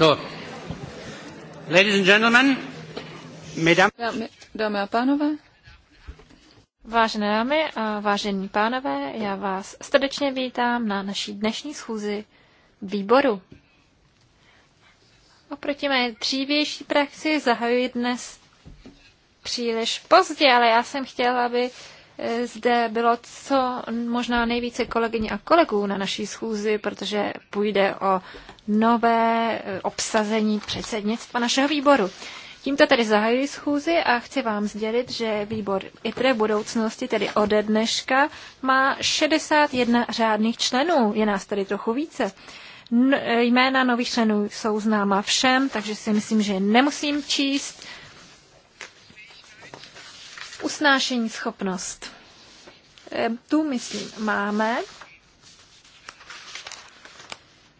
So. Ladies and gentlemen, Dámy, dámy a pánové, Vážené dámy a vážení pánové, já vás srdečně vítám na naší dnešní schůzi výboru. Oproti mé dřívější praxi zahajuji dnes příliš pozdě, ale já jsem chtěla, aby zde bylo co možná nejvíce kolegyně a kolegů na naší schůzi, protože půjde o nové eh, obsazení předsednictva našeho výboru. Tímto tedy zahajuji schůzi a chci vám sdělit, že výbor ITRE v budoucnosti, tedy ode dneška, má 61 řádných členů. Je nás tady trochu více. Eh, jména nových členů jsou známa všem, takže si myslím, že nemusím číst. Usnášení schopnost. Eh, tu, myslím, máme.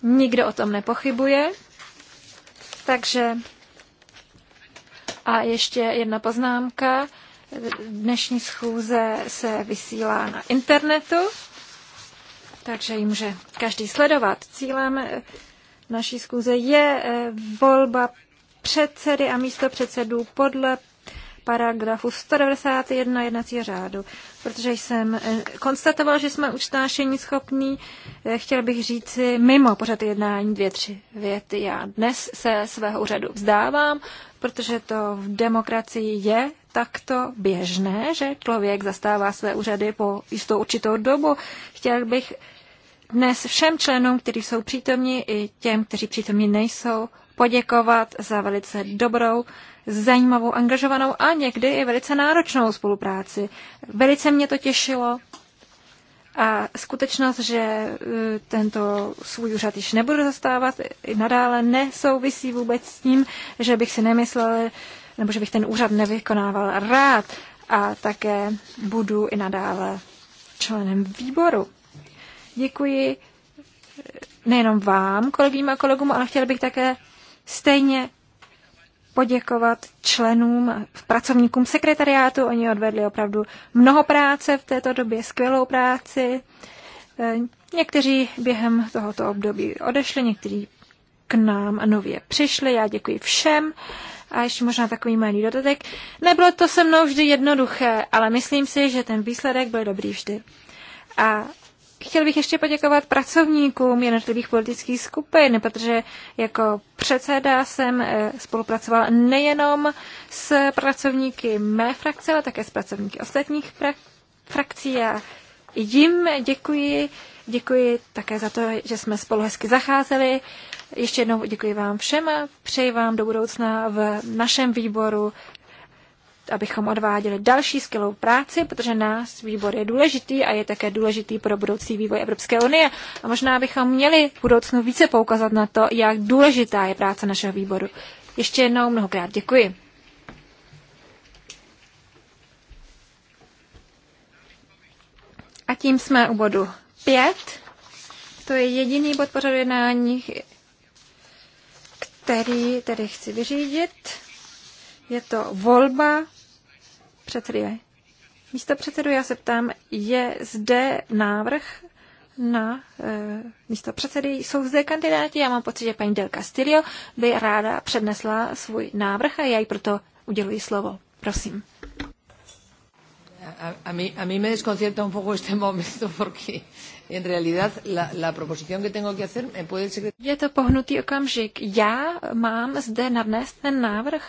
Nikdo o tom nepochybuje. Takže a ještě jedna poznámka. Dnešní schůze se vysílá na internetu, takže ji může každý sledovat. Cílem eh, naší schůze je eh, volba předsedy a místo předsedů podle paragrafu 191 jednacího řádu, protože jsem eh, konstatoval, že jsme usnášení schopní. Eh, chtěl bych říci mimo pořad jednání dvě, tři věty. Já dnes se svého úřadu vzdávám, protože to v demokracii je takto běžné, že člověk zastává své úřady po jistou určitou dobu. Chtěl bych dnes všem členům, kteří jsou přítomní i těm, kteří přítomní nejsou, poděkovat za velice dobrou zajímavou, angažovanou a někdy i velice náročnou spolupráci. Velice mě to těšilo a skutečnost, že e, tento svůj úřad již nebudu zastávat i nadále, nesouvisí vůbec s tím, že bych si nemyslel, nebo že bych ten úřad nevykonával rád a také budu i nadále členem výboru. Děkuji e, nejenom vám, kolegům a kolegům, ale chtěl bych také stejně poděkovat členům, pracovníkům sekretariátu. Oni odvedli opravdu mnoho práce v této době, skvělou práci. E, někteří během tohoto období odešli, někteří k nám nově přišli. Já děkuji všem. A ještě možná takový malý dodatek. Nebylo to se mnou vždy jednoduché, ale myslím si, že ten výsledek byl dobrý vždy. A Chtěl bych ještě poděkovat pracovníkům jednotlivých politických skupin, protože jako předseda jsem eh, spolupracovala nejenom s pracovníky mé frakce, ale také s pracovníky ostatních frakcí a jim děkuji. Děkuji také za to, že jsme spolu hezky zacházeli. Ještě jednou děkuji vám všem a přeji vám do budoucna v našem výboru abychom odváděli další skvělou práci, protože nás výbor je důležitý a je také důležitý pro budoucí vývoj Evropské unie. A možná bychom měli v budoucnu více poukazat na to, jak důležitá je práce našeho výboru. Ještě jednou mnohokrát děkuji. A tím jsme u bodu 5. To je jediný bod pořadu jednání, který tedy chci vyřídit. Je to volba předsedy. Místo předsedu já se ptám, je zde návrh na e, eh, místo předsedy. Jsou zde kandidáti, já mám pocit, že paní Del Castillo by ráda přednesla svůj návrh a já jí proto uděluji slovo. Prosím. A, a, mí, a mí me desconcierta un poco este momento porque en realidad la, la proposición que tengo que hacer me puede el secretario... Je to pohnutý okamžik. Já mám zde nadnést ten návrh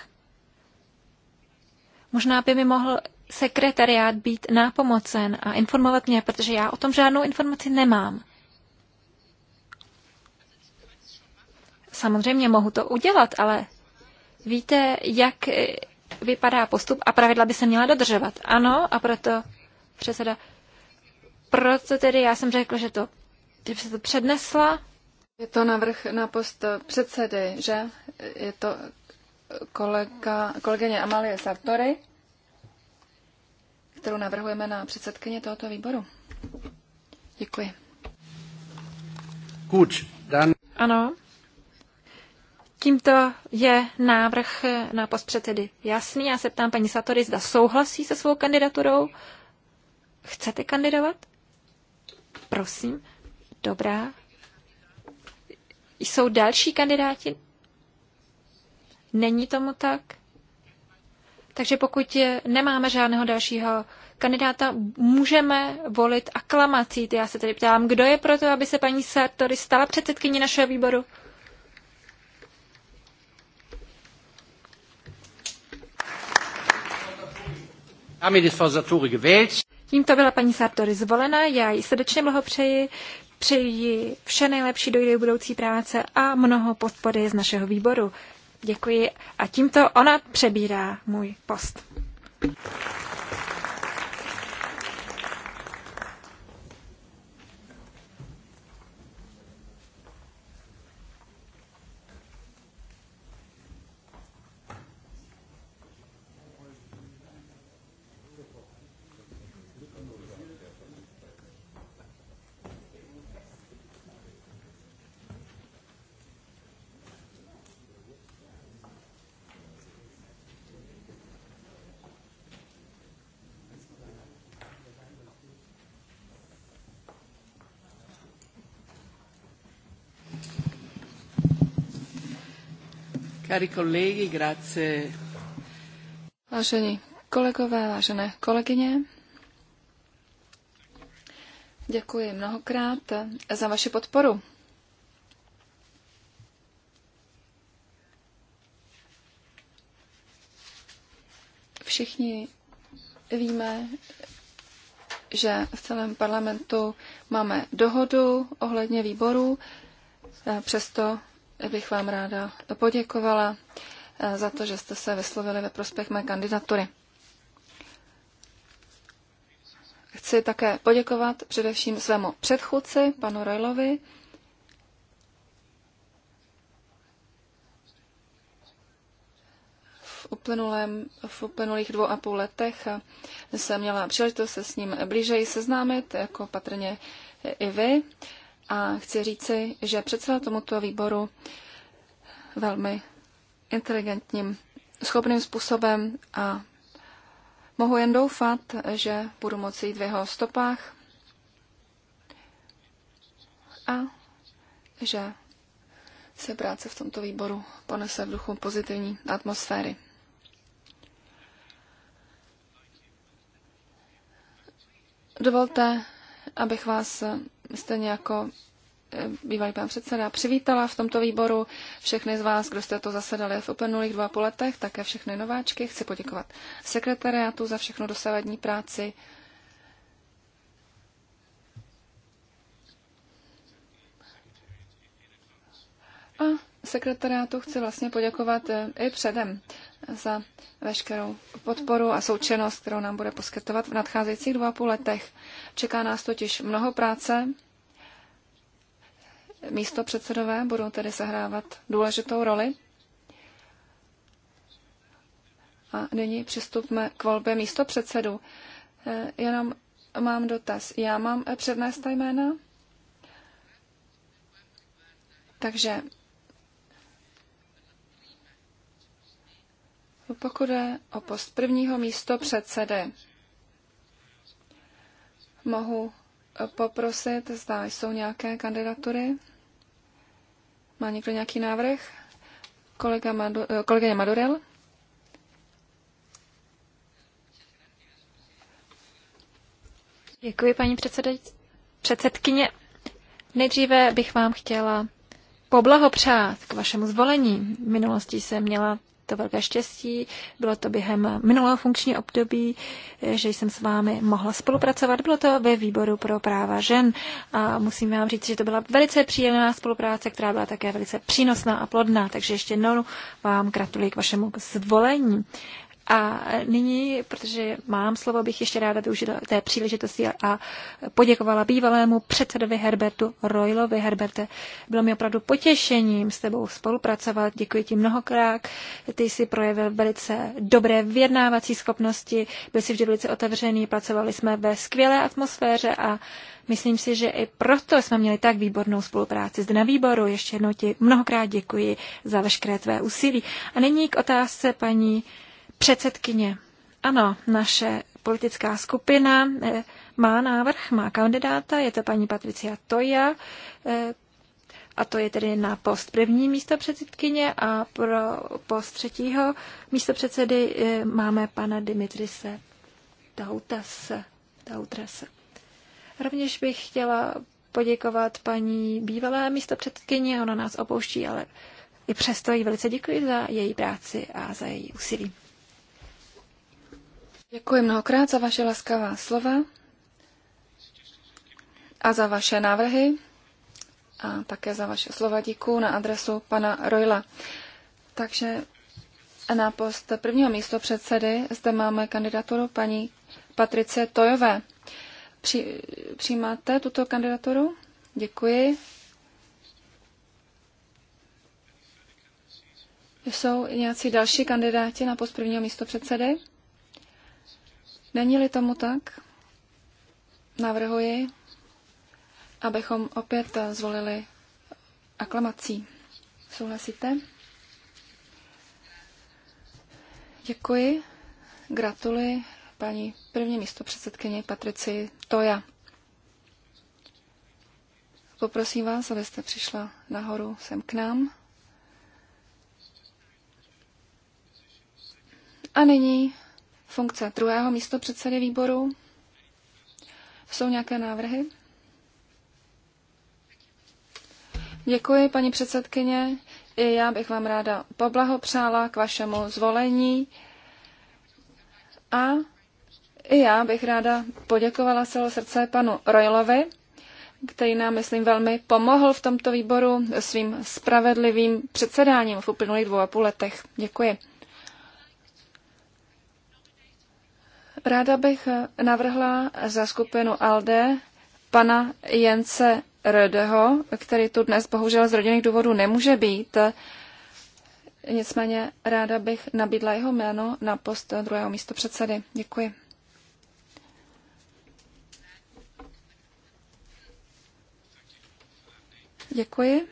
Možná by mi mohl sekretariát být nápomocen a informovat mě, protože já o tom žádnou informaci nemám. Samozřejmě mohu to udělat, ale víte, jak vypadá postup a pravidla by se měla dodržovat. Ano, a proto předseda, proto tedy já jsem řekl, že to, že se to přednesla. Je to navrh na post předsedy, že? Je to kolega, kolegyně Amalie Sartory, kterou navrhujeme na předsedkyně tohoto výboru. Děkuji. Kuč, dan... Ano. Tímto je návrh na post předsedy jasný. Já se ptám paní Satory, zda souhlasí se svou kandidaturou. Chcete kandidovat? Prosím. Dobrá. Jsou další kandidáti? Není tomu tak? Takže pokud je nemáme žádného dalšího kandidáta, můžeme volit aklamací. Já se tedy ptám, kdo je proto, aby se paní Sartori stala předsedkyní našeho výboru? Tímto byla paní Sartori zvolena, já jí srdečně blahopřeji, přeji vše nejlepší do její budoucí práce a mnoho podpory z našeho výboru. Děkuji a tímto ona přebírá můj post. Vážení kolegové, vážené kolegyně, děkuji mnohokrát za vaši podporu. Všichni víme, že v celém parlamentu máme dohodu ohledně výboru, přesto bych vám ráda poděkovala eh, za to, že jste se vyslovili ve prospěch mé kandidatury. Chci také poděkovat především svému předchůdci, panu Rojlovi, v uplynulých dvou a půl letech jsem měla příležitost se s ním blížeji seznámit, jako patrně i vy a chci říci, že předseda tomuto výboru velmi inteligentním, schopným způsobem a mohu jen doufat, že budu moci jít v jeho stopách a že se práce v tomto výboru ponese v duchu pozitivní atmosféry. Dovolte, abych vás stejně jako eh, bývalý pan předseda, přivítala v tomto výboru všechny z vás, kdo jste to zasedali v uplynulých dva půl letech, také všechny nováčky. Chci poděkovat sekretariátu za všechno dosavadní práci. A sekretariátu chci vlastně poděkovat eh, i předem za veškerou podporu a součinnost, kterou nám bude poskytovat v nadcházejících dvou a půl letech. Čeká nás totiž mnoho práce. Místo předsedové budou tedy sehrávat důležitou roli. A nyní přistupme k volbě místo předsedu. Eh, jenom mám dotaz. Já mám eh, přednést ta jména? Takže Pokud je o post prvního místo předsedy, mohu poprosit, zda jsou nějaké kandidatury. Má někdo nějaký návrh? Kolega Madu, eh, kolegyně Madurel? Děkuji, paní předsedkyně. Nejdříve bych vám chtěla poblahopřát k vašemu zvolení. V minulosti jsem měla to velké štěstí. Bylo to během minulého funkčního období, že jsem s vámi mohla spolupracovat. Bylo to ve výboru pro práva žen a musím vám říct, že to byla velice příjemná spolupráce, která byla také velice přínosná a plodná. Takže ještě jednou vám gratuluji k vašemu zvolení. A nyní, protože mám slovo, bych ještě ráda využila té příležitosti a poděkovala bývalému předsedovi Herbertu Roylovi. Herberte, bylo mi opravdu potěšením s tebou spolupracovat. Děkuji ti mnohokrát. Ty jsi projevil velice dobré vyjednávací schopnosti, byl jsi vždy velice otevřený, pracovali jsme ve skvělé atmosféře a myslím si, že i proto jsme měli tak výbornou spolupráci zde na výboru. Ještě jednou ti mnohokrát děkuji za veškeré tvé úsilí. A nyní k otázce paní Předsedkyně. Ano, naše politická skupina eh, má návrh, má kandidáta, je to paní Patricia Toja, eh, a to je tedy na post první místo předsedkyně a pro post třetího místo předsedy eh, máme pana Dimitrise Tautase. Dautrase. Rovněž bych chtěla poděkovat paní bývalé místo předsedkyně, ona nás opouští, ale i přesto jí velice děkuji za její práci a za její úsilí. Děkuji mnohokrát za vaše laskavá slova a za vaše návrhy a také za vaše slova díku na adresu pana Rojla. Takže na post prvního místo předsedy zde máme kandidaturu paní Patrice Tojové. Při, přijímáte tuto kandidaturu? Děkuji. Jsou nějací další kandidáti na post prvního místo předsedy? Není-li tomu tak, navrhuji, abychom opět zvolili aklamací. Souhlasíte? Děkuji. Gratuluji paní první místo předsedkyně Patrici Toja. Poprosím vás, abyste přišla nahoru sem k nám. A nyní funkce druhého místo předsedy výboru. Jsou nějaké návrhy? Děkuji, paní předsedkyně. I já bych vám ráda poblahopřála k vašemu zvolení. A i já bych ráda poděkovala celou srdce panu Royalovi, který nám, myslím, velmi pomohl v tomto výboru svým spravedlivým předsedáním v uplynulých dvou a půl letech. Děkuji. Ráda bych navrhla za skupinu ALDE pana Jence Rödeho, který tu dnes bohužel z rodinných důvodů nemůže být. Nicméně ráda bych nabídla jeho jméno na post druhého místo předsedy. Děkuji. Děkuji.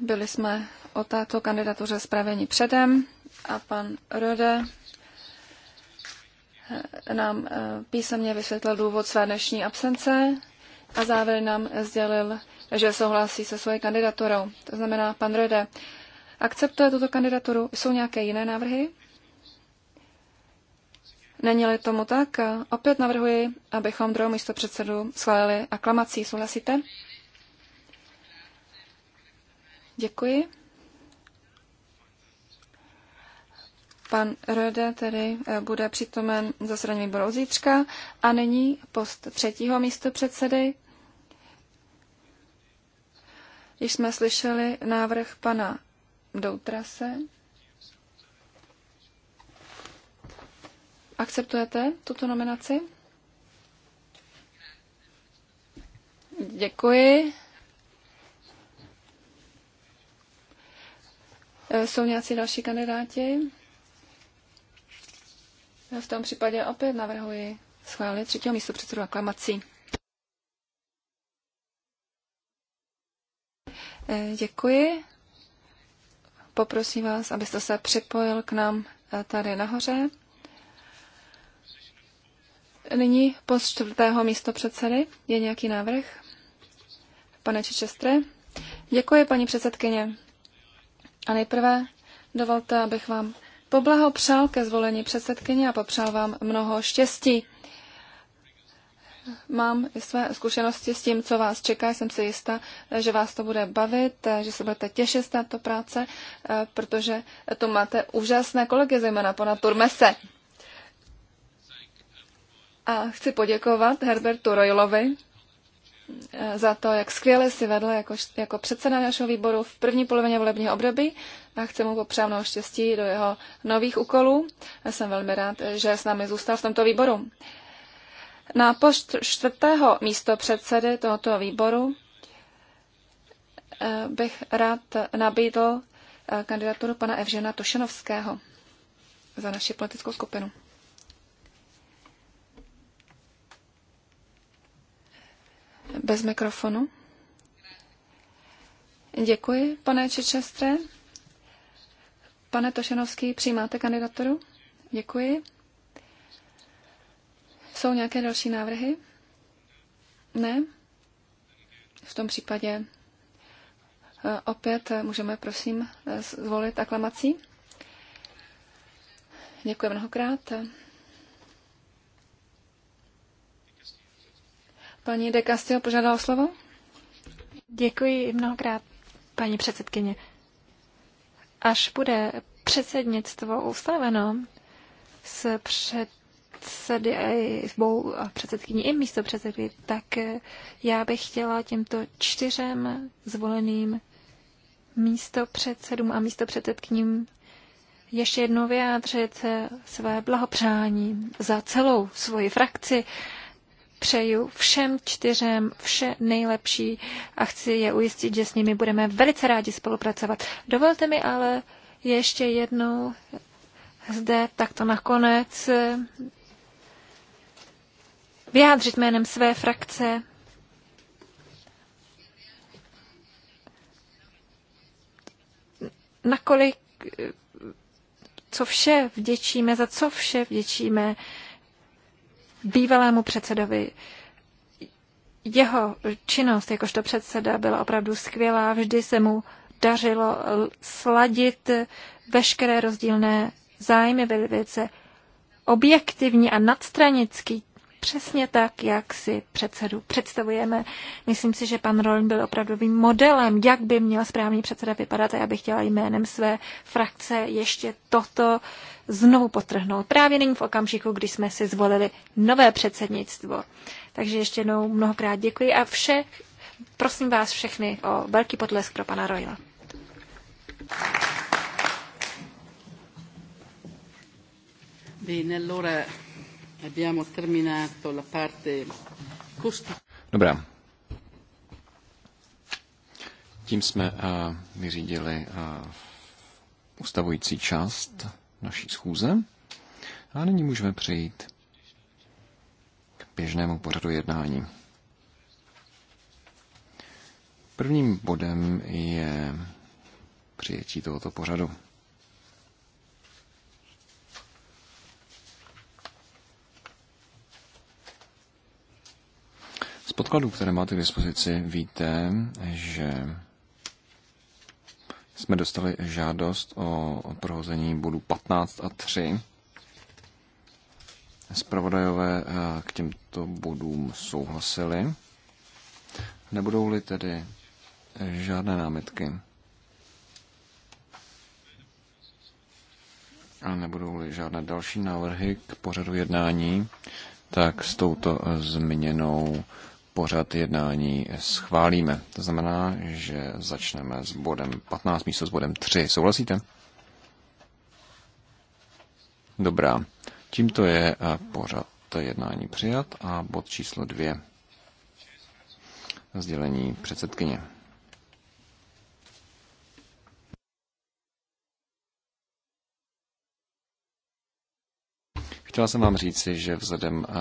Byli jsme o této kandidatuře zpravení předem a pan Rode nám eh, písemně vysvětlil důvod své dnešní absence a závěr nám sdělil, že souhlasí se svojí kandidaturou. To znamená, pan Rode akceptuje tuto kandidaturu. Jsou nějaké jiné návrhy? Není-li tomu tak, opět navrhuji, abychom druhou místo předsedu schválili aklamací. Souhlasíte? Děkuji. Pan Röde tedy eh, bude přítomen zasedání výboru zítřka a nyní post třetího místo předsedy. Již jsme slyšeli návrh pana Doutrase. Akceptujete tuto nominaci? Děkuji. Eh, jsou nějací další kandidáti? V tom případě opět navrhuji schválit třetího místo předsedu aklamací. Eh, děkuji. Poprosím vás, abyste se připojil k nám eh, tady nahoře. Nyní po čtvrtého místo předsedy je nějaký návrh? Pane Čičestre? Děkuji, paní předsedkyně. A nejprve dovolte, abych vám poblahopřál ke zvolení předsedkyně a popřál vám mnoho štěstí. Mám i své zkušenosti s tím, co vás čeká. Jsem si jistá, že vás to bude bavit, že se budete těšit z této práce, protože tu máte úžasné kolegy, zejména pana Turmese. A chci poděkovat Herbertu Royalovi za to, jak skvěle si vedl jako, jako předseda našeho výboru v první polovině volebního období a chci mu popřát mnoho štěstí do jeho nových úkolů. Já jsem velmi rád, že s námi zůstal v tomto výboru. Na post čtvrtého místo předsedy tohoto výboru eh, bych rád nabídl eh, kandidaturu pana Evžena Tošenovského za naši politickou skupinu. bez mikrofonu. Děkuji, pane Čečestre. Pane Tošenovský, přijímáte kandidaturu? Děkuji. Jsou nějaké další návrhy? Ne? V tom případě eh, opět eh, můžeme, prosím, eh, zvolit aklamací. Děkuji mnohokrát. Paní De Castillo požádala o slovo. Děkuji mnohokrát, paní předsedkyně. Až bude předsednictvo ustaveno s před předsedy a předsedkyní i místo předsedky, tak já bych chtěla těmto čtyřem zvoleným místo předsedům a místo předsedkyním ještě jednou vyjádřit své blahopřání za celou svoji frakci přeju všem čtyřem vše nejlepší a chci je ujistit, že s nimi budeme velice rádi spolupracovat. Dovolte mi ale ještě jednou zde takto nakonec vyjádřit jménem své frakce nakolik co vše vděčíme, za co vše vděčíme bývalému předsedovi jeho činnost jakožto předseda byla opravdu skvělá, vždy se mu dařilo sladit veškeré rozdílné zájmy, byl velice objektivní a nadstranický přesně tak, jak si předsedu představujeme. Myslím si, že pan Roln byl opravdovým modelem, jak by měl správný předseda vypadat a já bych chtěla jménem své frakce ještě toto znovu potrhnout. Právě nyní v okamžiku, kdy jsme si zvolili nové předsednictvo. Takže ještě jednou mnohokrát děkuji a vše prosím vás všechny o velký potlesk pro pana Royla. Bene, allora Dobrá. Tím jsme eh, vyřídili eh, ustavující část naší schůze. A nyní můžeme přejít k běžnému pořadu jednání. Prvním bodem je přijetí tohoto pořadu. podkladů, které máte k dispozici, víte, že jsme dostali žádost o prohození bodu 15 a 3. Spravodajové eh, k těmto bodům souhlasili. Nebudou-li tedy žádné námitky a nebudou-li žádné další návrhy k pořadu jednání, tak s touto změnou pořad jednání schválíme. To znamená, že začneme s bodem 15 místo s bodem 3. Souhlasíte? Dobrá. Tímto je eh, pořad jednání přijat a bod číslo 2. Sdělení předsedkyně. Chtěla jsem vám říci, že vzhledem eh,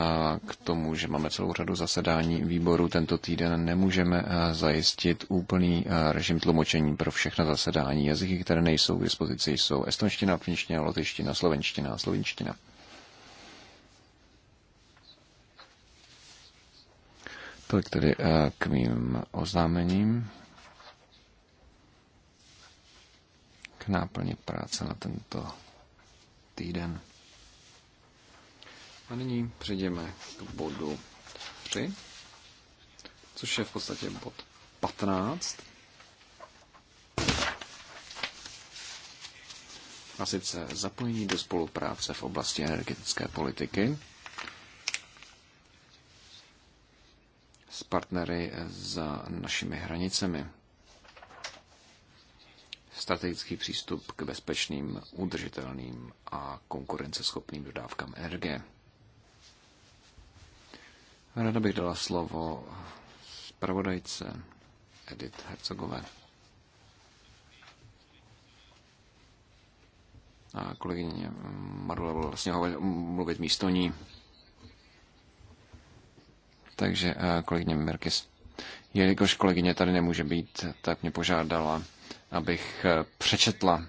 k tomu, že máme celou řadu zasedání výboru tento týden, nemůžeme eh, zajistit úplný eh, režim tlumočení pro všechna zasedání. Jazyky, které nejsou k dispozici, jsou estonština, finština, lotyština, slovenština a slovinština. Tolik tedy k mým oznámením. K náplně práce na tento týden. A nyní přejdeme k bodu 3, což je v podstatě bod 15. A sice zapojení do spolupráce v oblasti energetické politiky s partnery za našimi hranicemi. Strategický přístup k bezpečným, udržitelným a konkurenceschopným dodávkám energie. Ráda bych dala slovo zpravodajce Edith Hercogové. A kolegyně Marula byla vlastně mluvit místo ní. Takže eh, kolegyně Merkis. Jelikož kolegyně tady nemůže být, tak mě požádala, abych eh, přečetla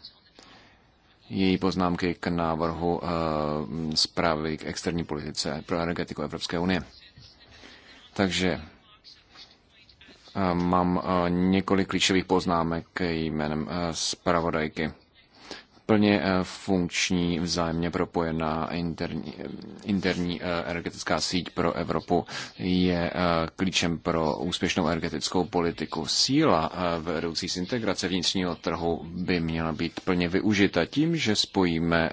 její poznámky k návrhu eh, zprávy k externí politice pro energetiku Evropské unie. Takže eh, mám eh, několik klíčových poznámek jménem eh, zpravodajky plně eh, funkční, vzájemně propojená interní, interní eh, energetická síť pro Evropu je eh, klíčem pro úspěšnou energetickou politiku. Síla vedoucí z integrace vnitřního trhu by měla být plně využita tím, že spojíme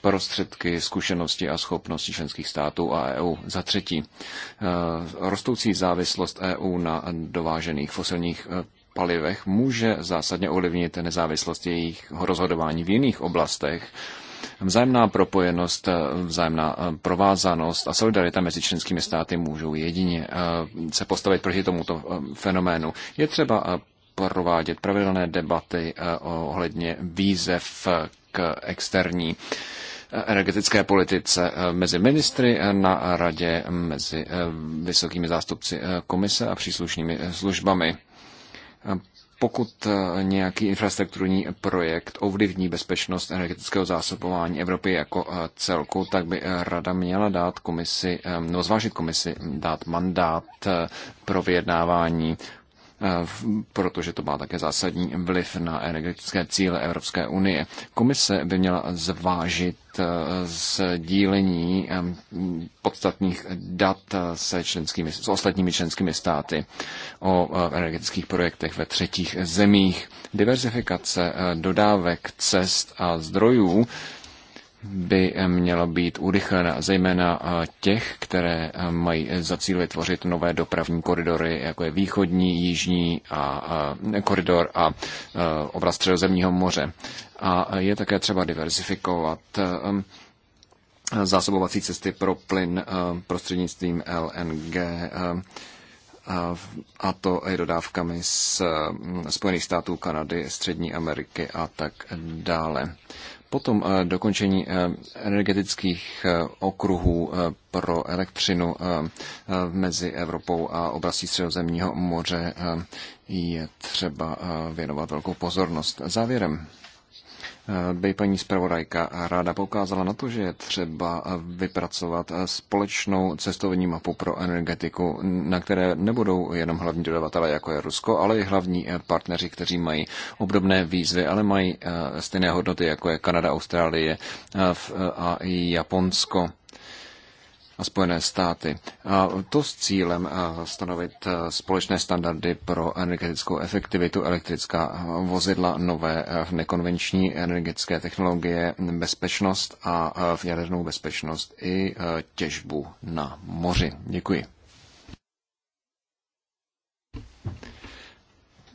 prostředky, zkušenosti a schopnosti členských států a EU. Za třetí, rostoucí závislost EU na dovážených fosilních palivech může zásadně ovlivnit nezávislost jejich rozhodování v jiných oblastech. Vzájemná propojenost, vzájemná eh, provázanost a solidarita mezi členskými státy můžou jedině eh, se postavit proti tomuto eh, fenoménu. Je třeba provádět pravidelné debaty ohledně výzev k externí energetické politice mezi ministry na radě, mezi vysokými zástupci komise a příslušnými službami pokud eh, nějaký infrastrukturní projekt ovlivní bezpečnost energetického zásobování Evropy jako eh, celku, tak by eh, Rada měla dát komisi, no zvážit komisi, dát mandát pro vyjednávání Eh, protože to má také zásadní vliv na energetické cíle Evropské unie. Komise by měla zvážit eh, sdílení eh, podstatných dat se, členskými, s ostatními členskými státy o energetických projektech ve třetích zemích. Diverzifikace dodávek cest a zdrojů by měla být urychlena, zejména eh, těch, které eh, mají za cíl vytvořit nové dopravní koridory, jako je východní, jižní a, a eh, koridor a, a oblast středozemního moře. A je také třeba diversifikovat zásobovací cesty pro plyn prostřednictvím LNG a to i dodávkami z hm, Spojených států, Kanady, Střední Ameriky a tak dále. Potom eh, dokončení eh, energetických eh, okruhů pro elektřinu mezi Evropou a oblastí Středozemního moře je třeba věnovat velkou pozornost. Závěrem by paní zpravodajka ráda poukázala na to, že je třeba vypracovat společnou cestovní mapu pro energetiku, na které nebudou jenom hlavní dodavatele, jako je Rusko, ale i hlavní partneři, kteří mají obdobné výzvy, ale mají eh, stejné hodnoty, jako je Kanada, Austrálie eh, a Japonsko a Spojené státy. A to s cílem stanovit společné standardy pro energetickou efektivitu, elektrická vozidla, nové nekonvenční energetické technologie, bezpečnost a v jadernou bezpečnost i těžbu na moři. Děkuji.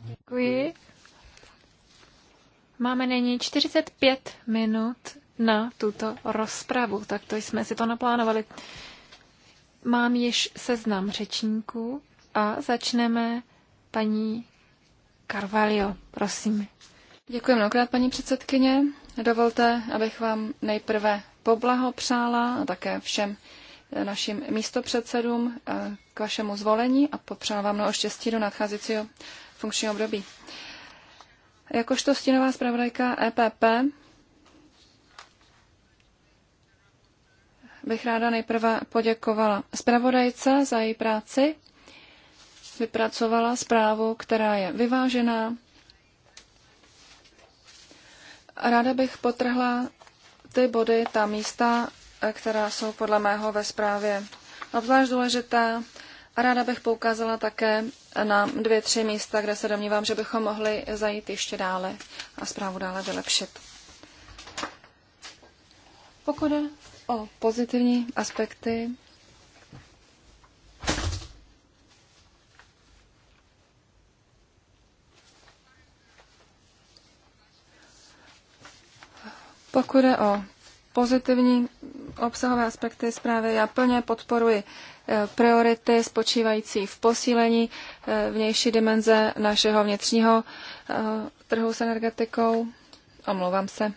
Děkuji. Máme nyní 45 minut na tuto rozpravu, tak to jsme si to naplánovali. Mám již seznam řečníků a začneme paní Carvalho, prosím. Děkuji mnohokrát, paní předsedkyně. Dovolte, abych vám nejprve poblahopřála a také všem eh, našim místopředsedům eh, k vašemu zvolení a popřála vám mnoho štěstí do nadcházejícího funkčního období. Jakožto stínová zpravodajka EPP bych ráda nejprve poděkovala zpravodajce za její práci. Vypracovala zprávu, která je vyvážená. Ráda bych potrhla ty body, ta místa, která jsou podle mého ve zprávě obzvlášť důležitá. A ráda bych poukázala také na dvě, tři místa, kde se domnívám, že bychom mohli zajít ještě dále a zprávu dále vylepšit. Pokud je o pozitivní aspekty Pokud je o pozitivní obsahové aspekty zprávy, já plně podporuji eh, priority spočívající v posílení eh, vnější dimenze našeho vnitřního eh, trhu s energetikou. Omlouvám se.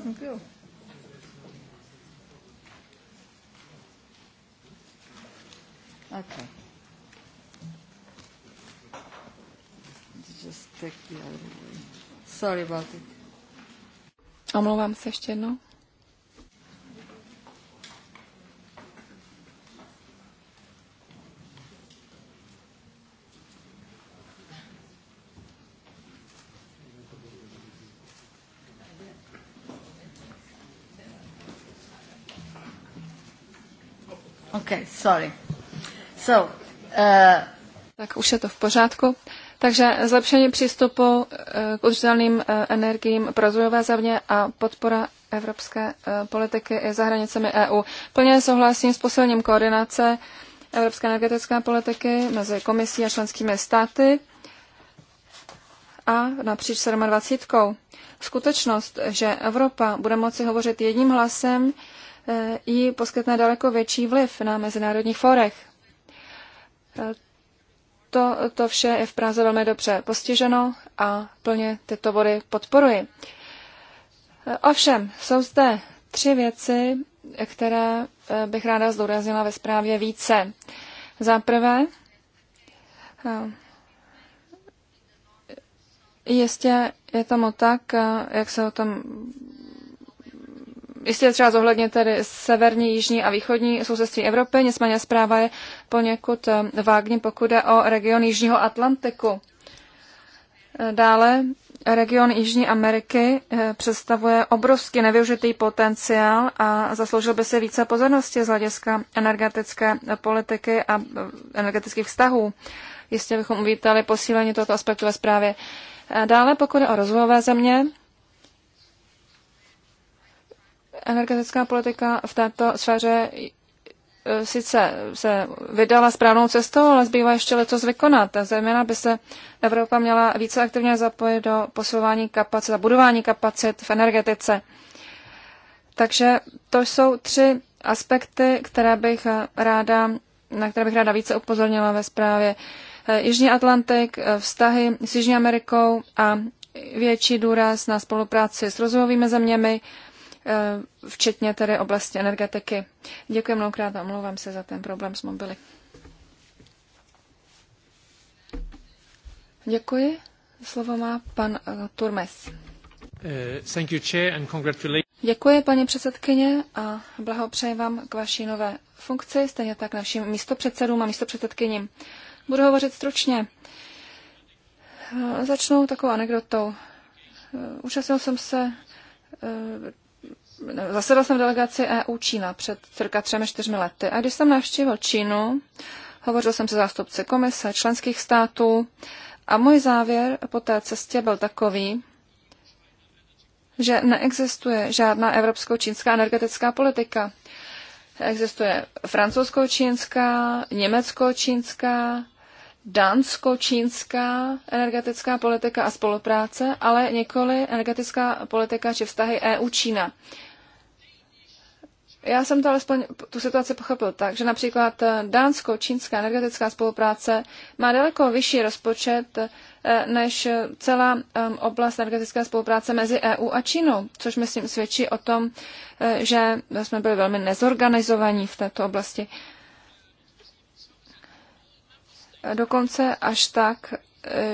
doesn't go. Okay. Just take the other way. Sorry about it. Omlouvám se ještě jednou. Okay, sorry. So, uh... Tak už je to v pořádku. Takže zlepšení přístupu uh, k udržitelným uh, energiím pro rozvojové země a podpora evropské uh, politiky i za hranicemi EU. Plně souhlasím s posilním koordinace evropské energetické politiky mezi komisí a členskými státy a napříč 27. Skutečnost, že Evropa bude moci hovořit jedním hlasem, jí poskytne daleko větší vliv na mezinárodních forech. E, to, to vše je v Praze velmi dobře postiženo a plně tyto vody podporuji. E, ovšem, jsou zde tři věci, které e, bych ráda zdůraznila ve zprávě více. Za prvé, jistě je tomu tak, jak se o tom Jistě třeba zohledně tedy severní, jižní a východní sousedství Evropy, nicméně zpráva je poněkud eh, vágní, pokud jde o region Jižního Atlantiku. Eh, dále region Jižní Ameriky eh, představuje obrovský nevyužitý potenciál a zasloužil by se více pozornosti z hlediska energetické politiky a energetických vztahů. Jistě bychom uvítali posílení tohoto aspektu ve zprávě. Dále, pokud je o rozvojové země, energetická politika v této sféře eh, sice se vydala správnou cestou, ale zbývá ještě letos vykonat. A zejména by se Evropa měla více aktivně zapojit do posilování kapacit a budování kapacit v energetice. Takže to jsou tři aspekty, které bych eh, ráda, na které bych ráda více upozornila ve zprávě. Eh, Jižní Atlantik, vztahy s Jižní Amerikou a větší důraz na spolupráci s rozvojovými zeměmi, Eh, včetně tedy oblasti energetiky. Děkuji mnohokrát a omlouvám se za ten problém s mobily. Děkuji. Slovo má pan eh, Turmes. Eh, thank you, chair, and congratulations. Děkuji, paní předsedkyně, a blahopřeji vám k vaší nové funkci, stejně tak našim místopředsedům a místopředsedkyním. Budu hovořit stručně. Začnu takovou anekdotou. Účastnil jsem se zasedl jsem v delegaci EU Čína před cirka třemi, čtyřmi lety. A když jsem navštívil Čínu, hovořil jsem se zástupci komise, členských států a můj závěr po té cestě byl takový, že neexistuje žádná evropsko-čínská energetická politika. Existuje francouzsko-čínská, německo-čínská, dánsko-čínská energetická politika a spolupráce, ale nikoli energetická politika či vztahy EU-Čína. Já jsem to alespoň tu situaci pochopil tak, že například eh, dánsko-čínská energetická spolupráce má daleko vyšší rozpočet eh, než celá oblast energetické spolupráce mezi EU a Čínou, což myslím svědčí o tom, eh, že jsme byli velmi nezorganizovaní v této oblasti. Dokonce až tak,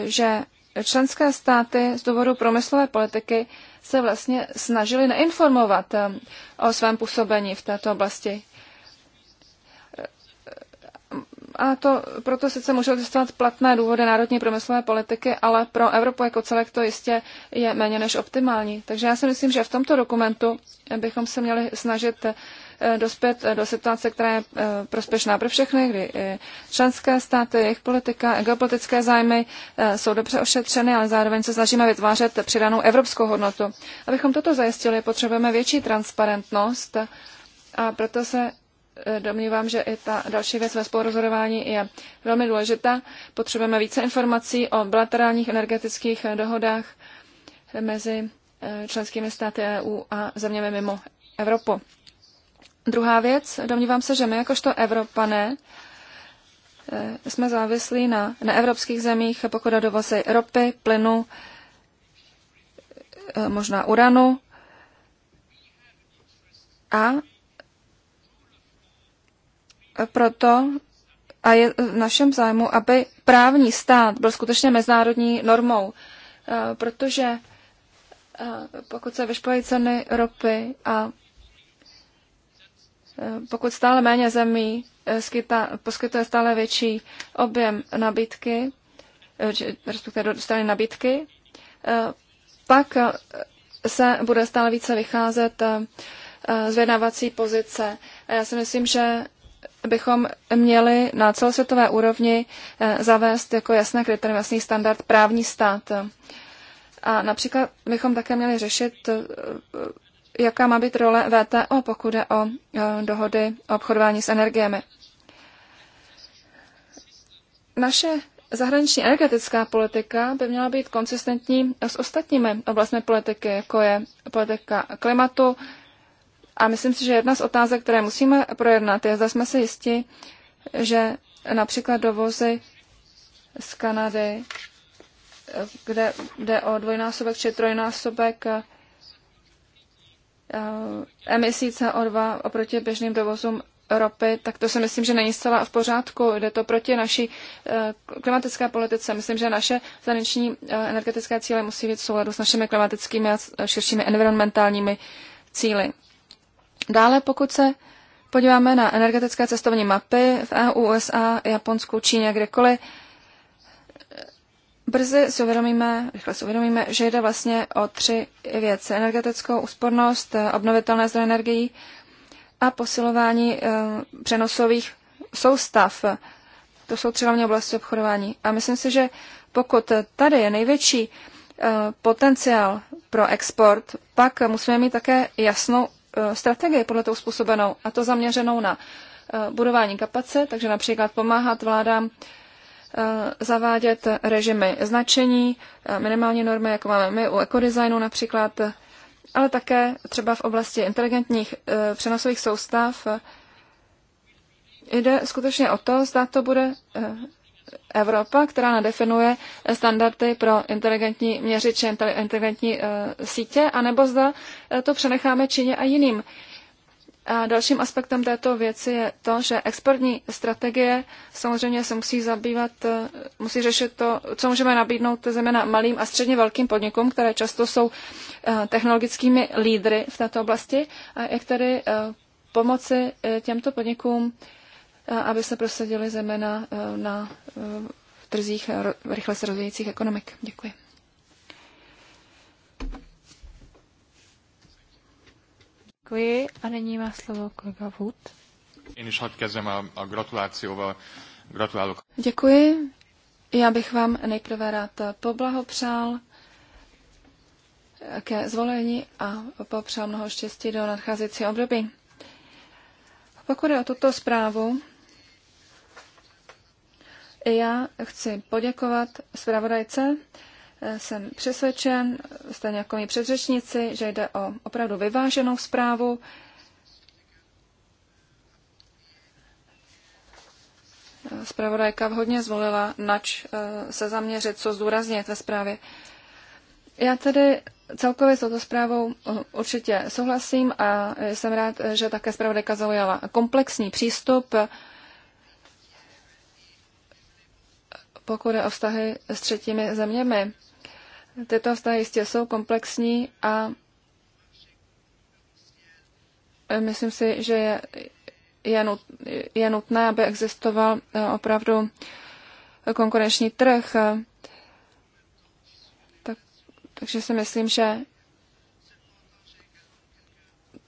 že členské státy z důvodu promyslové politiky se vlastně snažili neinformovat eh, o svém působení v této oblasti. Eh, a to proto sice můžou existovat platné důvody národní průmyslové politiky, ale pro Evropu jako celek to jistě je méně než optimální. Takže já si myslím, že v tomto dokumentu bychom se měli snažit eh, Eh, dospět eh, do situace, která je eh, prospěšná pro všechny, kdy členské státy, jejich politika, geopolitické zájmy jsou dobře ošetřeny, ale zároveň se snažíme vytvářet přidanou evropskou hodnotu. Abychom toto zajistili, potřebujeme větší transparentnost a proto se domnívám, že i ta další věc ve spolurozhodování je velmi důležitá. Potřebujeme více informací o bilaterálních energetických dohodách mezi členskými státy EU a zeměmi mimo Evropu. Druhá věc, domnívám se, že my jakožto Evropané eh, jsme závislí na, na evropských zemích, pokud o dovozy ropy, plynu, eh, možná uranu. A proto a je v našem zájmu, aby právní stát byl skutečně mezinárodní normou, eh, protože pokud se vyšpojí ceny ropy a Eh, pokud stále méně zemí eh, skyta, poskytuje stále větší objem nabídky, eh, respektive do strany nabídky, pak se bude stále více vycházet z vědnavací pozice. A já si myslím, že bychom měli na celosvětové úrovni zavést jako jasné kritérium, jasný standard právní stát. A například bychom také měli řešit jaká má být role VTO, pokud je o e, dohody o obchodování s energiemi. Naše zahraniční energetická politika by měla být konsistentní s ostatními oblastmi politiky, jako je politika klimatu. A myslím si, že jedna z otázek, které musíme projednat, je, zda jsme si jisti, že například dovozy z Kanady, e, kde jde o dvojnásobek či trojnásobek e, Eh, emisí CO2 oproti běžným dovozům ropy, tak to si myslím, že není zcela v pořádku. Jde to proti naší eh, klimatické politice. Myslím, že naše zahraniční eh, energetické cíle musí být v souladu s našimi klimatickými a širšími environmentálními cíly. Dále, pokud se podíváme na energetické cestovní mapy v EU, USA, Japonsku, Číně, kdekoliv, brzy si uvědomíme, rychle si uvědomíme, že jde vlastně o tři věci. Energetickou úspornost, eh, obnovitelné zdroje energií a posilování eh, přenosových soustav. To jsou tři hlavní oblasti obchodování. A myslím si, že pokud tady je největší eh, potenciál pro export, pak musíme mít také jasnou strategii podle toho způsobenou a to zaměřenou na budování kapace, takže například pomáhat vládám Eh, zavádět režimy značení, eh, minimální normy, jako máme my u ekodesignu například, eh, ale také třeba v oblasti inteligentních přenosových soustav. Jde skutečně o to, zda to bude Evropa, která nadefinuje standardy pro inteligentní měřiče, inteligentní sítě, anebo zda to přenecháme Číně a jiným a dalším aspektem této věci je to, že exportní strategie samozřejmě se musí zabývat, e, musí řešit to, co můžeme nabídnout zejména malým a středně velkým podnikům, které často jsou e, technologickými lídry v této oblasti, a jak tedy e, pomoci těmto podnikům, aby se prosadili zejména na trzích rychle se rozvíjejících ekonomik. Děkuji. Děkuji a nyní má slovo kolega Wood. Én a, a gratulációval. Gratulálok. Děkuji. Já bych vám nejprve rád poblahopřál ke zvolení a popřál mnoho štěstí do nadcházející období. Pokud je o tuto zprávu, já chci poděkovat zpravodajce jsem přesvědčen, stejně jako mi předřečnici, že jde o opravdu vyváženou zprávu. Zpravodajka vhodně zvolila, nač eh, se zaměřit, co zdůraznit ve zprávě. Já tedy celkově s touto zprávou eh, určitě souhlasím a jsem rád, že také zpravodajka zaujala komplexní přístup, pokud je o vztahy s třetími zeměmi. Tyto vztahy jistě jsou komplexní a myslím si, že je, je, nut, je nutné, aby existoval eh, opravdu konkurenční trh. Tak, takže si myslím, že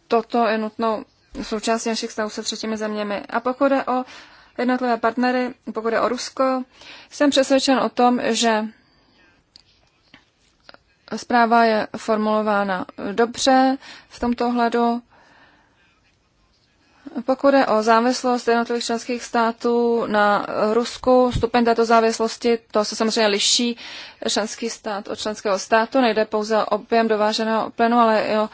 toto je nutnou součástí našich vztahů se třetími zeměmi. A pokud je o jednotlivé partnery, pokud je o Rusko, jsem přesvědčen o tom, že Zpráva je formulována dobře v tomto ohledu. Pokud je o závislost jednotlivých členských států na Rusku, stupeň této závislosti, to se samozřejmě liší členský stát od členského státu. Nejde pouze o objem dováženého plynu, ale i o,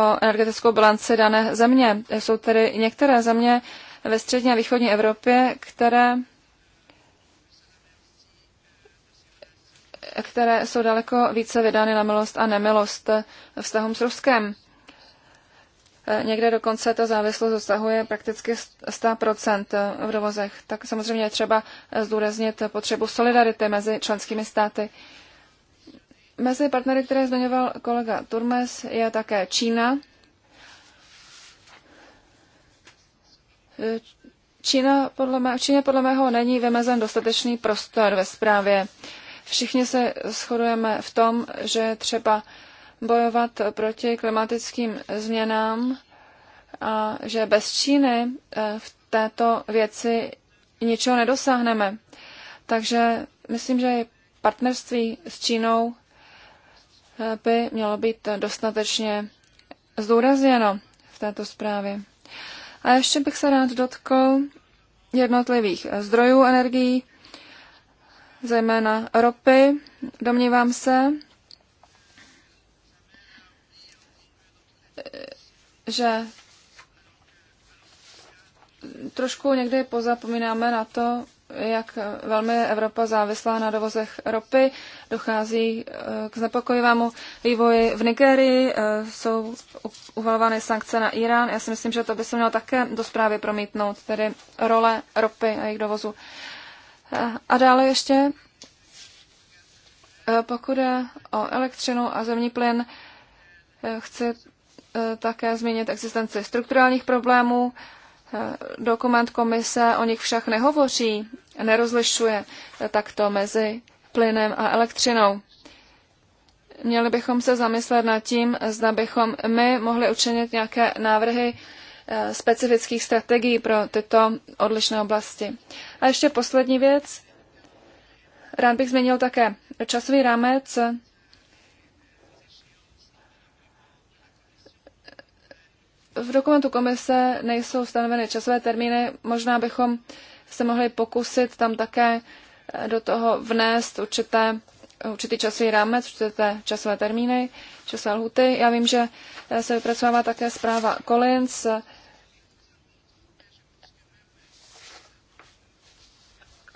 o energetickou bilanci dané země. Jsou tedy některé země ve střední a východní Evropě, které které jsou daleko více vydány na milost a nemilost vztahům s Ruskem. E, někde dokonce ta závislost dosahuje prakticky 100% v dovozech. Tak samozřejmě je třeba zdůraznit potřebu solidarity mezi členskými státy. Mezi partnery, které zmiňoval kolega Turmes, je také Čína. E, Čína podle mé, v Číně podle mého není vymezen dostatečný prostor ve zprávě. Všichni se shodujeme v tom, že třeba bojovat proti klimatickým změnám a že bez Číny eh, v této věci ničeho nedosáhneme. Takže myslím, že partnerství s Čínou eh, by mělo být dostatečně zdůrazněno v této zprávě. A ještě bych se rád dotkl jednotlivých zdrojů energií zejména ropy, domnívám se, že trošku někdy pozapomínáme na to, jak velmi je Evropa závislá na dovozech ropy. Dochází eh, k znepokojivému vývoji v Nigerii, eh, jsou uvalovány sankce na Irán. Já si myslím, že to by se mělo také do zprávy promítnout, tedy role ropy a jejich dovozu. A dále ještě, eh, pokud je o elektřinu a zemní plyn, eh, chci eh, také zmínit existenci strukturálních problémů. Dokument komise o nich však nehovoří, nerozlišuje takto mezi plynem a elektřinou. Měli bychom se zamyslet nad tím, zda bychom my mohli učinit nějaké návrhy Eh, specifických strategií pro tyto odlišné oblasti. A ještě poslední věc. Rád bych změnil také časový rámec. V dokumentu komise nejsou stanoveny časové termíny. Možná bychom se mohli pokusit tam také eh, do toho vnést určité, určitý časový rámec, určité časové termíny, časové lhuty. Já vím, že eh, se vypracovává také zpráva Collins,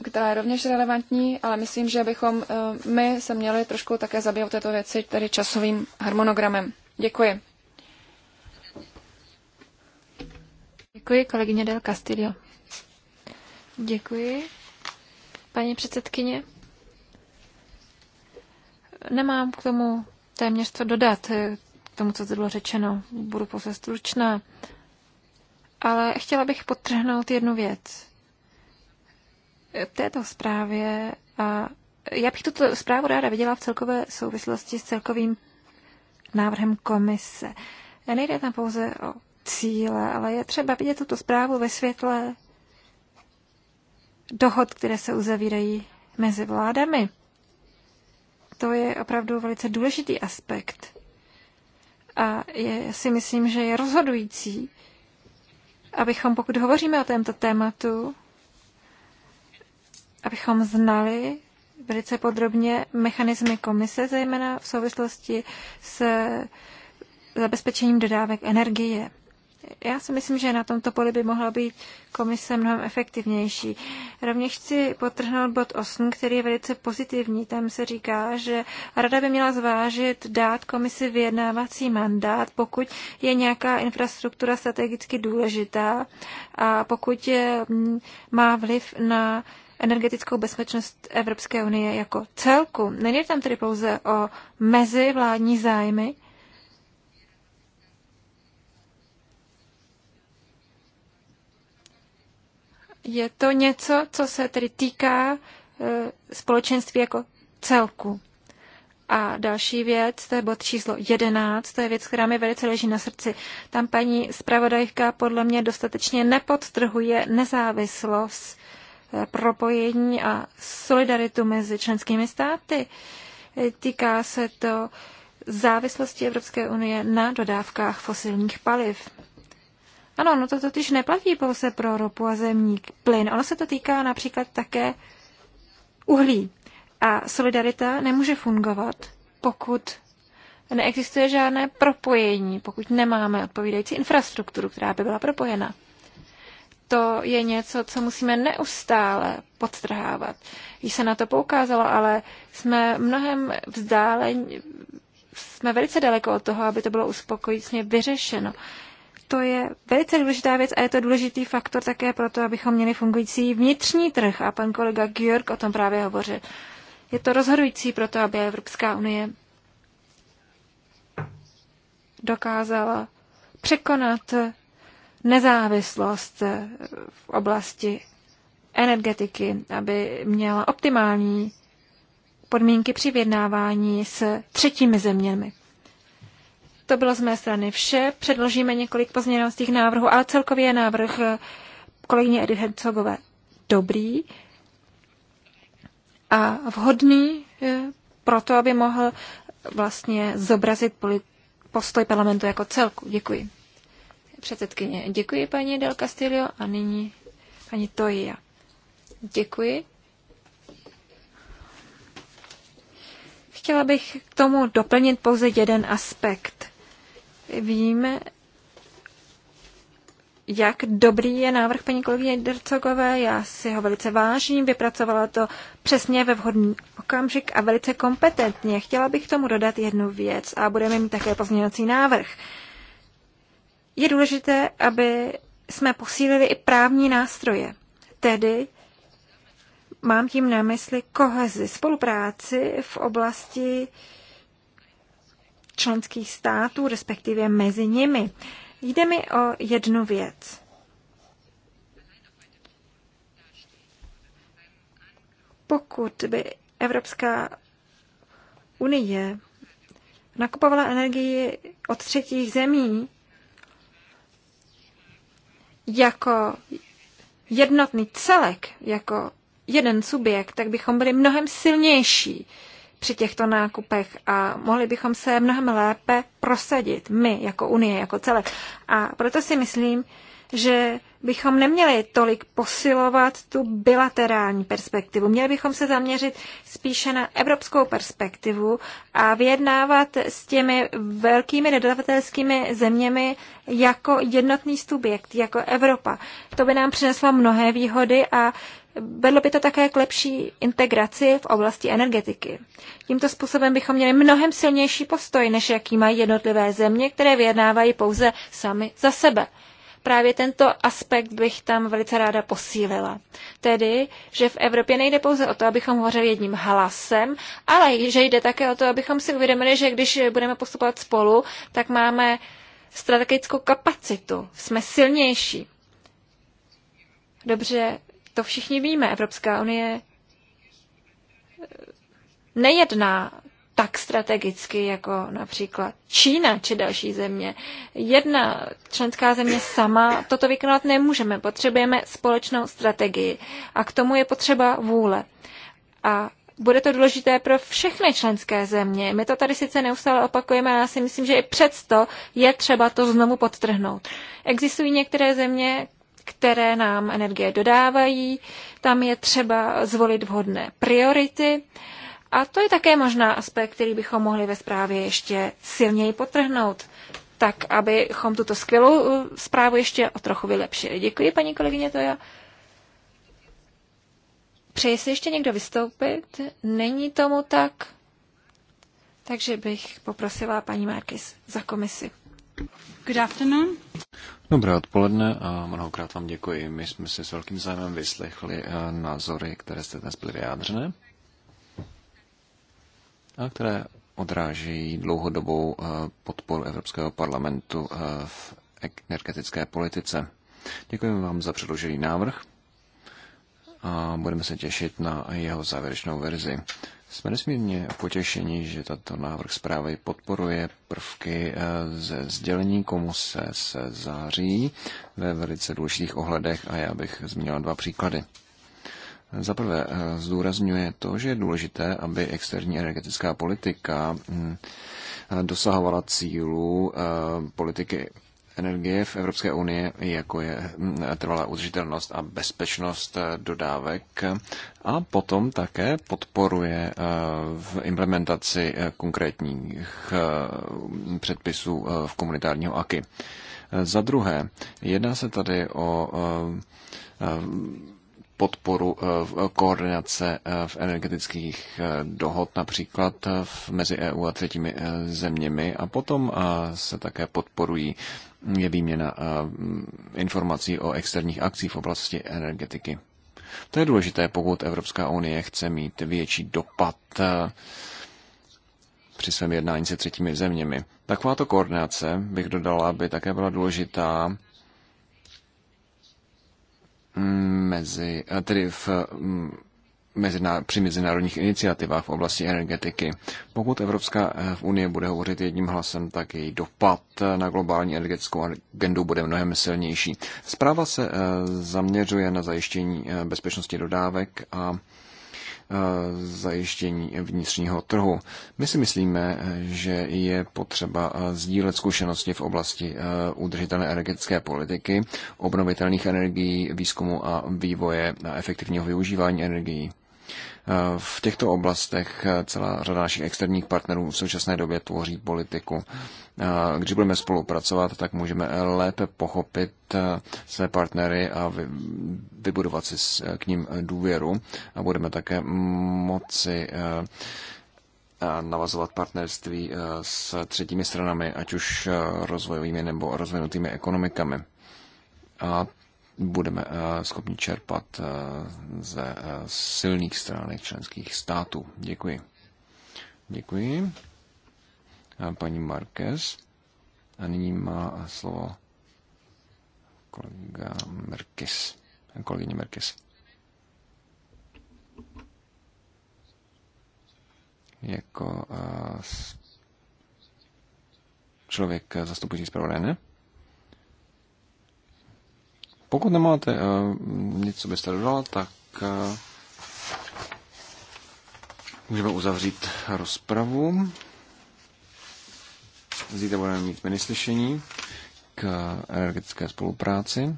která je rovněž relevantní, ale myslím, že bychom eh, my se měli trošku také zabývat této věci, tedy časovým harmonogramem. Děkuji. Děkuji, kolegyně Del Castillo. Děkuji, paní předsedkyně. Nemám k tomu téměř co dodat, eh, k tomu, co zde bylo řečeno. Budu pouze stručná. Ale chtěla bych podtrhnout jednu věc v této zprávě a já bych tuto zprávu ráda viděla v celkové souvislosti s celkovým návrhem komise. Nejde tam pouze o cíle, ale je třeba vidět tuto zprávu ve světle dohod, které se uzavírají mezi vládami. To je opravdu velice důležitý aspekt. A je, si myslím, že je rozhodující, abychom, pokud hovoříme o tomto tématu, abychom znali velice podrobně mechanismy komise, zejména v souvislosti s zabezpečením dodávek energie. Já si myslím, že na tomto poli by mohla být komise mnohem efektivnější. Rovněž chci potrhnout bod 8, který je velice pozitivní. Tam se říká, že Rada by měla zvážit dát komisi vyjednávací mandát, pokud je nějaká infrastruktura strategicky důležitá a pokud je, mm, má vliv na energetickou bezpečnost Evropské unie jako celku. Není tam tedy pouze o mezivládní zájmy, Je to něco, co se tedy týká eh, společenství jako celku. A další věc, to je bod číslo 11, to je věc, která mi velice leží na srdci. Tam paní zpravodajka podle mě dostatečně nepodtrhuje nezávislost propojení a solidaritu mezi členskými státy. Týká se to závislosti Evropské unie na dodávkách fosilních paliv. Ano, no to totiž neplatí pouze pro ropu a zemní plyn. Ono se to týká například také uhlí. A solidarita nemůže fungovat, pokud neexistuje žádné propojení, pokud nemáme odpovídající infrastrukturu, která by byla propojena to je něco, co musíme neustále podtrhávat. Již se na to poukázalo, ale jsme mnohem vzdáleni, jsme velice daleko od toho, aby to bylo uspokojícně vyřešeno. To je velice důležitá věc a je to důležitý faktor také proto, abychom měli fungující vnitřní trh. A pan kolega Georg o tom právě hovořil. Je to rozhodující proto, aby Evropská unie dokázala překonat nezávislost eh, v oblasti energetiky, aby měla optimální podmínky při vyjednávání s třetími zeměmi. To bylo z mé strany vše. Předložíme několik pozměňovacích návrhů, ale celkově je návrh eh, kolegyně Edy Hercogové dobrý a vhodný eh, pro to, aby mohl vlastně zobrazit postoj parlamentu jako celku. Děkuji. Předsedkyně, děkuji paní Del Castillo a nyní paní Toia. Děkuji. Chtěla bych k tomu doplnit pouze jeden aspekt. Víme, jak dobrý je návrh paní kolegyně Dercogové. Já si ho velice vážím, vypracovala to přesně ve vhodný okamžik a velice kompetentně. Chtěla bych k tomu dodat jednu věc a budeme mít také pozměňovací návrh je důležité, aby jsme posílili i právní nástroje. Tedy mám tím na mysli kohezi, spolupráci v oblasti členských států, respektive mezi nimi. Jde mi o jednu věc. Pokud by Evropská unie nakupovala energii od třetích zemí, jako jednotný celek, jako jeden subjekt, tak bychom byli mnohem silnější při těchto nákupech a mohli bychom se mnohem lépe prosadit my jako Unie, jako celek. A proto si myslím, že bychom neměli tolik posilovat tu bilaterální perspektivu. Měli bychom se zaměřit spíše na evropskou perspektivu a vyjednávat s těmi velkými dodavatelskými zeměmi jako jednotný subjekt, jako Evropa. To by nám přineslo mnohé výhody a vedlo by to také k lepší integraci v oblasti energetiky. Tímto způsobem bychom měli mnohem silnější postoj, než jaký mají jednotlivé země, které vyjednávají pouze sami za sebe. Právě tento aspekt bych tam velice ráda posílila. Tedy, že v Evropě nejde pouze o to, abychom hovořili jedním hlasem, ale že jde také o to, abychom si uvědomili, že když budeme postupovat spolu, tak máme strategickou kapacitu, jsme silnější. Dobře, to všichni víme, Evropská unie nejedná tak strategicky jako například Čína či další země. Jedna členská země sama toto vykonat nemůžeme. Potřebujeme společnou strategii a k tomu je potřeba vůle. A bude to důležité pro všechny členské země. My to tady sice neustále opakujeme, ale já si myslím, že i přesto je třeba to znovu podtrhnout. Existují některé země, které nám energie dodávají, tam je třeba zvolit vhodné priority a to je také možná aspekt, který bychom mohli ve zprávě ještě silněji potrhnout, tak abychom tuto skvělou uh, zprávu ještě o trochu vylepšili. Děkuji, paní kolegyně Toja. Přeji si ještě někdo vystoupit? Není tomu tak? Takže bych poprosila paní Markis za komisi. Good afternoon. Dobré odpoledne a mnohokrát vám děkuji. My jsme si s velkým zájmem vyslechli eh, názory, které jste dnes byly vyjádřené a které odrážejí dlouhodobou eh, podporu Evropského parlamentu eh, v energetické politice. Děkujeme vám za předložený návrh a budeme se těšit na jeho závěrečnou verzi. Jsme nesmírně potěšeni, že tato návrh zprávy podporuje prvky eh, ze sdělení komise se září ve velice důležitých ohledech a já bych zmínil dva příklady. Za prvé eh, zdůrazňuje to, že je důležité, aby externí energetická politika hm, eh, dosahovala cílů eh, politiky energie v Evropské unii, jako je hm, trvalá udržitelnost a bezpečnost dodávek. A potom také podporuje v implementaci konkrétních předpisů v komunitárního AKI. Za druhé, jedná se tady o podporu eh, eh, koordinace eh, v energetických dohod, například v mezi EU a třetími zeměmi. A potom se také podporují je výměna informací o externích akcích v oblasti energetiky. To je důležité, pokud Evropská unie chce mít větší dopad při svém jednání se třetími zeměmi. Takováto koordinace, bych dodala, aby také byla důležitá mezi, eh, tedy v, mm, mezina, při mezinárodních iniciativách v oblasti energetiky. Pokud Evropská eh, unie bude hovořit jedním hlasem, tak její dopad eh, na globální energetickou agendu bude mnohem silnější. Zpráva se zaměřuje na zajištění bezpečnosti dodávek a Eh, zajištění vnitřního trhu. My si myslíme, eh, že je potřeba eh, sdílet zkušenosti v oblasti udržitelné energetické politiky, obnovitelných energií, výzkumu a vývoje a efektivního využívání energií. Eh, v těchto oblastech eh, celá řada našich externích partnerů v současné době tvoří politiku. Eh, když budeme spolupracovat, tak můžeme lépe pochopit své partnery a vybudovat si k ním důvěru a budeme také moci navazovat partnerství s třetími stranami, ať už rozvojovými nebo rozvinutými ekonomikami. A budeme eh, schopni čerpat eh, ze eh, silných stránek členských států. Děkuji. Děkuji. A paní Marquez. A nyní má slovo kolega Merkis. Kolegyně Merkis. Jako člověk zastupující zpravodaje, ne? Pokud nemáte uh, eh, nic, co byste dodala, tak uh, můžeme uzavřít rozpravu. Zítra budeme mít minislyšení k energetické spolupráci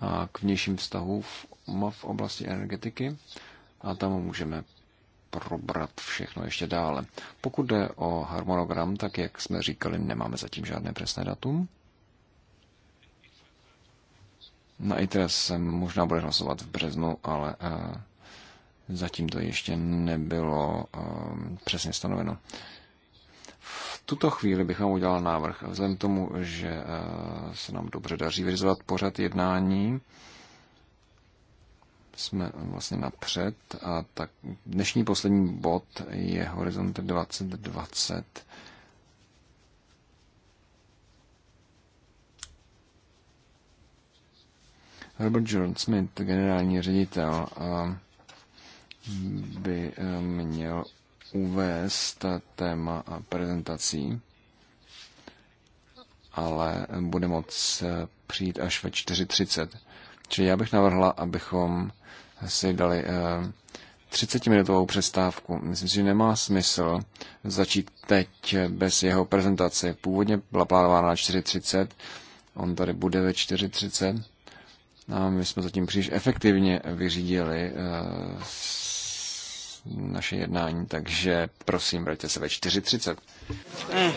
a k vnějším vztahům v oblasti energetiky a tam můžeme probrat všechno ještě dále. Pokud jde o harmonogram, tak jak jsme říkali, nemáme zatím žádné přesné datum. Na ITRE se možná bude hlasovat v březnu, ale eh, zatím to ještě nebylo eh, přesně stanoveno. V tuto chvíli bych vám udělal návrh. Vzhledem k tomu, že eh, se nám dobře daří vyřizovat pořad jednání, jsme vlastně napřed a tak dnešní poslední bod je Horizont 2020 Herbert John Smith, generální ředitel, by e, měl uvést téma a prezentací, ale bude moc e, přijít až ve 4.30. Čili já bych navrhla, abychom si dali 30-minutovou e, přestávku. Myslím si, že nemá smysl začít teď bez jeho prezentace. Původně byla plánována na 4.30, on tady bude ve 4.30 a my jsme zatím příliš efektivně vyřídili eh, naše jednání, takže prosím, vraťte se ve 4.30. Eh,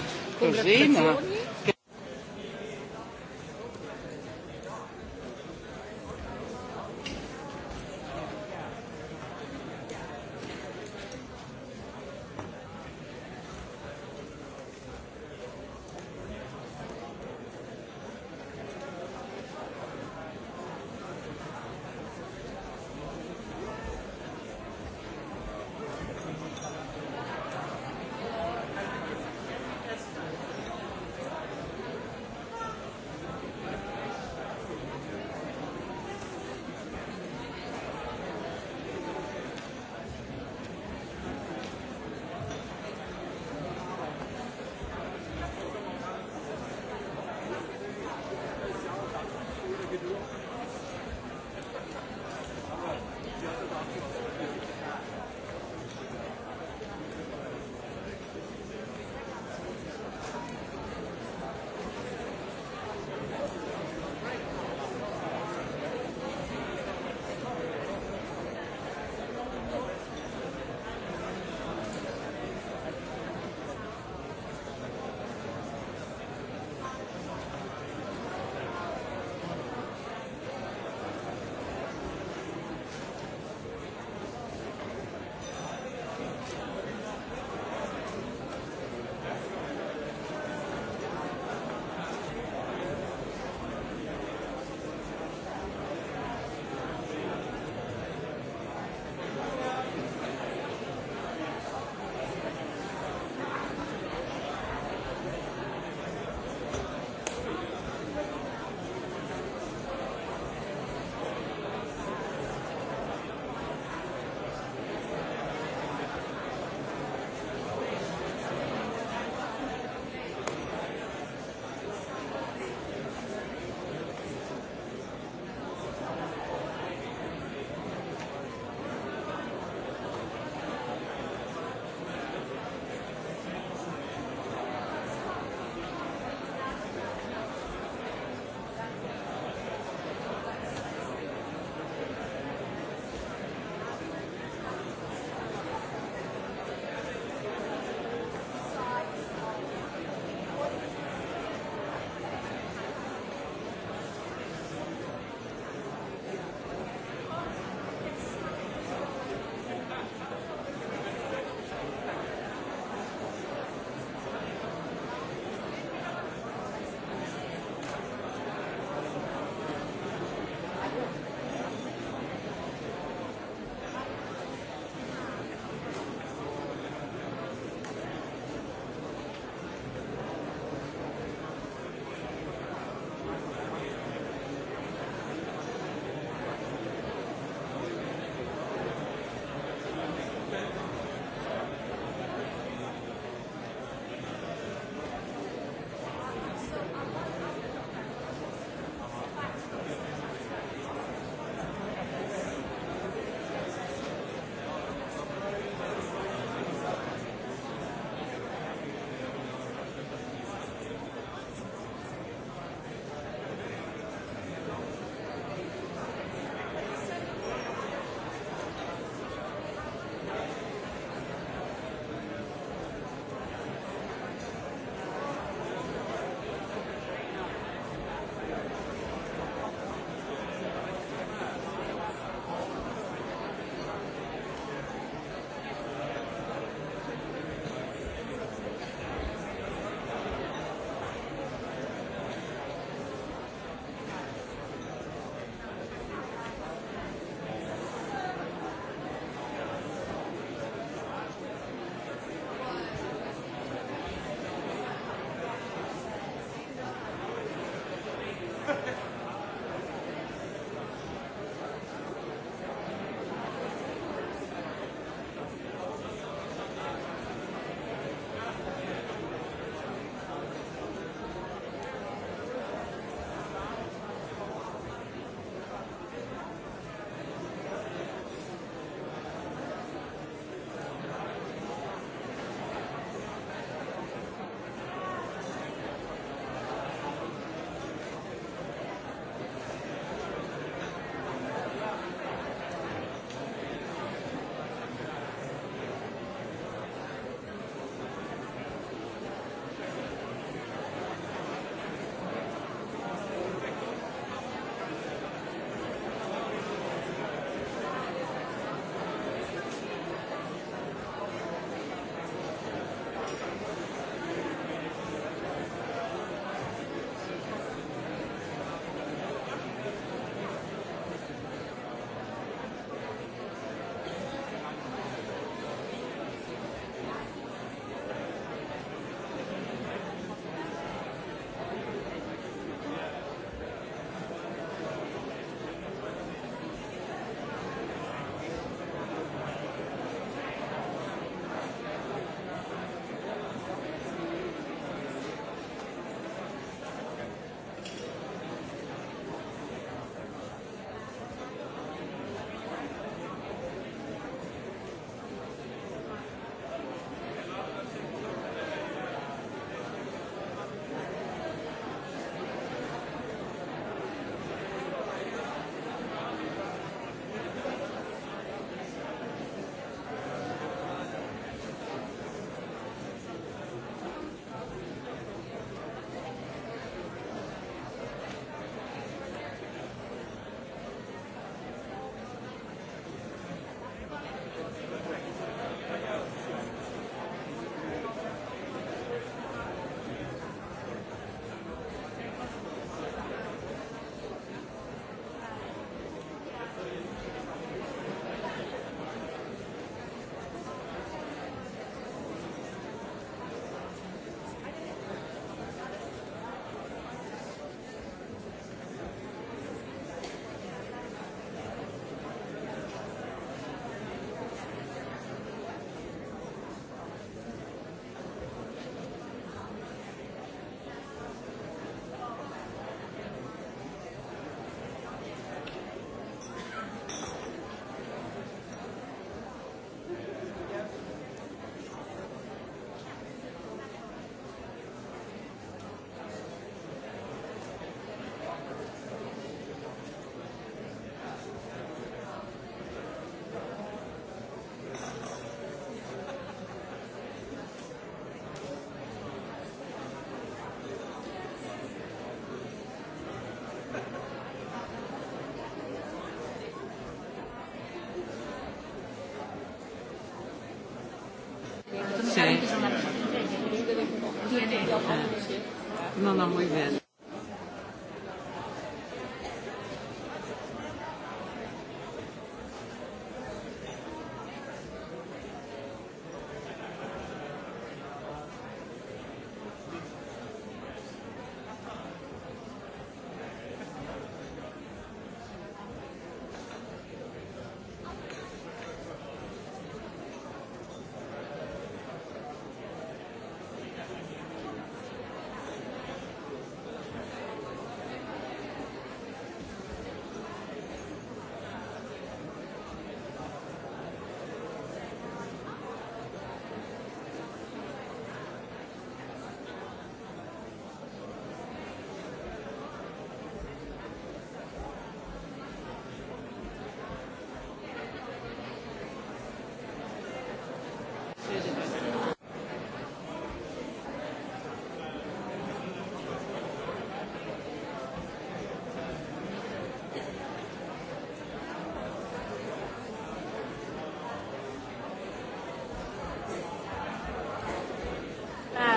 No, no, muy bien.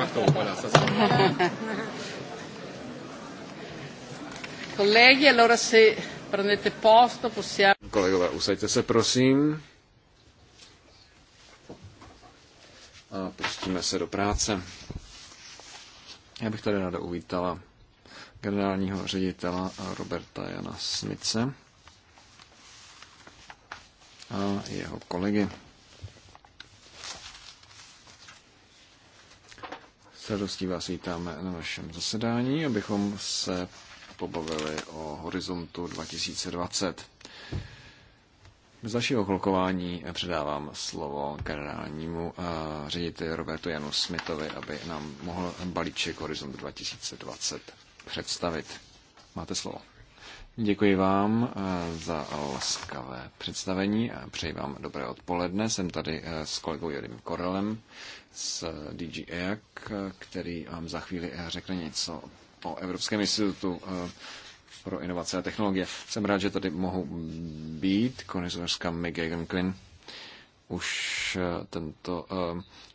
marteau. Voilà, ça Colleghi, allora se prendete posto possiamo... Kolegové, usaďte se prosím. A pustíme se do práce. Já bych tady ráda uvítala generálního ředitela Roberta Jana Smice a jeho kolegy. S radostí vás vítáme na našem zasedání, abychom se pobavili o horizontu 2020. Z dalšího kolkování předávám slovo generálnímu eh, řediteli Robertu Janu Smithovi, aby nám mohl balíček Horizont 2020 představit. Máte slovo. Děkuji vám eh, za laskavé představení a přeji vám dobré odpoledne. Jsem tady eh, s kolegou Jorim Korelem z DG EAC, eh, který vám za chvíli řekne něco o Evropském institutu pro inovace a technologie. Jsem rád, že tady mohu být. Konizorská Megan Quinn už tento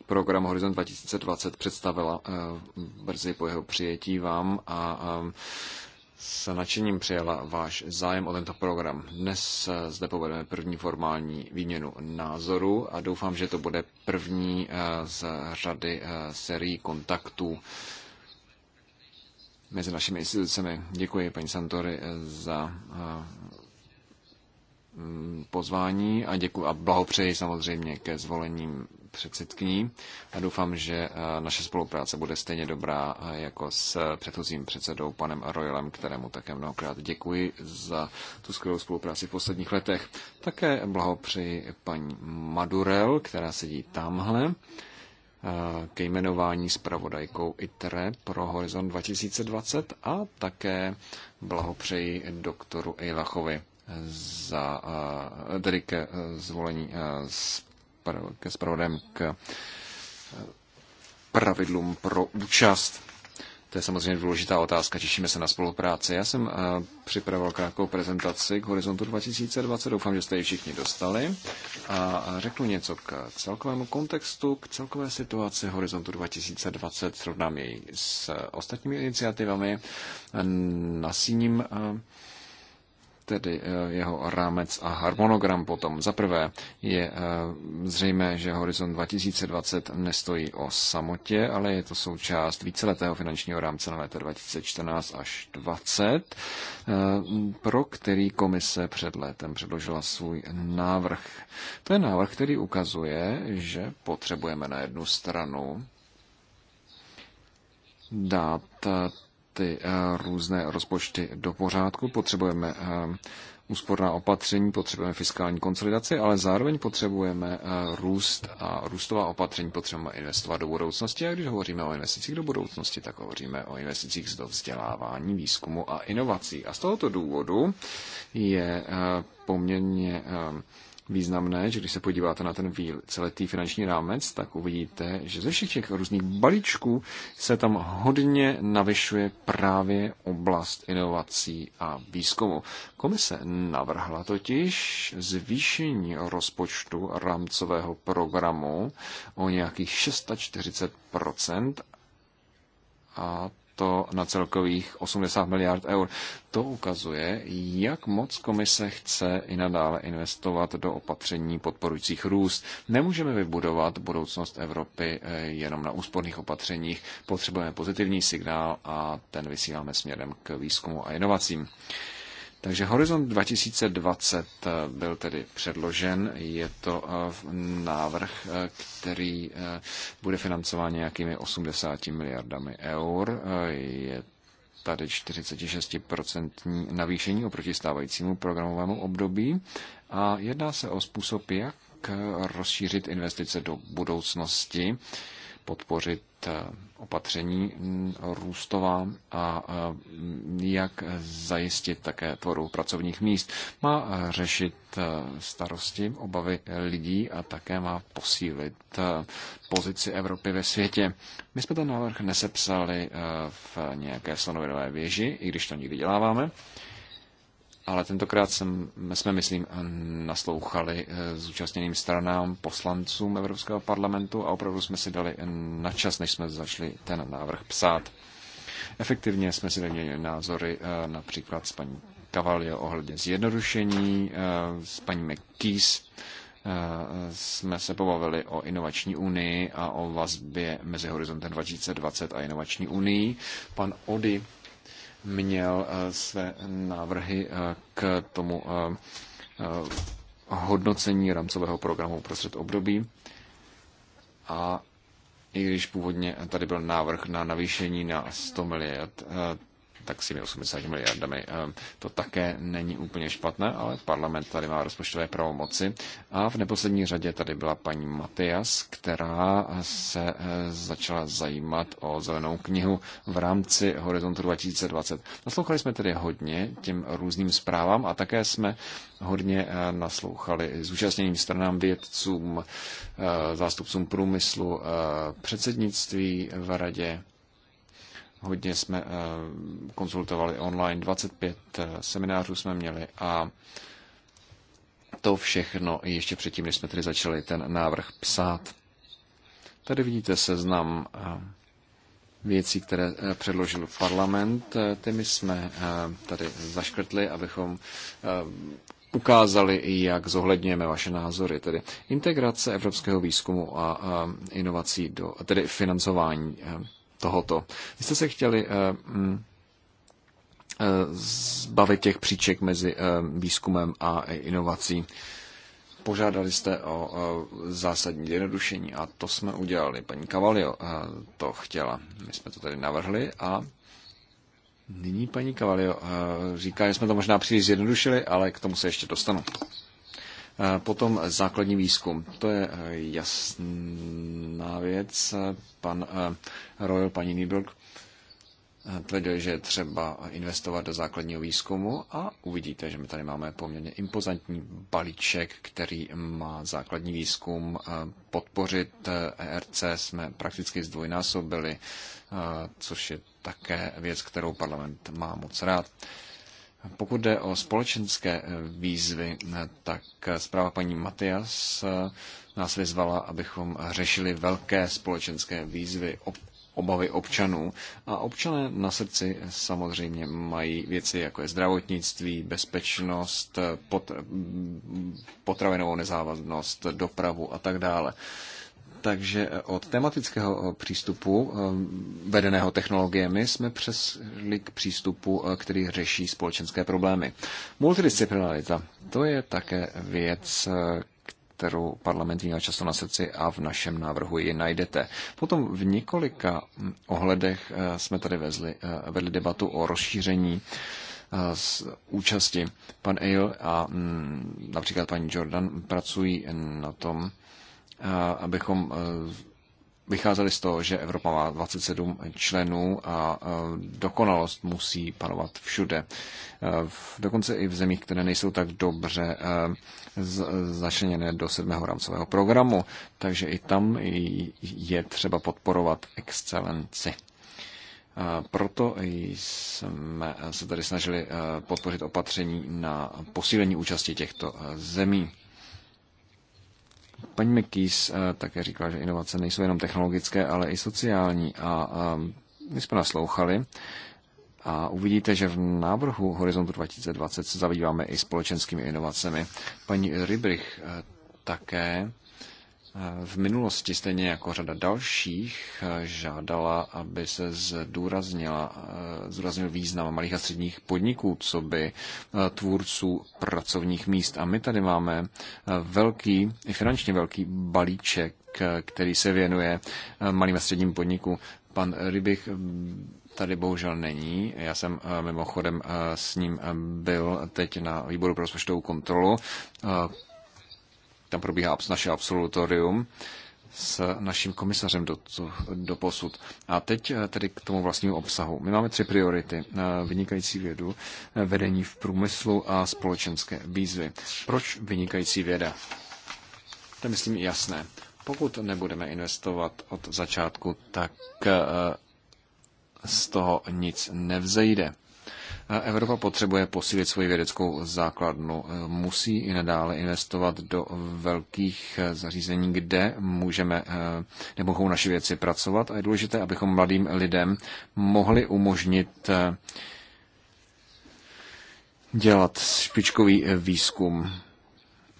program Horizon 2020 představila brzy po jeho přijetí vám a s nadšením přijala váš zájem o tento program. Dnes eh, zde povedeme první formální výměnu názorů a doufám, že to bude první eh, z řady eh, sérií kontaktů mezi našimi institucemi. Děkuji, paní Santory, za pozvání a děkuji a blahopřeji samozřejmě ke zvolením předsedkyní a doufám, že eh, naše spolupráce bude stejně dobrá eh, jako s předchozím předsedou panem Royalem, kterému také mnohokrát děkuji za tu skvělou spolupráci v posledních letech. Také blahopřeji paní Madurel, která sedí tamhle eh, ke jmenování zpravodajkou ITRE pro Horizon 2020 a také blahopřeji doktoru Eilachovi za tedy ke zvolení z ke zpravodem k eh, pravidlům pro účast. To je samozřejmě důležitá otázka, těšíme se na spolupráci. Já jsem eh, připravil krátkou prezentaci k Horizontu 2020, doufám, že jste ji všichni dostali a řeknu něco k celkovému kontextu, k celkové situaci Horizontu 2020, srovnám jej s ostatními iniciativami, nasíním eh, tedy eh, jeho rámec a harmonogram potom. Za prvé je eh, zřejmé, že Horizon 2020 nestojí o samotě, ale je to součást víceletého finančního rámce na léta 2014 až 2020, eh, pro který komise před létem předložila svůj návrh. To je návrh, který ukazuje, že potřebujeme na jednu stranu dát ty eh, různé rozpočty do pořádku, potřebujeme eh, úsporná opatření, potřebujeme fiskální konsolidaci, ale zároveň potřebujeme eh, růst a růstová opatření potřebujeme investovat do budoucnosti. A když hovoříme o investicích do budoucnosti, tak hovoříme o investicích do vzdělávání, výzkumu a inovací. A z tohoto důvodu je poměrně významné, že když se podíváte na ten celý tý finanční rámec, tak uvidíte, že ze všech těch různých balíčků se tam hodně navyšuje právě oblast inovací a výzkumu. Komise navrhla totiž zvýšení rozpočtu rámcového programu o nějakých 640 a to na celkových 80 miliard eur. To ukazuje, jak moc komise chce i nadále investovat do opatření podporujících růst. Nemůžeme vybudovat budoucnost Evropy eh, jenom na úsporných opatřeních. Potřebujeme pozitivní signál a ten vysíláme směrem k výzkumu a inovacím. Takže Horizont 2020 eh, byl tedy předložen. Je to eh, návrh, eh, který bude financován nějakými 80 miliardami eur. Je tady 46% navýšení oproti stávajícímu programovému období a jedná se o způsob, jak rozšířit investice do budoucnosti podpořit eh, opatření růstová a eh, jak zajistit také tvorbu pracovních míst. Má eh, řešit starosti, obavy lidí a také má posílit pozici Evropy ve světě. My jsme ten návrh nesepsali v nějaké slonovinové věži, i když to nikdy děláváme ale tentokrát jsem, jsme, myslím, naslouchali eh, zúčastněným stranám, poslancům Evropského parlamentu a opravdu jsme si dali na čas, než jsme začali ten návrh psát. Efektivně jsme si dali názory eh, například s paní Kavalio ohledně zjednodušení, eh, s paní McKees jsme se pobavili o inovační unii a o vazbě mezi horizontem 2020 a inovační unii. Pan Ody měl eh, své návrhy eh, k tomu eh, hodnocení rámcového programu prostřed období. A i když původně tady byl návrh na navýšení na 100 miliard, tak s těmi 80 miliardami. Eh, to také není úplně špatné, ale parlament tady má rozpočtové pravomoci. A v neposlední řadě tady byla paní Matias, která se eh, začala zajímat o zelenou knihu v rámci Horizontu 2020. Naslouchali jsme tedy hodně těm různým zprávám a také jsme hodně eh, naslouchali zúčastněným stranám vědcům, zástupcům průmyslu, předsednictví v radě hodně jsme eh, konzultovali online, 25 eh, seminářů jsme měli a to všechno ještě předtím, než jsme tedy začali ten návrh psát. Tady vidíte seznam eh, věcí, které předložil parlament. Ty my jsme tady zaškrtli, abychom ukázali, jak zohledňujeme vaše názory, tedy integrace evropského výzkumu a inovací do tedy financování tohoto. Vy jste se chtěli eh, mm, eh, zbavit těch příček mezi eh, výzkumem a inovací. Požádali jste o zásadní zjednodušení a to jsme udělali. Paní Kavalio to chtěla. My jsme to tady navrhli a nyní paní Kavalio říká, že jsme to možná příliš zjednodušili, ale k tomu se ještě dostanu. Eh, potom základní výzkum. To je eh, jasná věc. Eh, pan Royal, paní Nieberg tvrdil, že je třeba investovat do základního výzkumu a uvidíte, že my tady máme poměrně impozantní balíček, který má základní výzkum podpořit. ERC e jsme prakticky zdvojnásobili, což je také věc, kterou parlament má moc rád. Pokud jde o společenské eh, výzvy, eh, tak eh, zpráva paní Matias nás vyzvala, abychom řešili velké společenské výzvy, obavy občanů. A občané na srdci samozřejmě mají věci, jako je zdravotnictví, bezpečnost, pot, potravinovou nezávadnost, dopravu a tak dále. Takže od tematického eh, přístupu eh, vedeného technologiemi jsme přesli k přístupu, eh, který řeší společenské problémy. Multidisciplinarita, to je také věc, kterou parlament měl často na srdci a v našem návrhu ji najdete. Potom v několika hm, ohledech jsme tady vezli, vedli debatu o rozšíření z účasti. Pan Eil a hm, například paní Jordan pracují na tom, abychom e, vycházeli z toho, že Evropa má 27 členů a e, dokonalost musí panovat všude. E, dokonce i v zemích, které nejsou tak dobře začleněné do sedmého rámcového programu, takže i tam je třeba podporovat excelenci. Proto jsme se tady snažili podpořit opatření na posílení účasti těchto zemí. Paní McKees eh, také říkala, že inovace nejsou jenom technologické, ale i sociální a ehm, my jsme naslouchali a uvidíte, že v návrhu Horizontu 2020 se zabýváme i společenskými inovacemi. Paní Rybrich eh, také v minulosti, stejně jako řada dalších, žádala, aby se zdůraznila, zdůraznil význam malých a středních podniků, co by eh, tvůrců pracovních míst. A my tady máme eh, velký, i finančně velký balíček, eh, který se věnuje malým a středním podnikům. Pan Rybich tady bohužel není. Já jsem mimochodem s ním byl teď na výboru pro rozpočtovou kontrolu tam probíhá naše absolutorium s naším komisařem do, do posud. A teď eh, tedy k tomu vlastnímu obsahu. My máme tři priority. Eh, vynikající vědu, eh, vedení v průmyslu a společenské výzvy. Proč vynikající věda? To je, myslím, jasné. Pokud nebudeme investovat od začátku, tak z toho nic nevzejde. Evropa potřebuje posílit svoji vědeckou základnu. Musí i nadále investovat do velkých eh, zařízení, kde můžeme, eh, nebo mohou naši věci pracovat. A je důležité, abychom mladým lidem mohli umožnit eh, dělat špičkový výzkum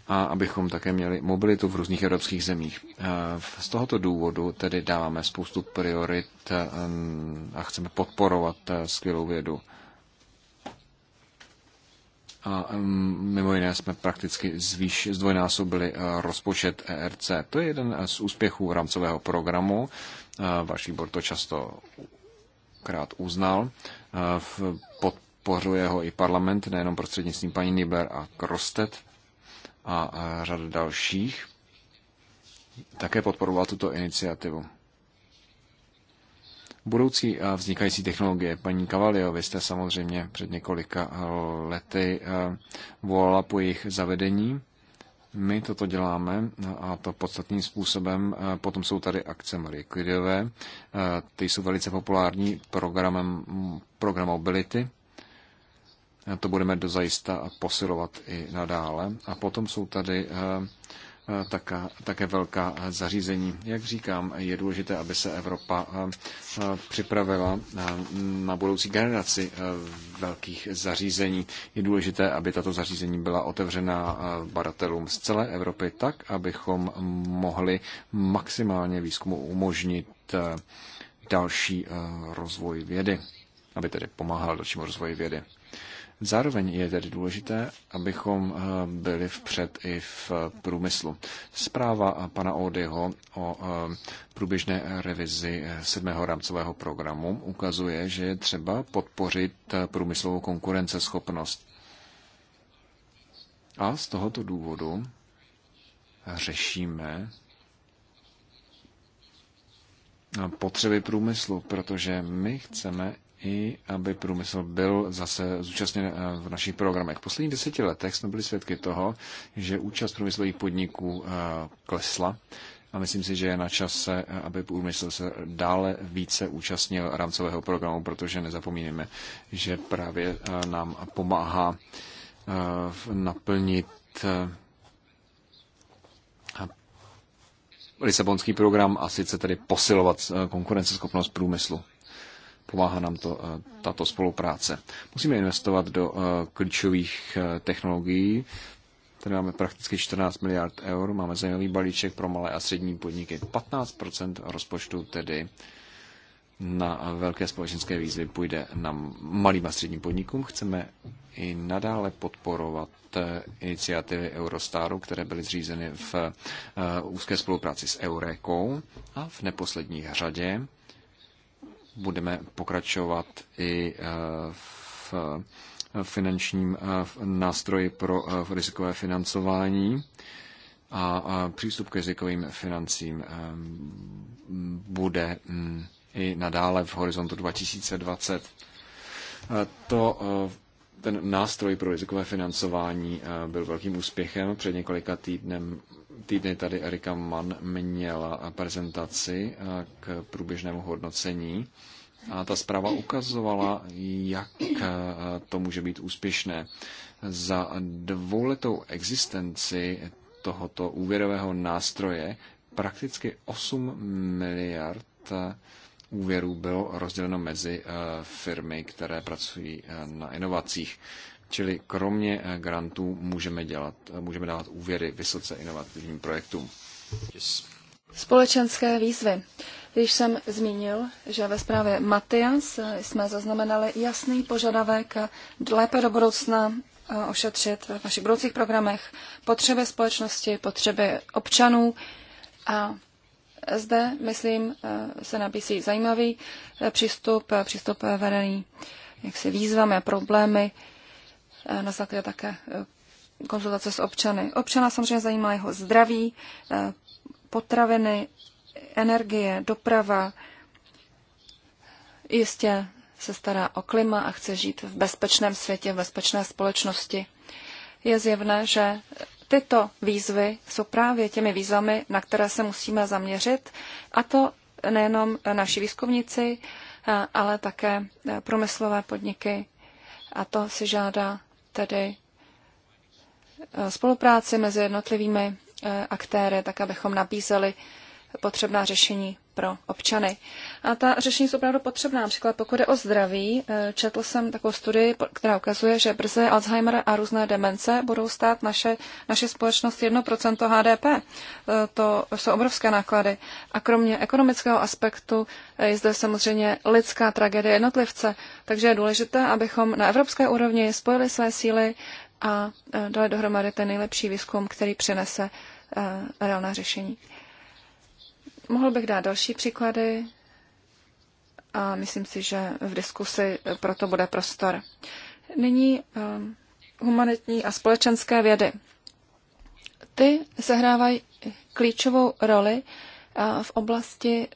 a abychom také měli mobilitu v různých evropských zemích. Z tohoto důvodu tedy dáváme spoustu priorit a chceme podporovat skvělou vědu a mimo jiné jsme prakticky zvýš, zdvojnásobili eh, rozpočet ERC. To je jeden eh, z úspěchů rámcového programu. Eh, váš výbor to často krát uznal. Podpořuje ho i parlament, nejenom prostřednictvím paní Niber a Krostet a řada dalších. Také podporoval tuto iniciativu. Budoucí a eh, vznikající technologie. Paní Kavalio, vy jste samozřejmě před několika eh, lety eh, volala po jejich zavedení. My toto děláme no, a to podstatným způsobem. Potom jsou tady akce Marie Curie, ty jsou velice populární programem, program Mobility. To budeme dozajista posilovat i nadále. A potom jsou tady taká, také velká zařízení. Jak říkám, je důležité, aby se Evropa eh, připravila eh, na budoucí generaci eh, velkých zařízení. Je důležité, aby tato zařízení byla otevřená badatelům z celé Evropy tak, abychom mohli maximálně výzkumu umožnit další rozvoj vědy, aby tedy pomáhal dalšímu rozvoji vědy. Zároveň je tedy důležité, abychom eh, byli vpřed i v průmyslu. Zpráva pana Odyho o eh, průběžné revizi eh, sedmého rámcového programu ukazuje, že je třeba podpořit průmyslovou konkurenceschopnost. A z tohoto důvodu řešíme potřeby průmyslu, protože my chceme i aby průmysl byl zase zúčastněn eh, v našich programech. V posledních deseti letech jsme byli svědky toho, že účast průmyslových podniků eh, klesla a myslím si, že je na čase, eh, aby průmysl se dále více účastnil rámcového programu, protože nezapomínáme, že právě nám pomáhá naplnit Lisabonský program a sice tedy posilovat konkurenceschopnost průmyslu pomáhá nám to eh, tato spolupráce. Musíme investovat do eh, klíčových eh, technologií. Tady máme prakticky 14 miliard eur, máme zajímavý balíček pro malé a střední podniky. 15% rozpočtu tedy na velké společenské výzvy půjde na malým a středním podnikům. Chceme i nadále podporovat iniciativy Eurostaru, které byly zřízeny v úzké spolupráci s Eurekou a v neposlední řadě budeme pokračovat i eh, v eh, finančním eh, nástroji pro rizikové financování a přístup k rizikovým financím bude mm, i nadále v horizontu 2020. To ten nástroj pro rizikové financování byl velkým úspěchem. Před několika týdnem týdny tady Erika Mann měla prezentaci eh, k průběžnému hodnocení a ta zpráva ukazovala, jak eh, to může být úspěšné. Za dvouletou existenci tohoto úvěrového nástroje prakticky 8 miliard eh, úvěrů bylo rozděleno mezi firmy, které pracují na inovacích. Čili kromě eh, grantů můžeme, dělat, eh, můžeme dávat úvěry vysoce inovativním projektům. Společenské výzvy. Když jsem zmínil, že ve zprávě Matias eh, jsme zaznamenali jasný požadavek lépe do budoucna ošetřit v našich budoucích programech potřeby společnosti, potřeby občanů a zde, myslím, se nabízí zajímavý přístup, přístup vedený jaksi výzvami a problémy Eh, na základě také eh, konzultace s občany. Občana samozřejmě zajímá jeho zdraví, eh, potraviny, energie, doprava. Jistě se stará o klima a chce žít v bezpečném světě, v bezpečné společnosti. Je zjevné, že tyto výzvy jsou právě těmi výzvami, na které se musíme zaměřit, a to nejenom naši výzkumníci, ale také průmyslové podniky. A to si žádá tedy eh, spolupráci mezi jednotlivými eh, aktéry, tak abychom nabízeli potřebná řešení pro občany. A ta řešení jsou opravdu potřebná. Například pokud je o zdraví, eh, četl jsem takovou studii, která ukazuje, že brzy Alzheimer a různé demence budou stát naše, naše společnost 1% HDP. Eh, to jsou obrovské náklady. A kromě ekonomického aspektu eh, je zde samozřejmě lidská tragédie jednotlivce. Takže je důležité, abychom na evropské úrovni spojili své síly a dali dohromady ten nejlepší výzkum, který přinese reálná řešení. Mohl bych dát další příklady a myslím si, že v diskusi proto bude prostor. Nyní um, humanitní a společenské vědy. Ty sehrávají klíčovou roli uh, v oblasti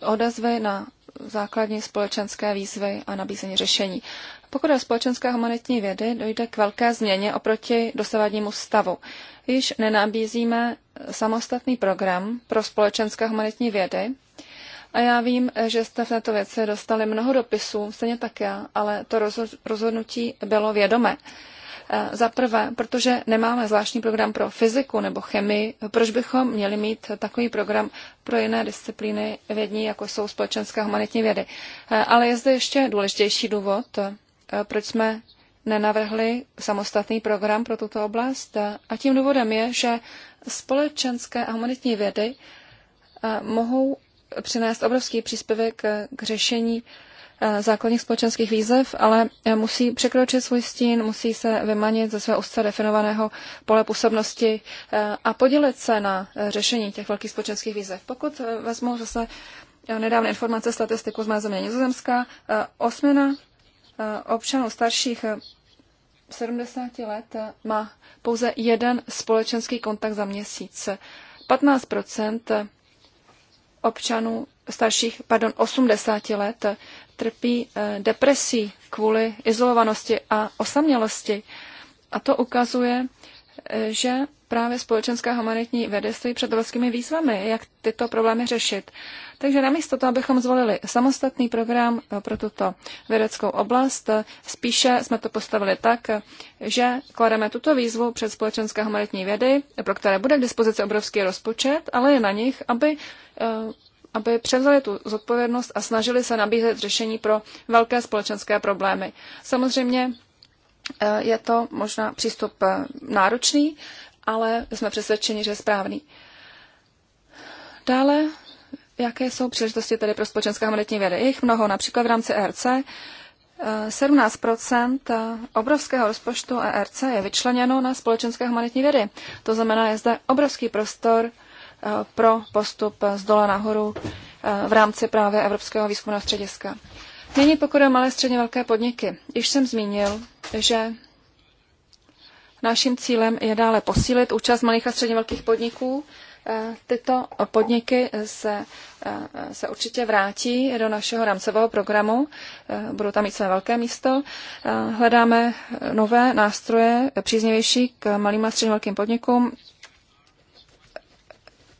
odezvy na základní společenské výzvy a nabízení řešení. Pokud je o společenské humanitní vědy, dojde k velké změně oproti dosavadnímu stavu. Již nenabízíme samostatný program pro společenské humanitní vědy. A já vím, že jste v této věci dostali mnoho dopisů, stejně tak já, ale to rozhodnutí bylo vědomé. E, za prvé, protože nemáme zvláštní program pro fyziku nebo chemii, proč bychom měli mít takový program pro jiné disciplíny vědní, jako jsou společenské humanitní vědy. E, ale je zde ještě důležitější důvod, Eh, proč jsme nenavrhli samostatný program pro tuto oblast. Eh, a tím důvodem je, že společenské a humanitní vědy eh, mohou přinést obrovský příspěvek k řešení základních společenských výzev, ale musí překročit svůj stín, musí se vymanit ze svého úzce definovaného pole působnosti a podělit se na řešení těch velkých společenských výzev. Pokud vezmu zase nedávné informace statistiku z mé země Nizozemská osmina Eh, občanů starších 70 eh, let eh, má pouze jeden společenský kontakt za měsíc. 15 občanů starších, pardon, 80 let trpí depresí kvůli izolovanosti a osamělosti. A to ukazuje, že právě společenská humanitní vědectví stojí před velkými výzvami, jak tyto problémy řešit. Takže namísto toho, abychom zvolili samostatný program eh, pro tuto vědeckou oblast, eh, spíše jsme to postavili tak, že klademe tuto výzvu před společenské humanitní vědy, pro které bude k dispozici obrovský rozpočet, ale je na nich, aby eh, aby převzali tu zodpovědnost a snažili se nabízet řešení pro velké společenské problémy. Samozřejmě je to možná přístup náročný, ale jsme přesvědčeni, že je správný. Dále, jaké jsou příležitosti tedy pro společenské humanitní vědy? Jejich mnoho, například v rámci ERC. 17 eh, eh, obrovského rozpočtu ERC je vyčleněno na společenské humanitní vědy. To znamená, je zde obrovský prostor eh, pro postup z dola nahoru v rámci právě Evropského výzkumného střediska. Nyní pokud o malé středně velké podniky. Již jsem zmínil, že Naším cílem je dále posílit účast malých a středně velkých podniků. Eh, tyto podniky se, eh, se určitě vrátí do našeho rámcového programu, eh, budou tam mít své velké místo. Hledáme nové nástroje příznivější k malým a středně velkým podnikům.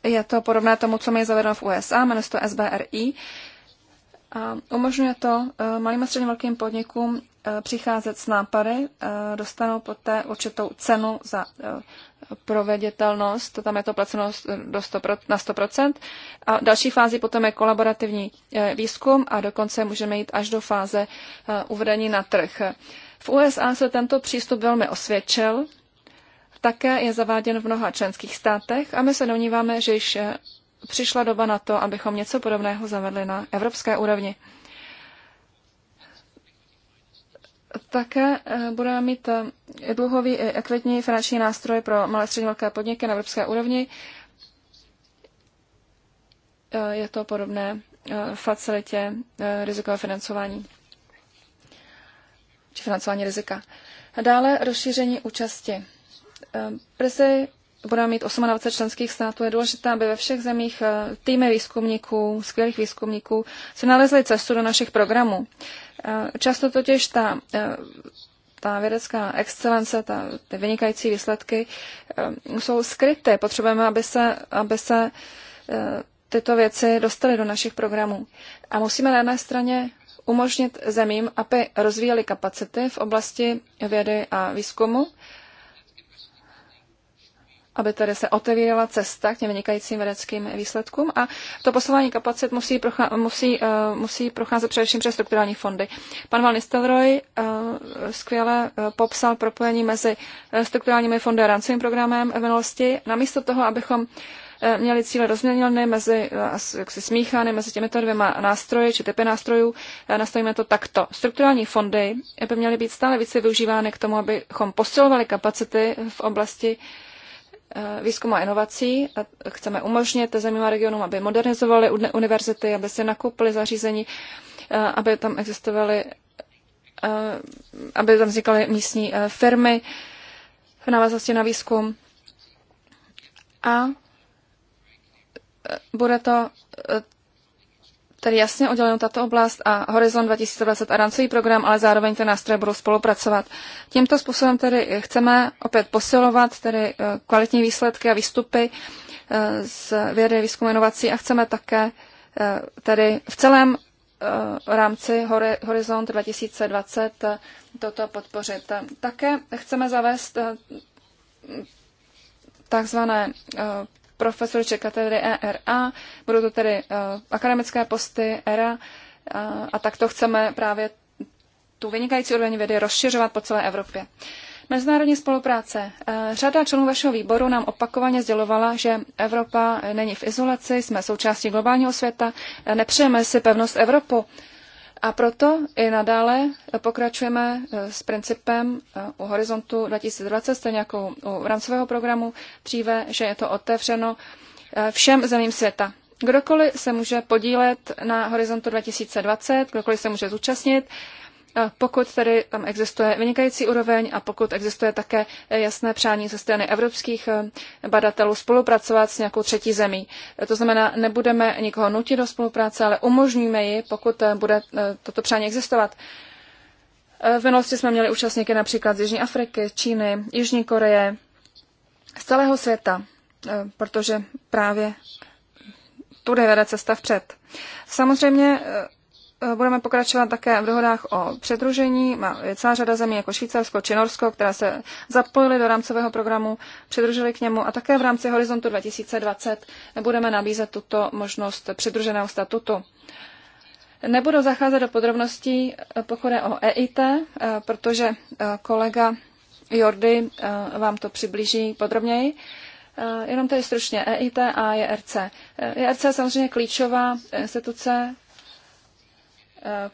Je to podobné tomu, co mi je zavedeno v USA, jmenuje se to SBRI. A umožňuje to eh, malým a středně velkým podnikům eh, přicházet s nápady, eh, dostanou poté určitou cenu za proveditelnost, tam je to placeno na 100%. A další fázi potom je kolaborativní výzkum a dokonce můžeme jít až do fáze uvedení na trh. V USA se tento přístup velmi osvědčil, také je zaváděn v mnoha členských státech a my se domníváme, že již přišla doba na to, abychom něco podobného zavedli na evropské úrovni. Také eh, budeme mít eh, dluhový i ekvitní finanční nástroj pro malé střední velké podniky na evropské úrovni. Eh, je to podobné facilitě rizikového financování či financování rizika. dále rozšíření účasti. Brzy budeme mít 28 členských států, je důležité, aby ve všech zemích eh, týmy výzkumníků, skvělých výzkumníků, se nalezly cestu do našich programů. Eh, často totiž ta, eh, ta vědecká excelence, ta, ty vynikající výsledky jsou skryty. Potřebujeme, aby se, aby se tyto věci dostaly do našich programů. A musíme na jedné straně umožnit zemím, aby rozvíjely kapacity v oblasti vědy a výzkumu, aby tady se otevírala cesta k těm vynikajícím vědeckým výsledkům a to posilování kapacit musí, prochá, musí, uh, musí procházet především přes strukturální fondy. Pan Van Nistelrooy uh, skvěle uh, popsal propojení mezi strukturálními fondy a rámcovým programem v minulosti. Namísto toho, abychom měli cíle rozmělněny mezi, jaksi smíchány mezi těmito dvěma nástroji či typy nástrojů. Nastavíme to takto. Strukturální fondy by měly být stále více využívány k tomu, abychom posilovali kapacity v oblasti uh, výzkumu a inovací. Chceme umožnit zemím a regionům, aby modernizovali univerzity, aby si nakoupili zařízení, aby tam existovaly, aby tam vznikaly místní e, firmy v návaznosti na výzkum. A e, bude to e, Tady jasně oddělenou tato oblast a Horizon 2020 a rámcový program, ale zároveň ty nástroje budou spolupracovat. Tímto způsobem tedy chceme opět posilovat tedy eh, kvalitní výsledky a výstupy eh, z vědy, výzkumu inovací a chceme také eh, tedy v celém rámci Horizont 2020 toto podpořit. Také chceme zavést takzvané profesor či katedry ERA, budou to tedy eh, akademické posty ERA eh, a tak to chceme právě tu vynikající úroveň vědy rozšiřovat po celé Evropě. Mezinárodní spolupráce. Eh, řada členů vašeho výboru nám opakovaně sdělovala, že Evropa není v izolaci, jsme součástí globálního světa, nepřejeme si pevnost Evropu, a proto i nadále pokračujeme e, s principem e, u horizontu 2020, stejně jako u rámcového programu dříve, že je to otevřeno e, všem zemím světa. Kdokoliv se může podílet na horizontu 2020, kdokoliv se může zúčastnit, pokud tedy tam existuje vynikající úroveň a pokud existuje také jasné přání ze strany evropských eh, badatelů spolupracovat s nějakou třetí zemí. Eh, to znamená, nebudeme nikoho nutit do spolupráce, ale umožníme ji, pokud eh, bude toto přání existovat. V minulosti jsme měli účastníky například z Jižní Afriky, Číny, Jižní Koreje, z celého světa, protože právě tudy vede cesta vpřed. Samozřejmě Eh, budeme pokračovat také v dohodách o předružení. Má celá řada zemí jako Švýcarsko či Norsko, která se zapojily do rámcového programu, předružili k němu a také v rámci Horizontu 2020 budeme nabízet tuto možnost předruženého statutu. Nebudu zacházet do podrobností, eh, pokud je o EIT, eh, protože kolega Jordy vám to přiblíží podrobněji. Jenom tady stručně EIT a JRC. JRC je samozřejmě klíčová instituce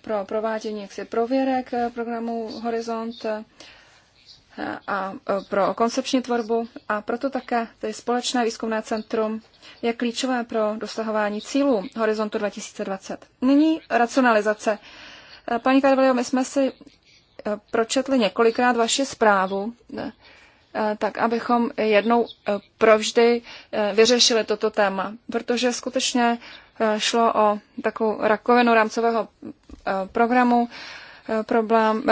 pro provádění jaksi prověrek eh, programu Horizont eh, a eh, pro koncepční tvorbu a proto také tedy společné výzkumné centrum je klíčové pro dosahování cílů Horizontu 2020. Nyní racionalizace. Paní Karvalio, my jsme si pročetli několikrát vaši zprávu, tak abychom jednou provždy vyřešili toto téma, protože skutečně Eh, šlo o takovou rakovinu rámcového eh, programu, eh, problém,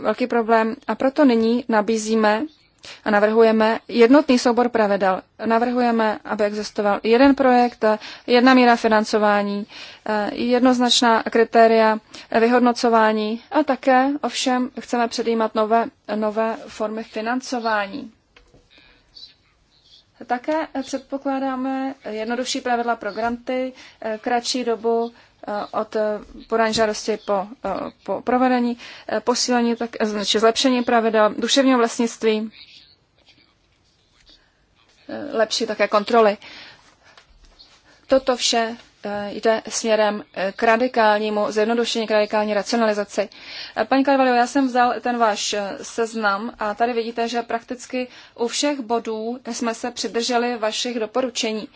velký problém a proto nyní nabízíme a navrhujeme jednotný soubor pravidel. Navrhujeme, aby existoval jeden projekt, jedna míra financování, jednoznačná kritéria vyhodnocování a také ovšem chceme předjímat nové, nové formy financování. Také předpokládáme jednodušší pravidla pro granty, eh, kratší dobu eh, od eh, podání žádosti po, po provedení, posílení, tak, znači zlepšení pravidel duševního vlastnictví, lepší také kontroly. Toto vše Eh, jde směrem eh, k radikálnímu zjednodušení, k radikální racionalizaci. Eh, paní Karvalio, já jsem vzal ten váš seznam a tady vidíte, že prakticky u všech bodů jsme se přidrželi vašich doporučení.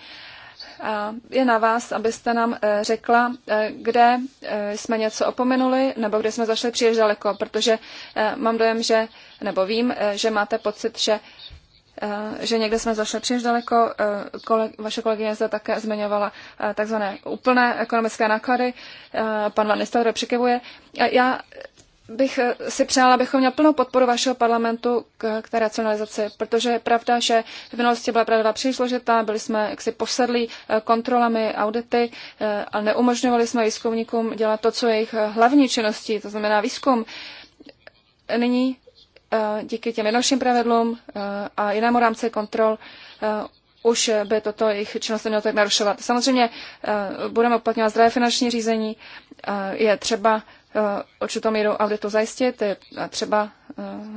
A je na vás, abyste nám řekla, kde jsme něco opomenuli nebo kde jsme zašli příliš daleko, protože mám dojem, že, nebo vím, že máte pocit, že Eh, že někde jsme zašli příliš daleko. Eh, vaše kolegyně zde také zmiňovala eh, takzvané úplné ekonomické náklady. Pan Van Nistelrooy přikivuje. Já bych si přála, abychom měli plnou podporu vašeho parlamentu k, k té racionalizaci, protože je pravda, že v minulosti byla pravidla příliš složitá, byli jsme jaksi posedlí kontrolami, audity, ale neumožňovali jsme výzkumníkům dělat to, co je jejich hlavní činností, to znamená výzkum. Nyní Eh, díky těm jednodušším pravidlům eh, a jinému rámci kontrol eh, už by toto jejich činnost nemělo tak narušovat. Samozřejmě budeme uplatňovat zdravé finanční řízení, je třeba určitou míru auditu zajistit, je třeba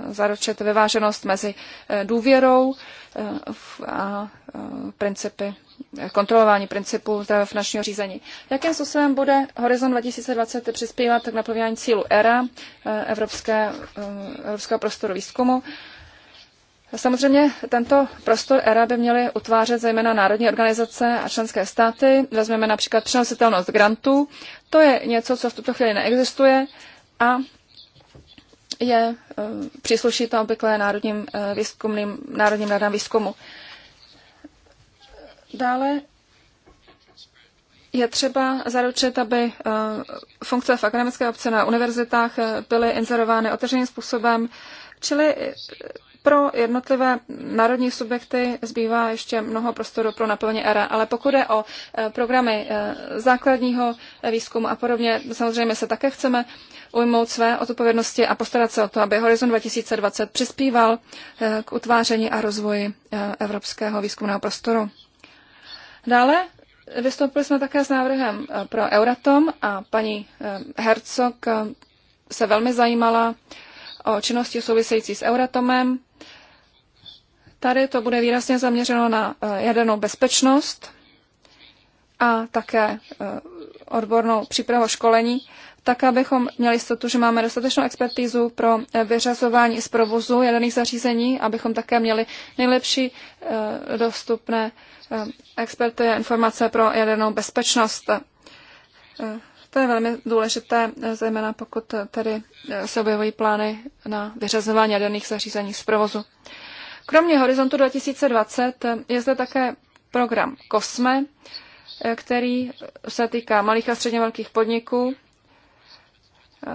zaručit vyváženost mezi důvěrou a principy kontrolování principů finančního řízení. Jakým způsobem bude Horizon 2020 přispívat k naplňování cílu ERA, eh, Evropské, eh, Evropského prostoru výzkumu? Samozřejmě tento prostor ERA by měly utvářet zejména národní organizace a členské státy. Vezmeme například přenositelnost grantů. To je něco, co v tuto chvíli neexistuje a je eh, přísluší to obvykle národním, výzkumným, národním radám výzkumu. Dále je třeba zaručit, aby eh, funkce v akademické obce na univerzitách eh, byly inzerovány otevřeným způsobem, čili eh, pro jednotlivé národní subjekty zbývá ještě mnoho prostoru pro naplnění ERA, ale pokud je o programy základního výzkumu a podobně, samozřejmě se také chceme ujmout své odpovědnosti a postarat se o to, aby Horizon 2020 přispíval k utváření a rozvoji evropského výzkumného prostoru. Dále vystoupili jsme také s návrhem eh, pro Euratom a paní eh, Herzog eh, se velmi zajímala o činnosti související s Euratomem. Tady to bude výrazně zaměřeno na jadernou bezpečnost a také odbornou přípravu školení tak abychom měli jistotu, že máme dostatečnou expertizu pro eh, vyřazování z provozu jaderných zařízení, abychom také měli nejlepší eh, dostupné eh, experty a informace pro jadernou bezpečnost. To je velmi důležité, zejména pokud tedy se objevují plány na vyřazování jaderných zařízení z provozu. Kromě Horizontu 2020 je zde také program COSME, který se týká malých a středně velkých podniků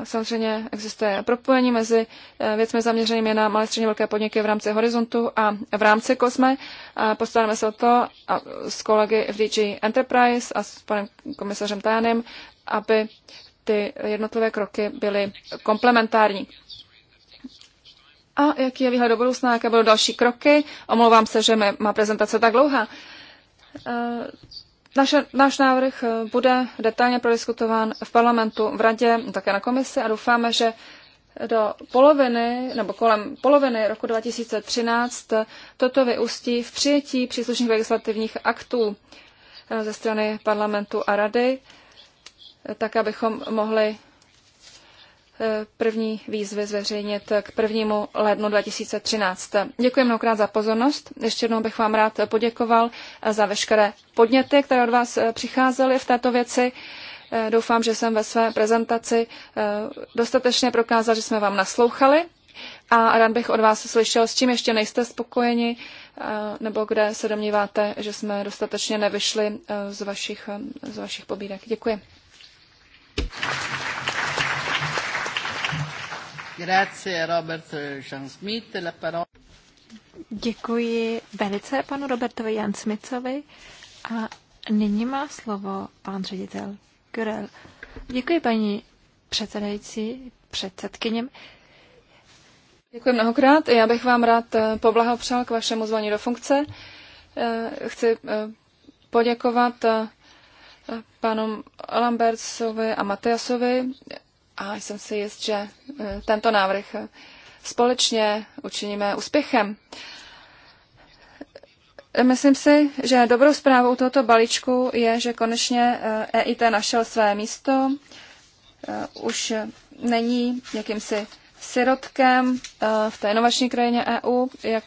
Samozřejmě existuje propojení mezi eh, věcmi zaměřenými na malé středně velké podniky v rámci Horizontu a v rámci Kosme. Postaráme se o to a s kolegy v DG Enterprise a s panem komisařem Tajanem, aby ty jednotlivé kroky byly komplementární. A jaký je výhled do budoucna, jaké budou další kroky? Omlouvám se, že má prezentace tak dlouhá. Eh, náš návrh eh, bude detailně prodiskutován v parlamentu, v radě, také na komisi a doufáme, že do poloviny nebo kolem poloviny roku 2013 eh, toto vyústí v přijetí příslušných legislativních aktů eh, ze strany parlamentu a rady, tak abychom mohli první výzvy zveřejnit k prvnímu lednu 2013. Děkuji mnohokrát za pozornost. Ještě jednou bych vám rád poděkoval za veškeré podněty, které od vás přicházely v této věci. Doufám, že jsem ve své prezentaci eh, dostatečně prokázal, že jsme vám naslouchali a rád bych od vás slyšel, s čím ještě nejste spokojeni, eh, nebo kde se domníváte, že jsme dostatečně nevyšli eh, z vašich, z vašich pobídek. Děkuji. Děkuji velice panu Robertovi Jan Smicovi a nyní má slovo pan ředitel Kurel. Děkuji paní předsedající, předsedkyněm. Děkuji mnohokrát. Já bych vám rád eh, poblahopřál k vašemu zvolení do funkce. Eh, chci eh, poděkovat panu Lambertsovi a Matiasovi a jsem si jist, že eh, tento návrh společně učiníme úspěchem. Myslím si, že dobrou zprávou tohoto balíčku je, že konečně EIT eh, e našel své místo. Eh, už není jakýmsi sirotkem v té inovační krajině EU, jak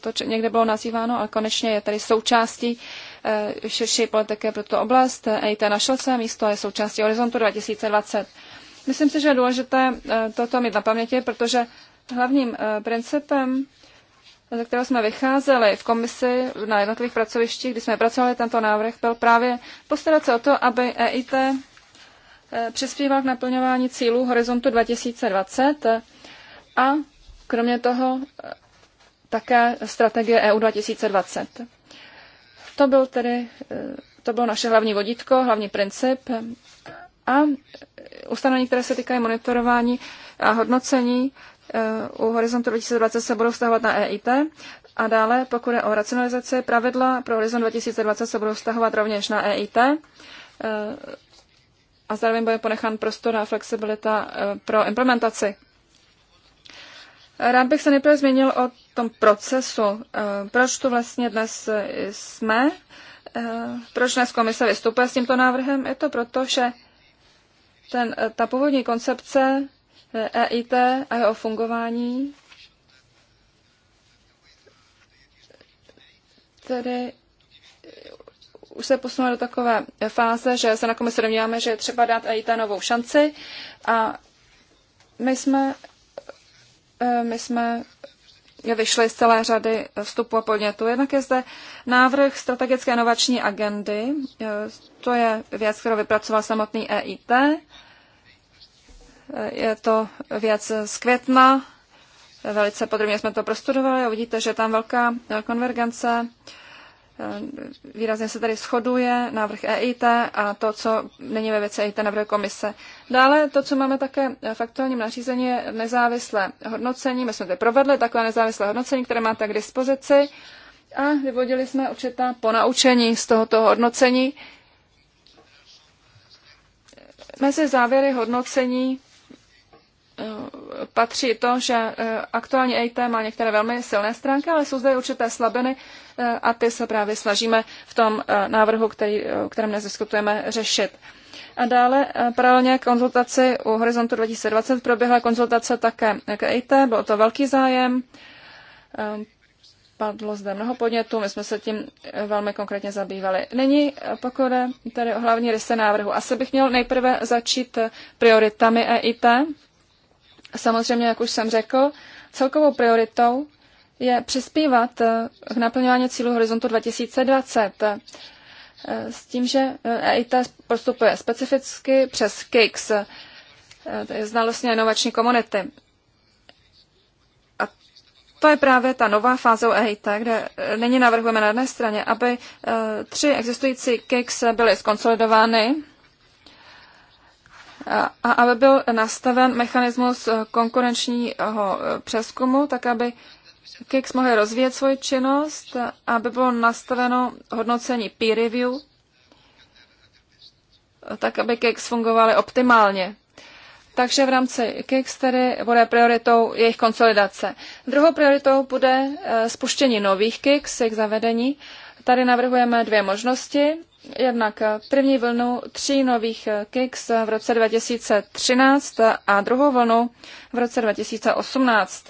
to někde bylo nazýváno, ale konečně je tady součástí širší politiky pro tuto oblast. EIT našel své místo a je součástí Horizontu 2020. Myslím si, že je důležité eh, toto mít na paměti, protože hlavním eh, principem, ze kterého jsme vycházeli v komisi na jednotlivých pracovištích, kdy jsme pracovali tento návrh, byl právě postarat se o to, aby EIT eh, přispíval k naplňování cílů Horizontu 2020 a kromě toho také strategie EU 2020. To byl tedy to bylo naše hlavní vodítko, hlavní princip a e, ustanovení, které se týkají monitorování a hodnocení e, u Horizontu 2020 se budou vztahovat na EIT a dále, pokud je o racionalizaci, pravidla pro Horizont 2020 se budou vztahovat rovněž na EIT e, a zároveň bude ponechán prostor a flexibilita pro implementaci. Rád bych se nejprve změnil o tom procesu. Proč tu vlastně dnes jsme? Proč dnes komise vystupuje s tímto návrhem? Je to proto, že ten, eh, ta původní koncepce EIT eh, e a jeho fungování tedy eh, už se posunula do takové fáze, že se na komisi domníváme, že je třeba dát EIT novou šanci a my jsme, my jsme vyšli z celé řady vstupu a podnětů. Jednak je zde návrh strategické inovační agendy to je věc, kterou vypracoval samotný EIT. Je to věc z května. Velice podrobně jsme to prostudovali a vidíte, že je tam velká konvergence. Výrazně se tady shoduje návrh EIT a to, co není ve věci EIT návrh komise. Dále to, co máme také v aktuálním nařízení, je nezávislé hodnocení. My jsme to provedli, takové nezávislé hodnocení, které máte k dispozici a vyvodili jsme určitá ponaučení z tohoto hodnocení Mezi závěry hodnocení eh, patří to, že eh, aktuálně EIT má některé velmi silné stránky, ale jsou zde určité slabiny eh, a ty se právě snažíme v tom návrhu, který, o kterém dnes diskutujeme, řešit. A dále paralelně k konzultaci u Horizontu 2020 proběhla konzultace také k EIT, bylo to velký zájem. Padlo zde mnoho podnětů, my jsme se tím velmi konkrétně zabývali. Není eh, pokud tady o hlavní rysy návrhu, asi bych měl nejprve začít eh, prioritami EIT. Samozřejmě, jak už jsem řekl, celkovou prioritou je přispívat eh, k naplňování cílu horizontu 2020 s tím, že EIT e postupuje specificky přes KIX, znalostně inovační komunity. To je právě ta nová fáze EITA, kde eh, nyní navrhujeme na jedné straně, aby eh, tři existující KICS byly skonsolidovány a aby byl nastaven mechanismus eh, konkurenčního přeskumu, tak aby KICS mohly rozvíjet svoji činnost, aby bylo nastaveno hodnocení peer review, tak aby KICS fungovaly optimálně takže v rámci KIX tedy bude prioritou jejich konsolidace. Druhou prioritou bude eh, spuštění nových KIX, jejich zavedení. Tady navrhujeme dvě možnosti. Jednak eh, první vlnu tří nových eh, KIX v roce 2013 a druhou vlnu v roce 2018.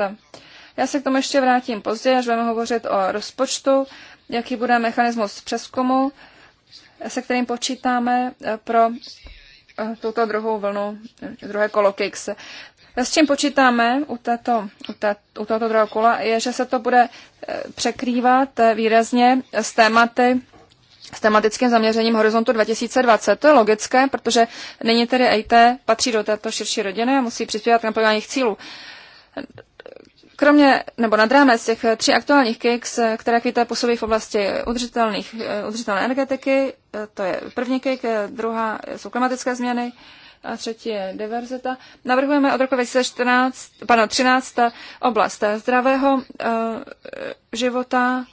Já se k tomu ještě vrátím později, až budeme hovořit o rozpočtu, jaký bude mechanismus přeskumu, se kterým počítáme pro tuto druhou vlnu, druhé kolo Kicks. S čím počítáme u, této, u, té, u tohoto druhého kola je, že se to bude eh, překrývat eh, výrazně s tématy s tematickým zaměřením Horizontu 2020. To je logické, protože nyní tedy e IT patří do této širší rodiny a musí přispívat k naplňování cílů. Kromě nebo nad rámec těch eh, tří aktuálních kicks, eh, které, jak působí v oblasti udržitelných, eh, udržitelné energetiky, to je první kick, druhá jsou klimatické změny a třetí je diverzita. Navrhujeme od roku 2014, pardon, 13 oblast zdravého života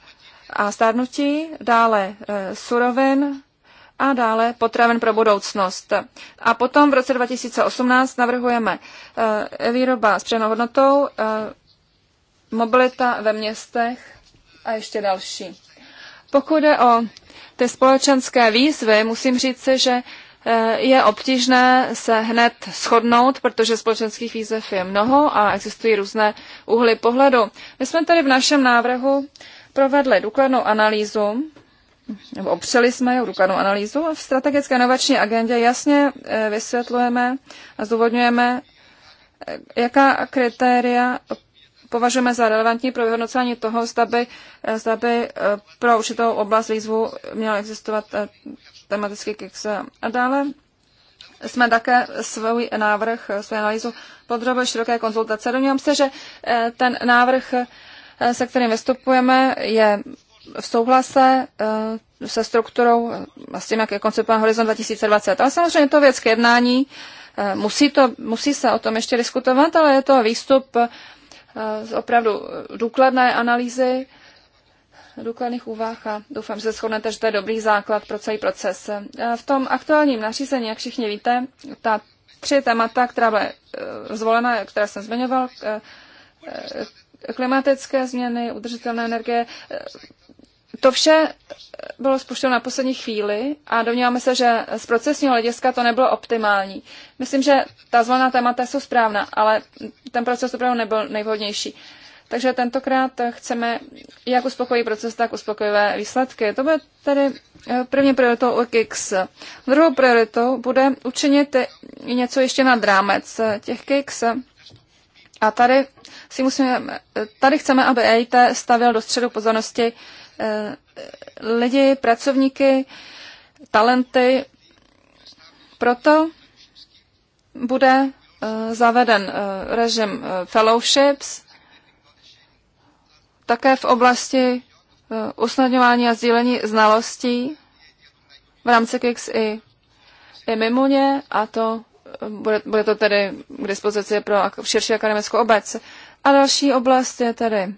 a stárnutí, dále surovin, a dále potravin pro budoucnost. A potom v roce 2018 navrhujeme výroba s přenou hodnotou, mobilita ve městech a ještě další. Pokud jde o ty společenské výzvy, musím říct že eh, je obtížné se hned shodnout, protože společenských výzev je mnoho a existují různé úhly pohledu. My jsme tady v našem návrhu provedli důkladnou analýzu, nebo opřeli jsme ji důkladnou analýzu a v strategické inovační agendě jasně eh, vysvětlujeme a zdůvodňujeme, eh, jaká kritéria považujeme za relevantní pro vyhodnocení toho, zda by, eh, zda by eh, pro určitou oblast výzvu měl existovat eh, tematický KIX. A dále jsme také svůj návrh, svou analýzu podrobili široké konzultace. Domnívám se, že ten návrh, se kterým vystupujeme, je v souhlase se strukturou a s tím, jak je koncipován Horizont 2020. Ale samozřejmě to věc k jednání. Musí, to, musí se o tom ještě diskutovat, ale je to výstup opravdu důkladné analýzy, důkladných úvah a doufám, že se shodnete, že to je dobrý základ pro celý proces. E, v tom aktuálním nařízení, jak všichni víte, ta tři témata, která byla e, zvolena, která jsem zmiňoval, e, klimatické změny, udržitelné energie, to vše bylo spuštěno na poslední chvíli a domníváme se, že z procesního hlediska to nebylo optimální. Myslím, že ta zvolená témata jsou správná, ale ten proces opravdu nebyl nejvhodnější. Takže tentokrát chceme jak uspokojivý proces, tak uspokojivé výsledky. To bude tedy eh, první prioritou KIX. Druhou prioritou bude učinit něco ještě nad rámec eh, těch KIX. A tady, si musíme, eh, tady chceme, aby EIT stavěl do středu pozornosti uh, Eh, lidi, pracovníky, talenty. Proto bude eh, zaveden eh, režim fellowships, také v oblasti usnadňování a sdílení znalostí v rámci KIX i, i mimo ně a to bude, bude to tedy k dispozici pro širší akademickou obec. A další oblast je tedy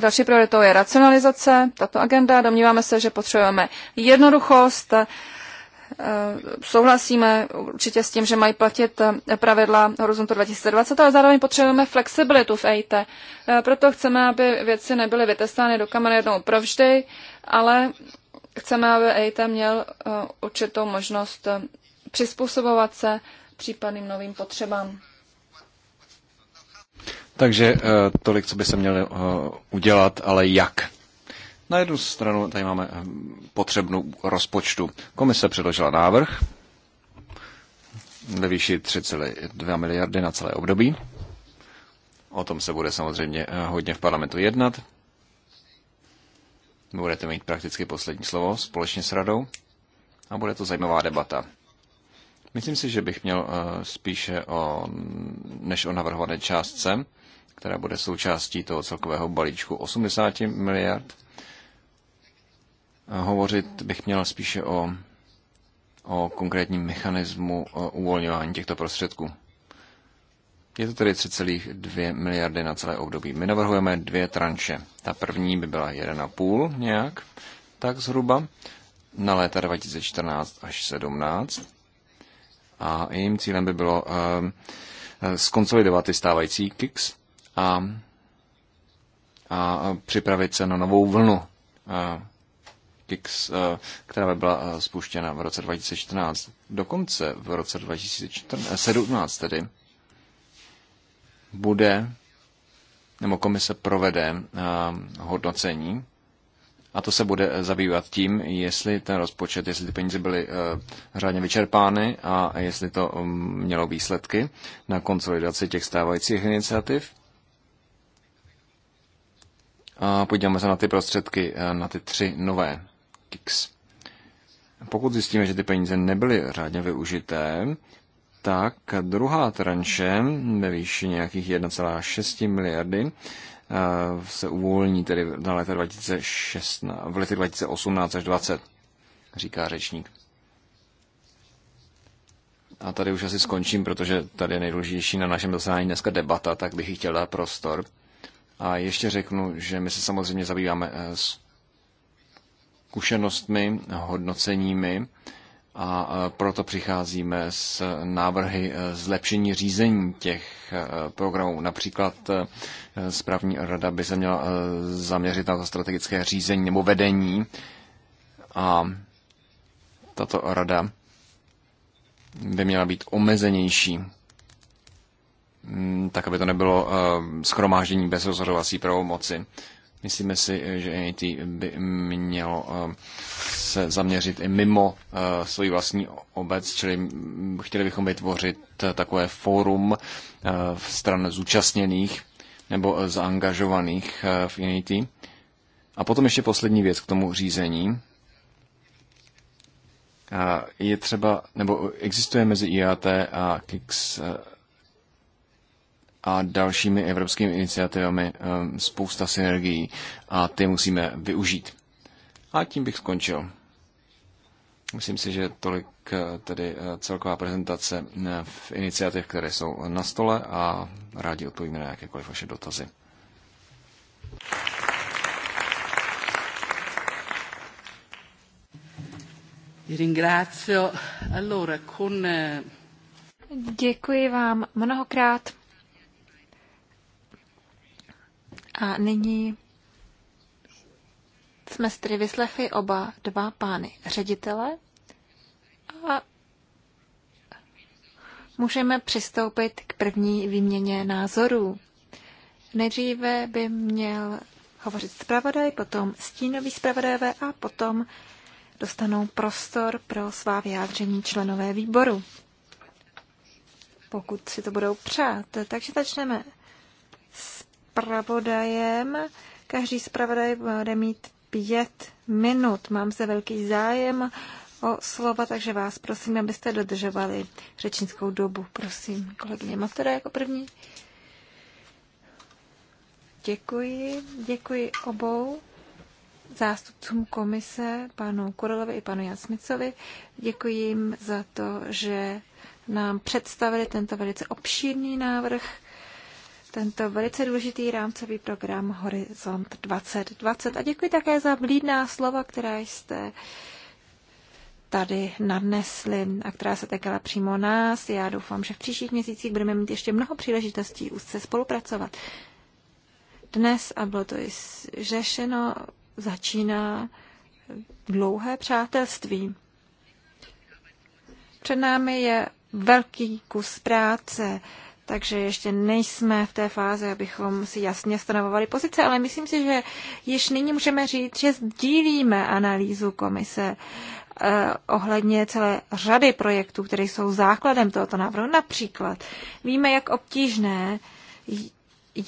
Další prioritou je racionalizace, tato agenda. Domníváme se, že potřebujeme jednoduchost, eh, souhlasíme určitě s tím, že mají platit eh, pravidla Horizontu 2020, ale zároveň potřebujeme flexibilitu v EIT. Eh, proto chceme, aby věci nebyly vytestány do kamery jednou provždy, ale chceme, aby EIT měl určitou možnost přizpůsobovat se případným novým potřebám. Takže eh, tolik, co by se mělo eh, udělat, ale jak? Na jednu stranu tady máme eh, potřebnou rozpočtu. Komise předložila návrh ve výši 3,2 miliardy na celé období. O tom se bude samozřejmě hodně v parlamentu jednat. Budete mít prakticky poslední slovo společně s radou a bude to zajímavá debata. Myslím si, že bych měl spíše o, než o navrhované částce která bude součástí toho celkového balíčku 80 miliard. Hovořit bych měl spíše o, o konkrétním mechanismu uvolňování těchto prostředků. Je to tedy 3,2 miliardy na celé období. My navrhujeme dvě tranše. Ta první by byla 1,5 nějak, tak zhruba, na léta 2014 až 17. A jejím cílem by bylo uh, skonsolidovat ty stávající KICS a, a připravit se na novou vlnu, která by byla spuštěna v roce 2014. Dokonce v roce 2017 tedy bude, nebo komise provede hodnocení a to se bude zabývat tím, jestli ten rozpočet, jestli ty peníze byly e, řádně vyčerpány a jestli to mělo výsledky na konsolidaci těch stávajících iniciativ a podíváme se na ty prostředky, eh, na ty tři nové kix. Pokud zjistíme, že ty peníze nebyly řádně využité, tak druhá tranše ve výši nějakých 1,6 miliardy eh, se uvolní tedy na leta 2016, v letech 2018 až 20, říká řečník. A tady už asi skončím, protože tady je nejdůležitější na našem zasedání dneska debata, tak bych chtěl dát prostor. A ještě řeknu, že my se samozřejmě zabýváme eh, s zkušenostmi, hodnoceními a eh, proto přicházíme s návrhy eh, zlepšení řízení těch programů. Například správní rada by se měla zaměřit na to strategické řízení nebo vedení a tato rada by měla být omezenější Mm, tak aby to nebylo eh, schromáždění bez rozhodovací pravomoci. Myslíme si, že NIT by mělo eh, se zaměřit i mimo eh, svoji vlastní obec, čili mm, chtěli bychom vytvořit takové fórum stran zúčastněných nebo zaangažovaných v NIT. A potom ještě poslední věc k tomu řízení. Je třeba, nebo existuje mezi IAT a KIX a dalšími evropskými iniciativami eh, spousta synergií a ty musíme využít. A tím bych skončil. Myslím si, že tolik eh, tedy eh, celková prezentace v iniciativ, které jsou na stole a rádi odpovíme na jakékoliv vaše dotazy. Děkuji vám mnohokrát. A nyní jsme si tedy vyslechli oba dva pány ředitele a můžeme přistoupit k první výměně názorů. Nejdříve by měl hovořit zpravodaj, potom stínový zpravodajové a potom dostanou prostor pro svá vyjádření členové výboru, pokud si to budou přát. Takže začneme zpravodajem. Každý zpravodaj bude mít pět minut. Mám se velký zájem o slova, takže vás prosím, abyste dodržovali řečnickou dobu. Prosím, kolegyně Matera jako první. Děkuji. Děkuji obou zástupcům komise, panu Kurelovi i panu Jasmicovi. Děkuji jim za to, že nám představili tento velice obšírný návrh tento velice důležitý rámcový program Horizont 2020. A děkuji také za blídná slova, která jste tady nadnesli a která se týkala přímo nás. Já doufám, že v příštích měsících budeme mít ještě mnoho příležitostí úzce spolupracovat. Dnes, a bylo to i řešeno, začíná dlouhé přátelství. Před námi je velký kus práce takže ještě nejsme v té fázi, abychom si jasně stanovovali pozice, ale myslím si, že již nyní můžeme říct, že sdílíme analýzu komise eh, ohledně celé řady projektů, které jsou základem tohoto návrhu. Například víme, jak obtížné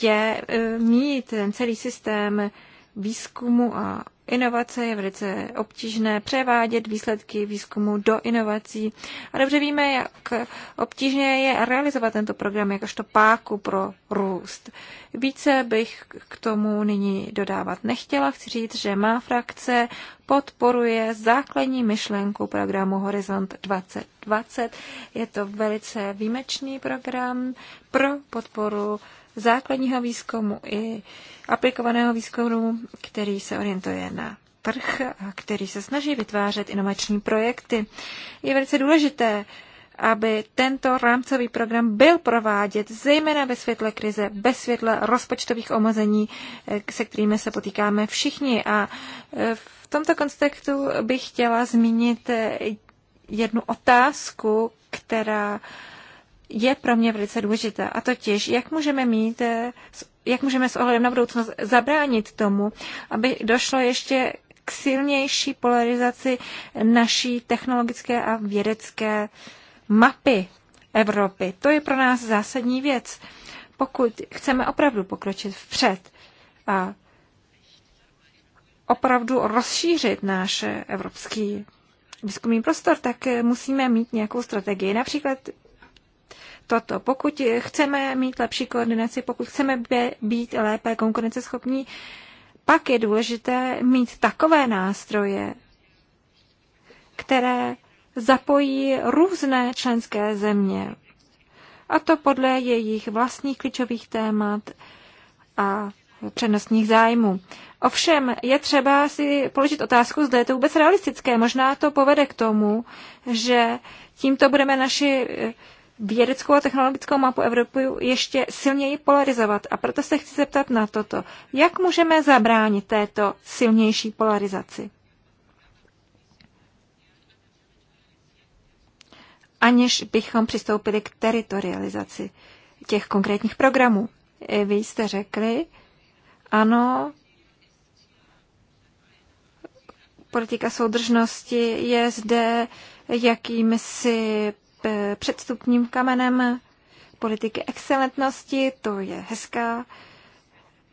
je eh, mít ten celý systém výzkumu a inovace je velice obtížné převádět výsledky výzkumu do inovací. A dobře víme, jak obtížně je realizovat tento program jakožto páku pro růst. Více bych k tomu nyní dodávat nechtěla. Chci říct, že má frakce podporuje základní myšlenku programu Horizont 2020. Je to velice výjimečný program pro podporu základního výzkumu i aplikovaného výzkumu, který se orientuje na trh, který se snaží vytvářet inovační projekty. Je velice důležité aby tento rámcový program byl provádět, zejména ve světle krize, ve světle rozpočtových omezení, eh, se kterými se potýkáme všichni. A eh, v tomto kontextu bych chtěla zmínit eh, jednu otázku, která je pro mě velice důležitá. A totiž, jak můžeme mít, jak můžeme s ohledem na budoucnost zabránit tomu, aby došlo ještě k silnější polarizaci naší technologické a vědecké uh, mapy Evropy. To je pro nás zásadní věc. Pokud chceme opravdu pokročit vpřed a opravdu rozšířit náš evropský výzkumný prostor, tak musíme mít nějakou strategii. Například toto. Pokud chceme mít lepší koordinaci, pokud chceme být lépe konkurenceschopní, pak je důležité mít takové nástroje, které zapojí různé členské země. A to podle jejich vlastních klíčových témat a přednostních zájmů. Ovšem je třeba si položit otázku, zda je to vůbec realistické. Možná to povede k tomu, že tímto budeme naši eh, vědeckou a technologickou mapu Evropy ještě silněji polarizovat. A proto se chci zeptat na toto. Jak můžeme zabránit této silnější polarizaci? aniž bychom přistoupili k teritorializaci těch konkrétních programů. Eh, vy jste řekli, ano, politika soudržnosti je zde jakýmsi eh, předstupním kamenem politiky excelentnosti, to je hezká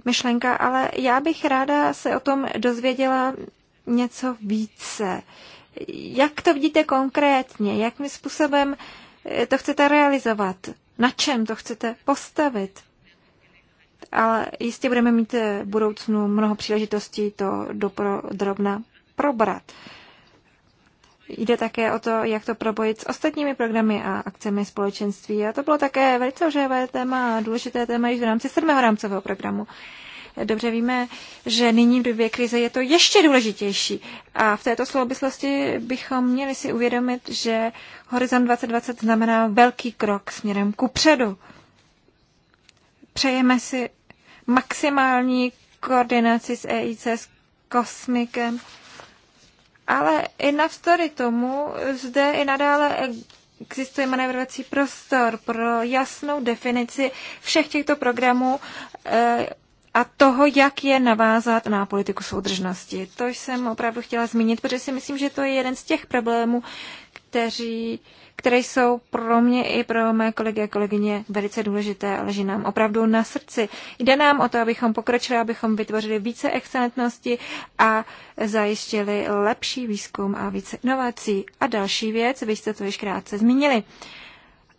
myšlenka, ale já bych ráda se o tom dozvěděla něco více. Jak to vidíte konkrétně? Jakým způsobem eh, to chcete realizovat? Na čem to chcete postavit? Ale jistě budeme mít eh, v budoucnu mnoho příležitostí to drobna probrat. Jde také o to, jak to probojit s ostatními programy a akcemi společenství. A to bylo také velice ožehavé téma a důležité téma již v rámci sedmého rámcového programu dobře víme, že nyní v době krize je to ještě důležitější. A v této souvislosti bychom měli si uvědomit, že Horizont 2020 znamená velký krok směrem ku předu. Přejeme si maximální koordinaci s EIC, s kosmikem, ale i navzdory tomu zde i nadále existuje manévrovací prostor pro jasnou definici všech těchto programů eh, a toho, jak je navázat na politiku soudržnosti. To jsem opravdu chtěla zmínit, protože si myslím, že to je jeden z těch problémů, kteří, které jsou pro mě i pro mé kolegy a kolegyně velice důležité a leží nám opravdu na srdci. Jde nám o to, abychom pokročili, abychom vytvořili více excelentnosti a zajistili lepší výzkum a více inovací. A další věc, vy jste to již krátce zmínili,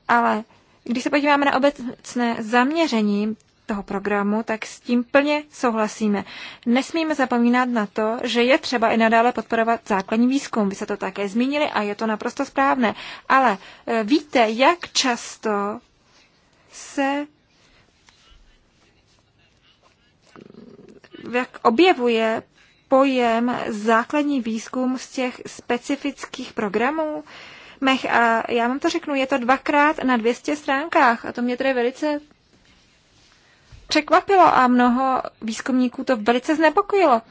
ale když se podíváme na obecné zaměření, toho programu, tak s tím plně souhlasíme. Nesmíme zapomínat na to, že je třeba i nadále podporovat základní výzkum. Vy se to také zmínili a je to naprosto správné. Ale e, víte, jak často se jak objevuje pojem základní výzkum z těch specifických programů? Mech a já vám to řeknu, je to dvakrát na 200 stránkách a to mě tedy velice překvapilo a mnoho výzkumníků to velice znepokojilo.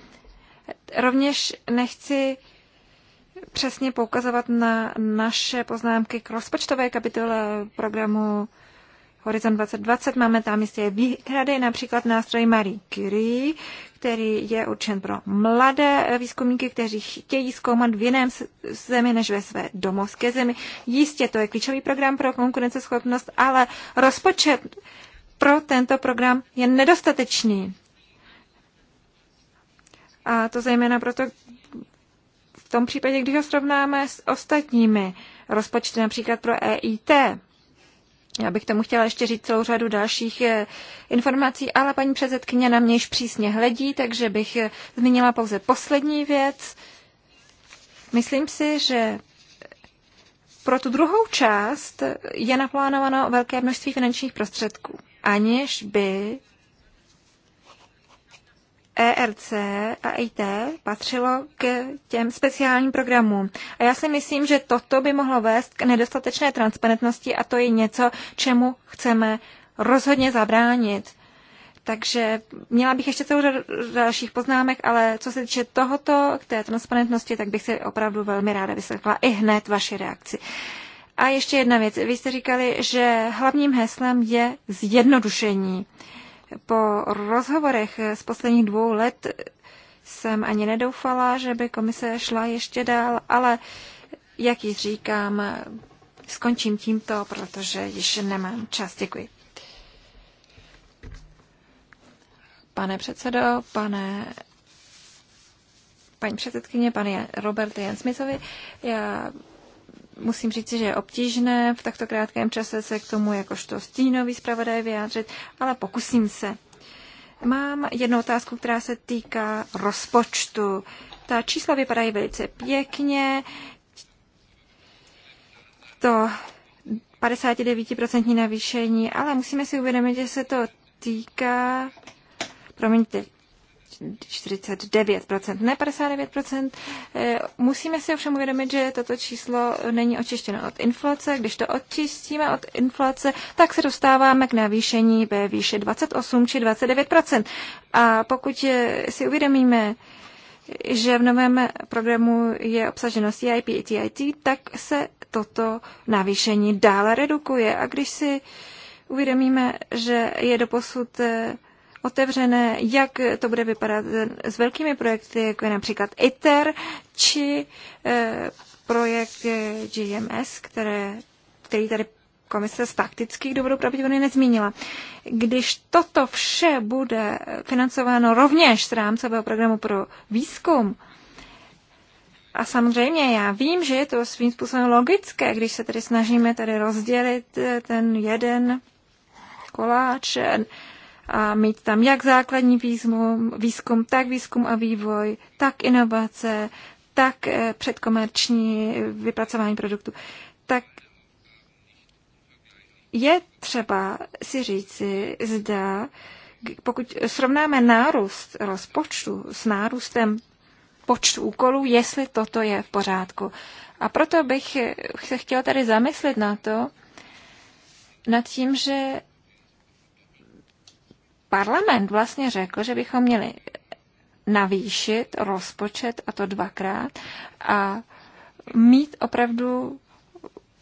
Rovněž nechci přesně poukazovat na naše poznámky k rozpočtové kapitole programu Horizon 2020. Máme tam jistě výhrady, například nástroj Marie Curie, který je určen pro mladé výzkumníky, kteří chtějí zkoumat v jiném zemi než ve své domovské zemi. Jistě to je klíčový program pro konkurenceschopnost, ale rozpočet pro tento program je nedostatečný. A to zejména proto, v tom případě, když ho srovnáme s ostatními rozpočty, například pro EIT. Já bych tomu chtěla ještě říct celou řadu dalších eh, informací, ale paní předsedkyně na mě již přísně hledí, takže bych eh, zmínila pouze poslední věc. Myslím si, že pro tu druhou část je naplánováno velké množství finančních prostředků aniž by ERC a IT patřilo k těm speciálním programům. A já si myslím, že toto by mohlo vést k nedostatečné transparentnosti a to je něco, čemu chceme rozhodně zabránit. Takže měla bych ještě celou řadu dalších poznámek, ale co se týče tohoto, k té transparentnosti, tak bych si opravdu velmi ráda vyslechla i hned vaši reakci. A ještě jedna věc. Vy jste říkali, že hlavním heslem je zjednodušení. Po rozhovorech z posledních dvou let jsem ani nedoufala, že by komise šla ještě dál, ale jak již říkám, skončím tímto, protože již nemám čas. Děkuji. Pane předsedo, pane paní předsedkyně, pane Jan Jansmicovi, já musím říct, že je obtížné v takto krátkém čase se k tomu jakožto stínový zpravodaj vyjádřit, ale pokusím se. Mám jednu otázku, která se týká rozpočtu. Ta čísla vypadají velice pěkně. To 59% navýšení, ale musíme si uvědomit, že se to týká, promiňte, 49%, ne 59%. Eh, musíme si ovšem uvědomit, že toto číslo není očištěno od inflace. Když to očistíme od inflace, tak se dostáváme k navýšení ve výše 28 či 29%. A pokud si uvědomíme, že v novém programu je obsaženo CIP a TIT, tak se toto navýšení dále redukuje. A když si uvědomíme, že je doposud posud eh, otevřené, jak to bude vypadat s velkými projekty, jako je například ITER či eh, projekt eh, GMS, které, který tady komise z taktických důvodů pravděpodobně nezmínila. Když toto vše bude financováno rovněž z rámcového programu pro výzkum, a samozřejmě já vím, že je to svým způsobem logické, když se tedy snažíme tady rozdělit eh, ten jeden koláč a mít tam jak základní výzkum, výzkum tak výzkum a vývoj, tak inovace, tak eh, předkomerční eh, vypracování produktu. Tak je třeba si říci, zda, pokud srovnáme nárůst rozpočtu s nárůstem počtu úkolů, jestli toto je v pořádku. A proto bych se chtěla tady zamyslet na to, nad tím, že parlament vlastně řekl, že bychom měli navýšit rozpočet, a to dvakrát, a mít opravdu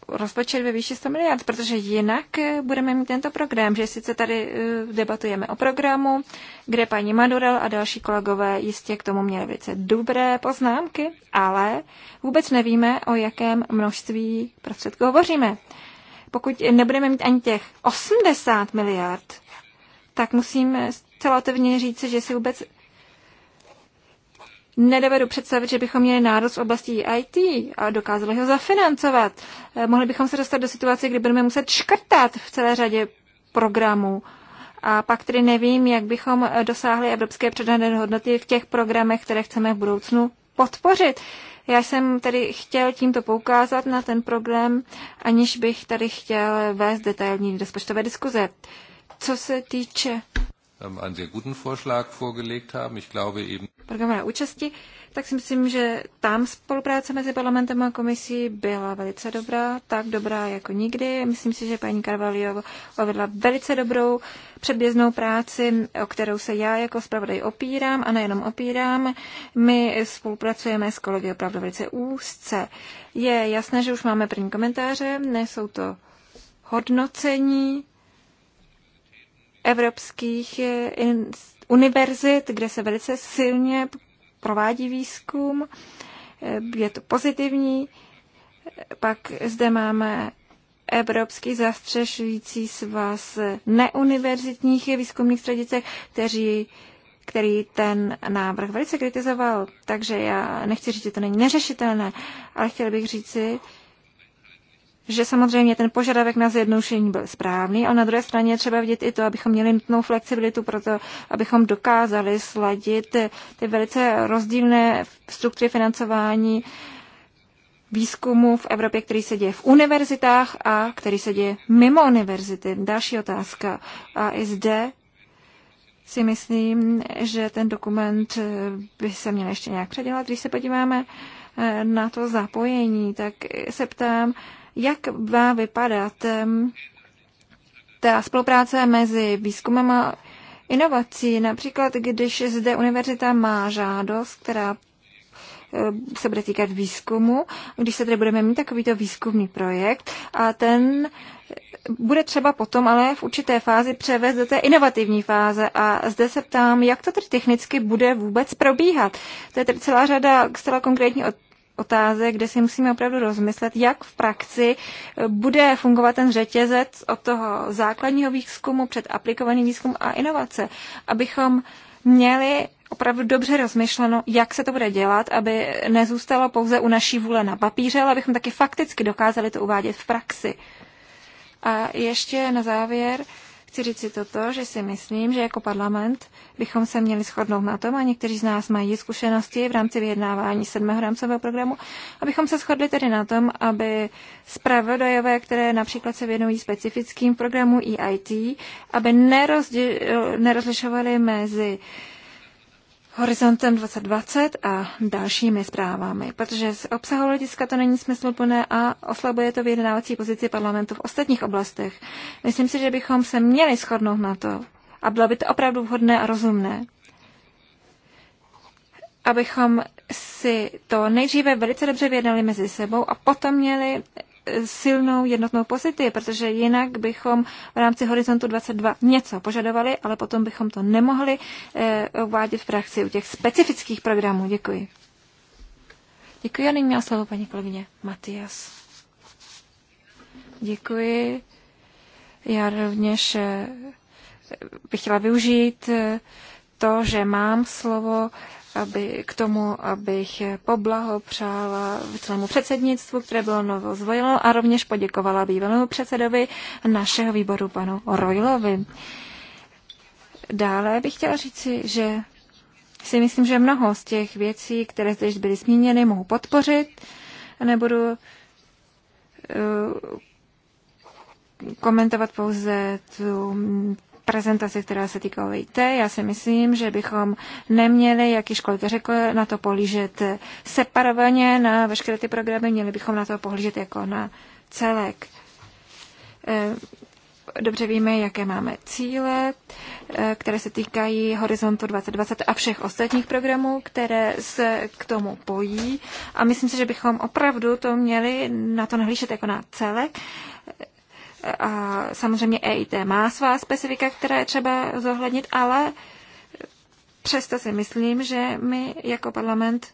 rozpočet ve výši 100 miliard, protože jinak budeme mít tento program, že sice tady eh, debatujeme o programu, kde paní Madurel a další kolegové jistě k tomu měli velice dobré poznámky, ale vůbec nevíme, o jakém množství prostředků hovoříme. Pokud nebudeme mít ani těch 80 miliard, tak musím celá otevně říct, že si vůbec nedovedu představit, že bychom měli nárost z oblasti IT a dokázali ho zafinancovat. Eh, mohli bychom se dostat do situace, kdy budeme muset škrtat v celé řadě programů. A pak tedy nevím, jak bychom eh, dosáhli evropské předané hodnoty v těch programech, které chceme v budoucnu podpořit. Já jsem tedy chtěl tímto poukázat na ten problém, aniž bych tady chtěl vést detailní rozpočtové diskuze. Uh, co se týče ähm, programové účasti, tak si myslím, že tam spolupráce mezi parlamentem a komisí byla velice dobrá, tak dobrá jako nikdy. Myslím si, že paní Carvalho odvedla velice dobrou předběznou práci, o kterou se já jako zpravodaj opírám a nejenom opírám. My spolupracujeme s kolegy opravdu velice úzce. Je jasné, že už máme první komentáře, nejsou to hodnocení, evropských eh, univerzit, kde se velice silně provádí výzkum. Eh, je to pozitivní. Pak zde máme Evropský zastřešující svaz neuniverzitních výzkumných středisek, kteří který ten návrh velice kritizoval. Takže já nechci říct, že to není neřešitelné, ale chtěl bych říci, že samozřejmě ten požadavek na zjednodušení byl správný, ale na druhé straně třeba vidět i to, abychom měli nutnou flexibilitu pro to, abychom dokázali sladit ty velice rozdílné struktury financování výzkumu v Evropě, který se děje v univerzitách a který se děje mimo univerzity. Další otázka. A i zde si myslím, že ten dokument by se měl ještě nějak předělat. Když se podíváme eh, na to zapojení, tak se ptám, jak má vypadat ta spolupráce mezi výzkumem a inovací. Například, když zde univerzita má žádost, která eh, se bude týkat výzkumu, když se tedy budeme mít takovýto výzkumný projekt a ten eh, bude třeba potom ale v určité fázi převést do té inovativní fáze a zde se ptám, jak to tedy technicky bude vůbec probíhat. To je tedy celá řada celá konkrétní otázek, kde si musíme opravdu rozmyslet, jak v praxi eh, bude fungovat ten řetězec od toho základního výzkumu před aplikovaný výzkum a inovace, abychom měli opravdu dobře rozmyšleno, jak se to bude dělat, aby nezůstalo pouze u naší vůle na papíře, ale abychom taky fakticky dokázali to uvádět v praxi. A ještě na závěr Chci říct si toto, že si myslím, že jako parlament bychom se měli shodnout na tom, a někteří z nás mají zkušenosti v rámci vyjednávání sedmého rámcového programu, abychom se shodli tedy na tom, aby zpravodajové, které například se věnují specifickým programu EIT, aby nerozlišovali mezi uh, Horizontem 2020 a dalšími zprávami, protože z obsahu hlediska to není smysluplné a oslabuje to vyjednávací pozici parlamentu v ostatních oblastech. Myslím si, že bychom se měli shodnout na to a bylo by to opravdu vhodné a rozumné, abychom si to nejdříve velice dobře vyjednali mezi sebou a potom měli silnou jednotnou pozici, protože jinak bychom v rámci horizontu 22 něco požadovali, ale potom bychom to nemohli eh, uvádět v praxi u těch specifických programů. Děkuji. Děkuji a nyní měla slovo paní kolegyně Matias. Děkuji. Já rovněž eh, bych chtěla využít eh, to, že mám slovo aby, k tomu, abych poblahopřála celému předsednictvu, které bylo novo zvoleno a rovněž poděkovala bývalému předsedovi našeho výboru panu Rojlovi. Dále bych chtěla říci, že si myslím, že mnoho z těch věcí, které zde již byly zmíněny, mohu podpořit. Nebudu uh, komentovat pouze tu prezentaci, která se týká OIT. Já si myslím, že bychom neměli, jak již kolega řekl, na to pohlížet separovaně na veškeré ty programy, měli bychom na to pohlížet jako na celek. Eh, dobře víme, jaké máme cíle, eh, které se týkají Horizontu 2020 a všech ostatních programů, které se k tomu pojí. A myslím si, že bychom opravdu to měli na to nahlížet jako na celek a samozřejmě EIT má svá specifika, která je třeba zohlednit, ale přesto si myslím, že my jako parlament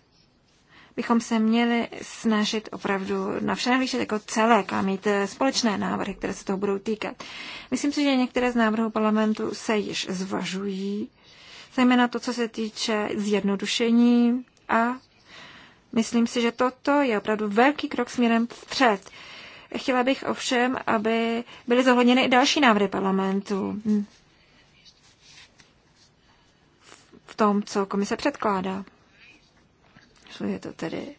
bychom se měli snažit opravdu na vše nahlížet jako celek a mít eh, společné návrhy, které se toho budou týkat. Myslím si, že některé z návrhů parlamentu se již zvažují, zejména to, co se týče zjednodušení a myslím si, že toto je opravdu velký krok směrem vpřed. Chtěla bych ovšem, aby byly zohledněny i další návrhy parlamentu v tom, co komise předkládá. Je to tedy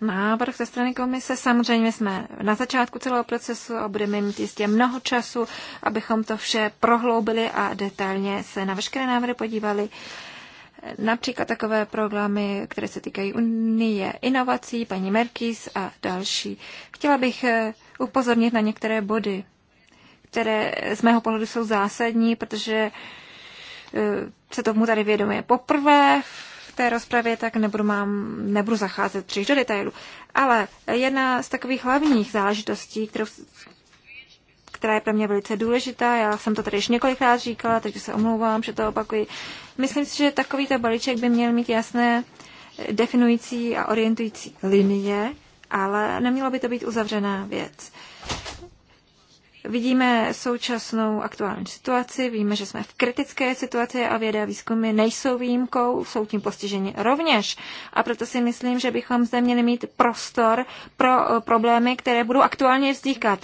návrh ze strany komise. Samozřejmě jsme na začátku celého procesu a budeme mít jistě mnoho času, abychom to vše prohloubili a detailně se na veškeré návrhy podívali například takové programy, které se týkají Unie inovací, paní Merkis a další. Chtěla bych eh, upozornit na některé body, které z mého pohledu jsou zásadní, protože eh, se tomu tady vědomě poprvé v té rozpravě, tak nebudu, mám, nebudu zacházet příliš do detailu. Ale jedna z takových hlavních záležitostí, kterou která je pro mě velice důležitá. Já jsem to tady již několikrát říkala, takže se omlouvám, že to opakuji. Myslím si, že takovýto balíček by měl mít jasné eh, definující a orientující linie, ale nemělo by to být uzavřená věc. Vidíme současnou aktuální situaci, víme, že jsme v kritické situaci a věda a výzkumy nejsou výjimkou, jsou tím postiženi rovněž. A proto si myslím, že bychom zde měli mít prostor pro eh, problémy, které budou aktuálně vznikat.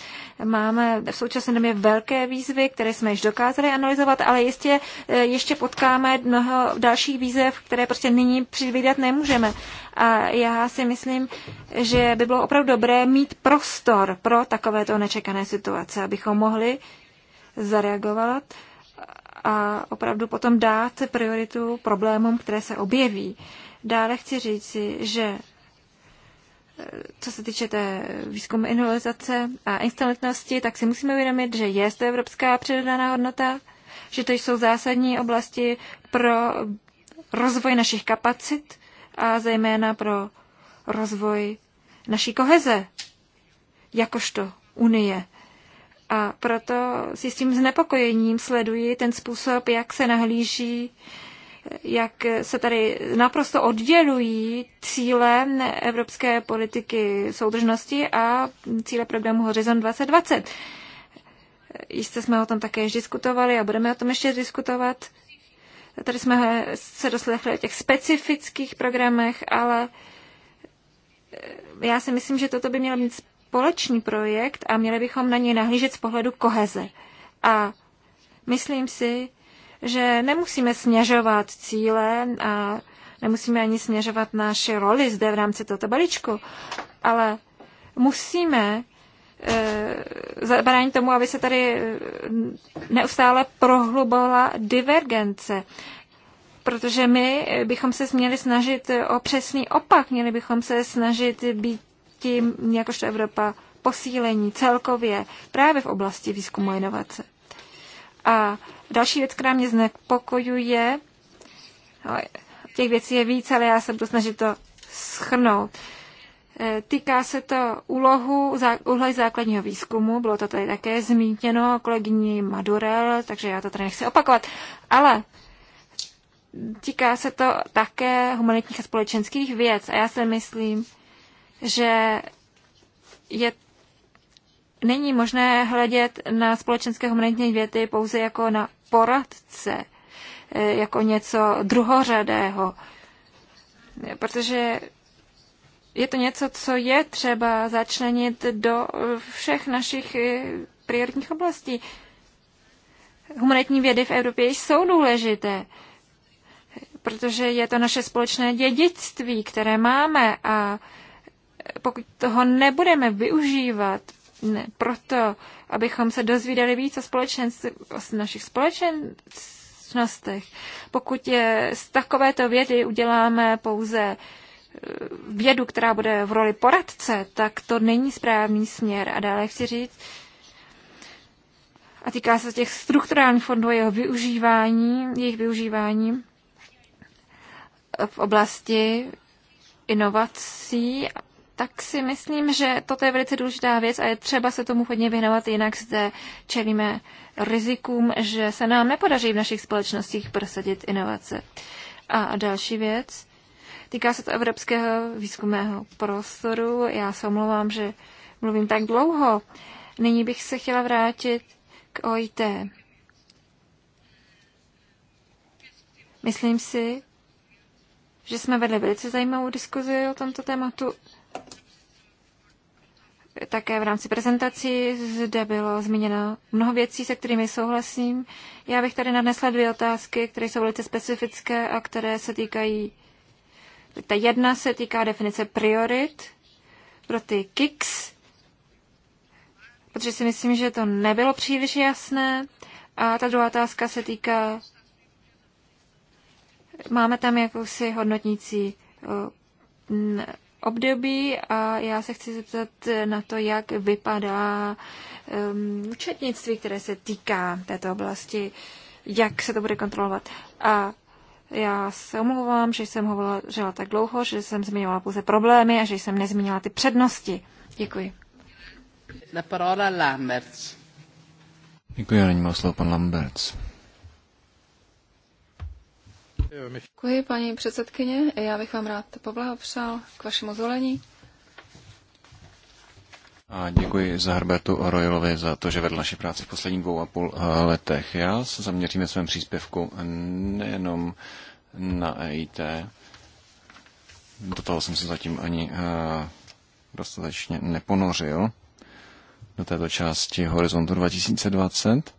Máme v současné době velké výzvy, které jsme již dokázali analyzovat, ale jistě eh, ještě potkáme mnoho dalších výzev, které prostě nyní předvídat nemůžeme. A já si myslím, že by bylo opravdu dobré mít prostor pro takovéto nečekané situace, abychom mohli zareagovat a opravdu potom dát prioritu problémům, které se objeví. Dále chci říci, že eh, co se týče té výzkumu inhalizace a instalitnosti, tak si musíme uvědomit, že je to evropská předaná hodnota, že to jsou zásadní oblasti pro rozvoj našich kapacit a zejména pro rozvoj naší koheze, jakožto Unie. A proto si s tím znepokojením sleduji ten způsob, jak se nahlíží, jak se tady naprosto oddělují cíle evropské politiky soudržnosti a cíle programu Horizon 2020. Jistě jsme o tom také již diskutovali a budeme o tom ještě diskutovat. Tady jsme se doslechli o těch specifických programech, ale eh, já si myslím, že toto by měl být společný projekt a měli bychom na něj nahlížet z pohledu koheze. A myslím si, že nemusíme směřovat cíle a nemusíme ani směřovat naše roli zde v rámci tohoto balíčku, ale musíme Eh, zabránit tomu, aby se tady eh, neustále prohlubovala divergence. Protože my bychom se měli snažit o přesný opak, měli bychom se snažit být tím, jakožto Evropa, posílení celkově právě v oblasti výzkumu a inovace. A další věc, která mě znepokojuje, těch věcí je víc, ale já se budu snažit to schrnout. E, týká se to úlohu úlohy základního výzkumu, bylo to tady také zmíněno kolegyní Madurel, takže já to tady nechci opakovat, ale týká se to také humanitních a společenských věc a já si myslím, že je není možné hledět na společenské humanitní věty pouze jako na poradce, e, jako něco druhořadého, protože je to něco, co je třeba začlenit do eh, všech našich eh, prioritních oblastí. Humanitní vědy v Evropě jsou důležité, protože je to naše společné dědictví, které máme a pokud toho nebudeme využívat ne, proto, abychom se dozvídali víc o, společenství, o našich společnostech. Pokud je z takovéto vědy uděláme pouze vědu, která bude v roli poradce, tak to není správný směr. A dále chci říct, a týká se těch strukturálních fondů, jeho využívání, jejich využívání v oblasti inovací, tak si myslím, že toto je velice důležitá věc a je třeba se tomu hodně věnovat, jinak zde čelíme rizikům, že se nám nepodaří v našich společnostích prosadit inovace. A další věc, Týká se to evropského výzkumného prostoru. Já se omlouvám, že mluvím tak dlouho. Nyní bych se chtěla vrátit k OIT. Myslím si, že jsme vedli velice zajímavou diskuzi o tomto tématu. Také v rámci prezentací zde bylo zmíněno mnoho věcí, se kterými souhlasím. Já bych tady nadnesla dvě otázky, které jsou velice specifické a které se týkají ta jedna se týká definice priorit pro ty kicks. protože si myslím, že to nebylo příliš jasné. A ta druhá otázka se týká, máme tam jakousi hodnotnící období a já se chci zeptat na to, jak vypadá um, účetnictví, které se týká této oblasti, jak se to bude kontrolovat. A já se omlouvám, že jsem hovořila tak dlouho, že jsem zmiňovala pouze problémy a že jsem nezmínila ty přednosti. Děkuji. Na parola Lamberts. Děkuji, není má slovo pan Lamberts. Děkuji, paní předsedkyně. Já bych vám rád poblahopřál k vašemu zvolení. A děkuji za Herbertu Royalovi za to, že vedl naši práci v posledních dvou a půl eh, letech. Já se zaměřím ve svém příspěvku nejenom na EIT, do toho jsem se zatím ani eh, dostatečně neponořil, do této části Horizontu 2020,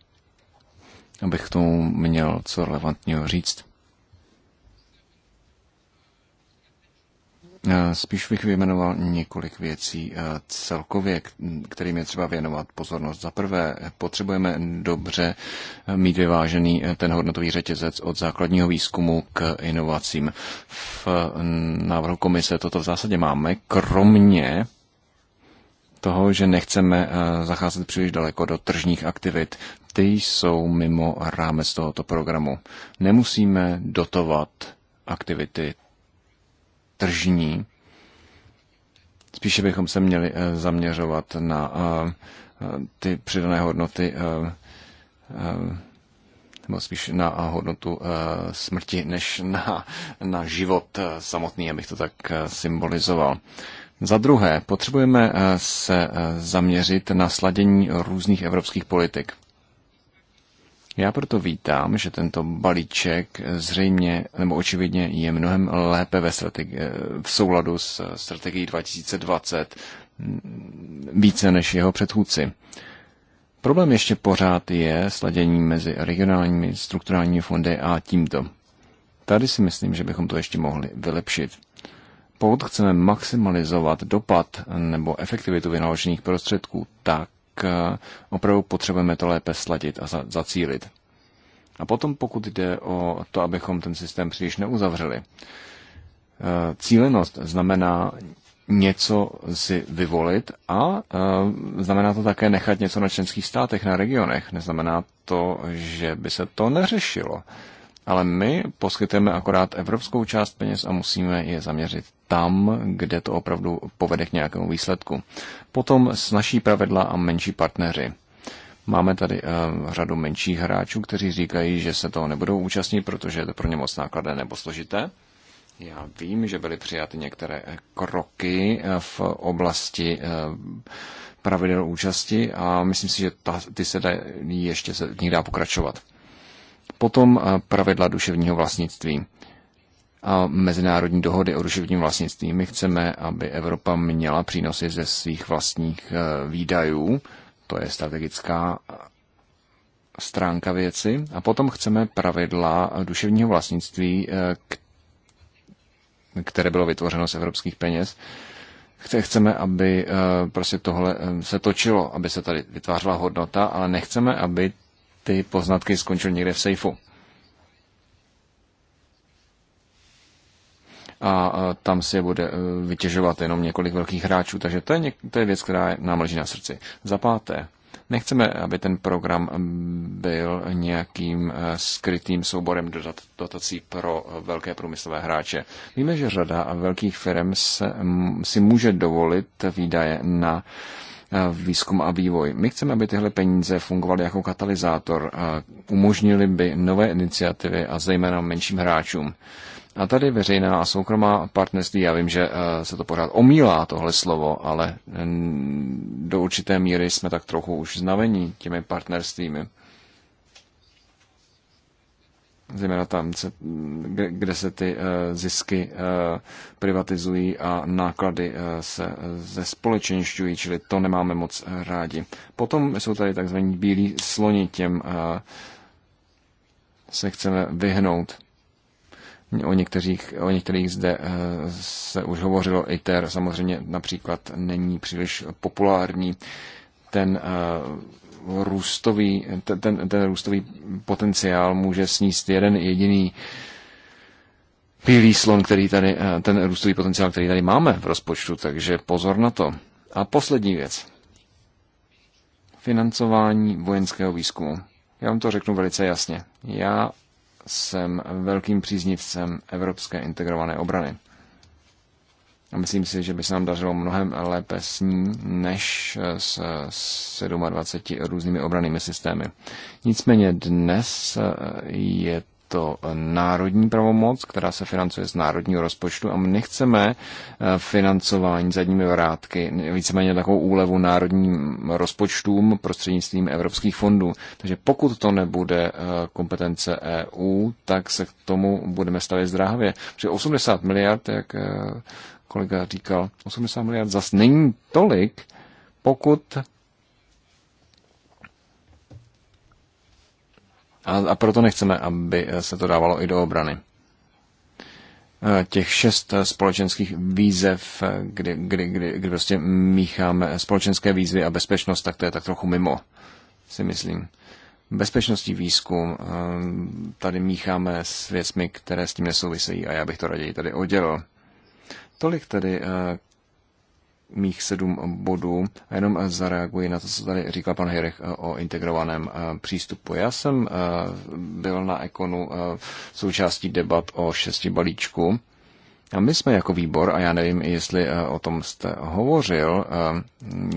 abych k tomu měl co relevantního říct. Eh, spíš bych vyjmenoval několik věcí eh, celkově, kterým je třeba věnovat pozornost. Za prvé, potřebujeme dobře eh, mít vyvážený ten hodnotový řetězec od základního výzkumu k inovacím. V návrhu komise toto v zásadě máme, kromě toho, že nechceme zacházet příliš daleko do tržních aktivit. Ty jsou mimo rámec tohoto programu. Nemusíme dotovat aktivity tržní. Spíše bychom se měli eh, zaměřovat na eh, ty přidané hodnoty, eh, nebo spíš na hodnotu smrti, než na, na život samotný, abych to tak symbolizoval. Za druhé, potřebujeme se zaměřit na sladění různých evropských politik. Já proto vítám, že tento balíček zřejmě nebo očividně je mnohem lépe ve strategi- v souladu s eh, strategií 2020 mm, více než jeho předchůdci. Problém ještě pořád je sladění mezi regionálními strukturálními fondy a tímto. Tady si myslím, že bychom to ještě mohli vylepšit. Pokud chceme maximalizovat dopad nebo efektivitu vynaložených prostředků, tak Eh, opravdu potřebujeme to lépe sladit a zacílit. A potom pokud jde o to, abychom ten systém příliš neuzavřeli, eh, cílenost znamená něco si vyvolit a eh, znamená to také nechat něco na členských státech, na regionech. Neznamená to, že by se to neřešilo. Ale my poskytujeme akorát evropskou část peněz a musíme je zaměřit tam, kde to opravdu povede k nějakému výsledku. Potom s naší pravidla a menší partneři. Máme tady uh, řadu menších hráčů, kteří říkají, že se toho nebudou účastnit, protože je to pro ně moc nákladné nebo složité. Já vím, že byly přijaty některé eh, kroky eh, v oblasti pravidel účasti a myslím si, že ta, ty se dá, ještě se v nich dá pokračovat. Potom pravidla duševního vlastnictví a mezinárodní dohody o duševním vlastnictví. My chceme, aby Evropa měla přínosy ze svých vlastních eh, výdajů, to je strategická eh, stránka věci, a potom chceme pravidla duševního vlastnictví, eh, které bylo vytvořeno z evropských peněz. Chceme, aby prostě tohle se točilo, aby se tady vytvářela hodnota, ale nechceme, aby ty poznatky skončily někde v sejfu. a tam si je bude e, vytěžovat jenom několik velkých hráčů. Takže to je, něk- to je věc, která nám leží na srdci. Za páté, nechceme, aby ten program byl nějakým e, skrytým souborem dotací pro e, velké průmyslové hráče. Víme, že řada velkých firm se, si může dovolit výdaje na výzkum a vývoj. My chceme, aby tyhle peníze fungovaly jako katalyzátor, a umožnili by nové iniciativy a zejména menším hráčům. A tady veřejná a soukromá partnerství, já vím, že eh, se to pořád omílá tohle slovo, ale do určité míry jsme tak trochu už znavení těmi partnerstvími. Zejména tam, kde se ty eh, zisky eh, privatizují a náklady se zespolečenšťují, čili to nemáme moc rádi. Potom jsou tady takzvaní bílí sloni, těm se chceme vyhnout O některých, o některých zde eh, se už hovořilo. ITER samozřejmě například není příliš populární. Ten eh, růstový, ten, ten růstový potenciál může sníst jeden jediný bílý slon, který tady, eh, ten růstový potenciál, který tady máme v rozpočtu, takže pozor na to. A poslední věc. Financování vojenského výzkumu. Já vám to řeknu velice jasně. Já jsem velkým příznivcem evropské integrované obrany. A myslím si, že by se nám dařilo mnohem lépe s ní, než s 27 různými obranými systémy. Nicméně dnes je to národní pravomoc, která se financuje z národního rozpočtu a my nechceme eh, financování zadními vrátky, víceméně takovou úlevu národním rozpočtům prostřednictvím evropských fondů. Takže pokud to nebude eh, kompetence EU, tak se k tomu budeme stavět zdráhavě. Protože 80 miliard, jak eh, kolega říkal, 80 miliard zas není tolik, pokud A, a proto nechceme, aby eh, se to dávalo i do obrany. Eh, těch šest eh, společenských výzev, kdy, kdy, kdy, kdy prostě mícháme společenské výzvy a bezpečnost, tak to je tak trochu mimo, si myslím. Bezpečnostní výzkum, tady mícháme s věcmi, které s tím nesouvisejí a já bych to raději tady oddělil. Tolik tedy mých sedm bodů a jenom eh, zareaguji na to, co tady říkal pan Hirech eh, o integrovaném eh, přístupu. Já jsem byl na Ekonu součástí debat o šesti balíčku a my jsme jako výbor, a já nevím, jestli o tom jste hovořil,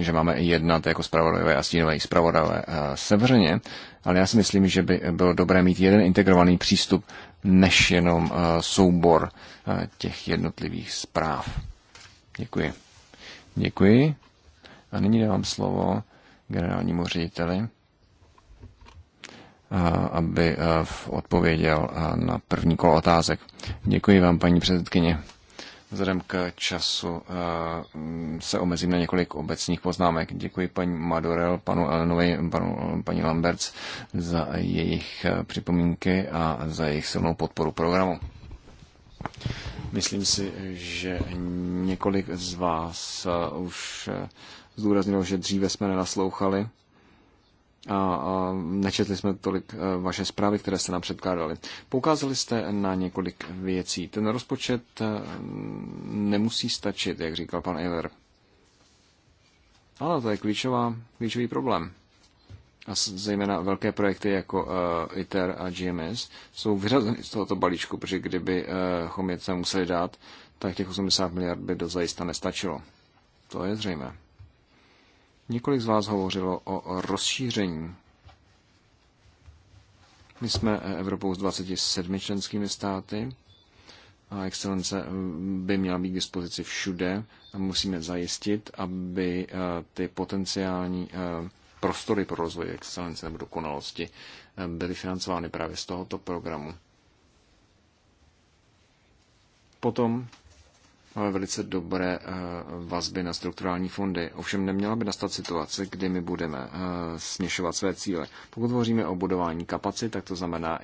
že máme jednat jako spravodajové a stínové spravodajové severně, ale já si myslím, že by bylo dobré mít jeden integrovaný přístup, než jenom soubor těch jednotlivých zpráv. Děkuji. Děkuji. A nyní dávám slovo generálnímu řediteli, aby odpověděl na první kolo otázek. Děkuji vám, paní předsedkyně. Vzhledem k času se omezím na několik obecných poznámek. Děkuji paní Madorel, panu Elenovi, panu, paní Lamberts za jejich připomínky a za jejich silnou podporu programu. Myslím si, že několik z vás eh, už eh, zdůraznilo, že dříve jsme nenaslouchali a, a nečetli jsme tolik eh, vaše zprávy, které jste nám předkládali. Poukázali jste na několik věcí. Ten rozpočet nemusí stačit, jak říkal pan Ever. Ale to je klíčová, klíčový problém a zejména velké projekty jako uh, ITER a GMS jsou vyřazeny z tohoto balíčku, protože kdyby uh, eh, je se museli dát, tak těch 80 miliard by do zajista nestačilo. To je zřejmé. Několik z vás hovořilo o rozšíření. My jsme eh, Evropou s 27 členskými státy a excelence by měla být k dispozici všude a musíme zajistit, aby ty potenciální prostory pro rozvoj excelence nebo dokonalosti eh, byly financovány právě z tohoto programu. Potom Máme velice dobré eh, vazby na strukturální fondy. Ovšem neměla by nastat situace, kdy my budeme eh, směšovat své cíle. Pokud hovoříme o budování kapacit, tak to znamená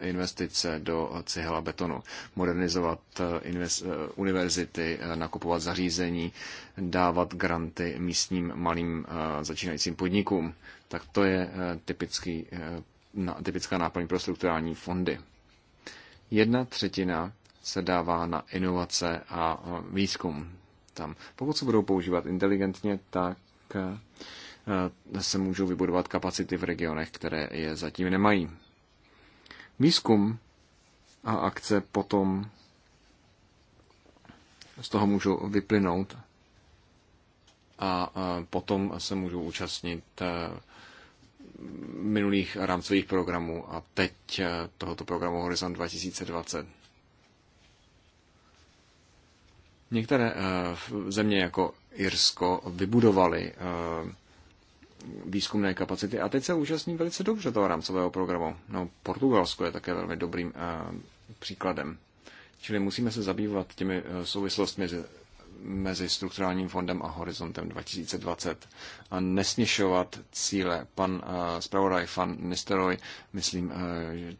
investice do cihla betonu, modernizovat eh, univerzity, nakupovat zařízení, dávat granty místním malým začínajícím podnikům. Tak to je typický, typická náplň pro strukturální fondy. Jedna třetina se dává na inovace a výzkum. Tam. Pokud se budou používat inteligentně, tak eh, se můžou vybudovat kapacity v regionech, které je zatím nemají. Výzkum a akce potom z toho můžou vyplynout a potom se můžou účastnit eh, minulých rámcových programů a teď eh, tohoto programu Horizont 2020. Některé eh, země jako Irsko vybudovaly eh, výzkumné kapacity a teď se účastní velice dobře toho rámcového programu. No, Portugalsko je také velmi dobrým eh, příkladem. Čili musíme se zabývat těmi souvislostmi mezi strukturálním fondem a horizontem 2020 a nesměšovat cíle. Pan uh, zpravodaj, pan Nisteroj, myslím, uh,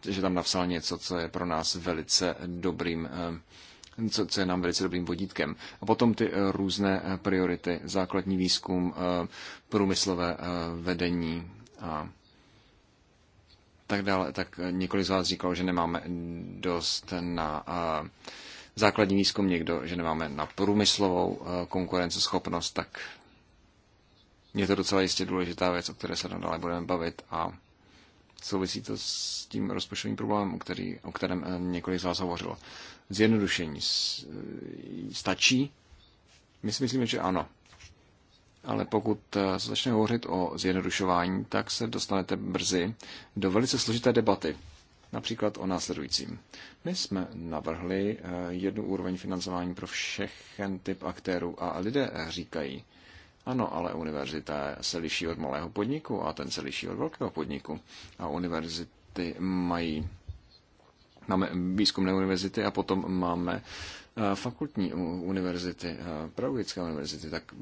že tam napsal něco, co je pro nás velice dobrým uh, co, co je nám velice dobrým vodítkem. A potom ty eh, různé eh, priority, základní výzkum, eh, průmyslové vedení a tak dále. Tak několik z vás říkalo, že nemáme dost na základní výzkum, někdo, že nemáme na průmyslovou konkurenceschopnost, tak je to docela jistě důležitá věc, o které se nadále budeme bavit a souvisí to s tím rozpočtovým problémem, o, který, o kterém několik z vás hovořilo zjednodušení eh, stačí? My si myslíme, že ano. Ale pokud eh, se začne hovořit o zjednodušování, tak se dostanete brzy do velice složité debaty. Například o následujícím. My jsme navrhli eh, jednu úroveň financování pro všechen typ aktérů a lidé říkají, ano, ale univerzita se liší od malého podniku a ten se liší od velkého podniku. A univerzity mají Máme výzkumné univerzity a potom máme eh, fakultní univerzity, eh, pedagogické univerzity, tak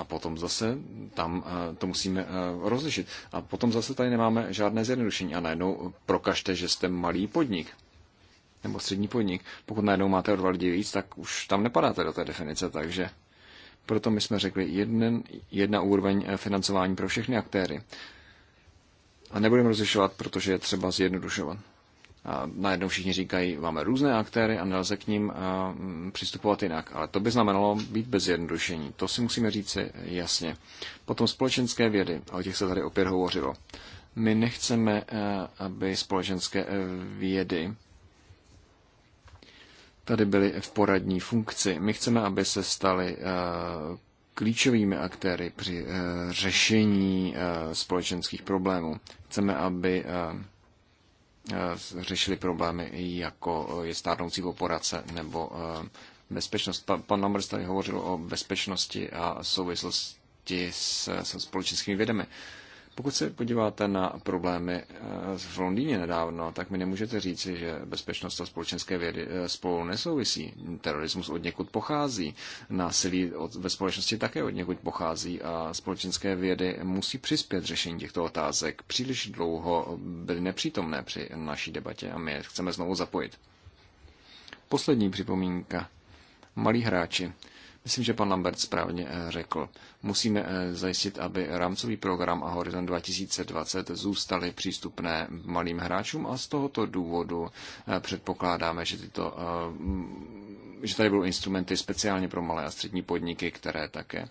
a potom zase tam eh, to musíme rozlišit. A potom zase tady nemáme žádné zjednodušení a najednou prokažte, že jste malý podnik nebo střední podnik. Pokud najednou máte o dva lidi víc, tak už tam nepadáte do té definice, takže proto my jsme řekli jeden, jedna úroveň financování pro všechny aktéry. A nebudeme rozlišovat, protože je třeba zjednodušovat. A najednou všichni říkají, máme různé aktéry a nelze k ním mm, přistupovat jinak. Ale to by znamenalo být bez jednodušení. To si musíme říci jasně. Potom společenské vědy, o těch se tady opět hovořilo. My nechceme, e, aby společenské e, vědy tady byly v poradní funkci. My chceme, aby se staly e, klíčovými aktéry při řešení společenských problémů. Chceme, aby Eh, řešili problémy, jako eh, je stárnoucí operace nebo eh, bezpečnost. Pan Lambert tady hovořil o bezpečnosti a souvislosti s, s společenskými vědami. Pokud se podíváte na problémy eh, v Londýně nedávno, tak mi nemůžete říci, že bezpečnost a společenské vědy eh, spolu nesouvisí. Terorismus od někud pochází, násilí od, ve společnosti také od někud pochází a společenské vědy musí přispět řešení těchto otázek. Příliš dlouho byly nepřítomné při naší debatě a my je chceme znovu zapojit. Poslední připomínka. Malí hráči. Myslím, že pan Lambert správně eh, řekl. Musíme eh, zajistit, aby rámcový program a Horizon 2020 zůstaly přístupné malým hráčům a z tohoto důvodu eh, předpokládáme, že, tyto, že tady budou instrumenty speciálně pro malé a střední podniky, které také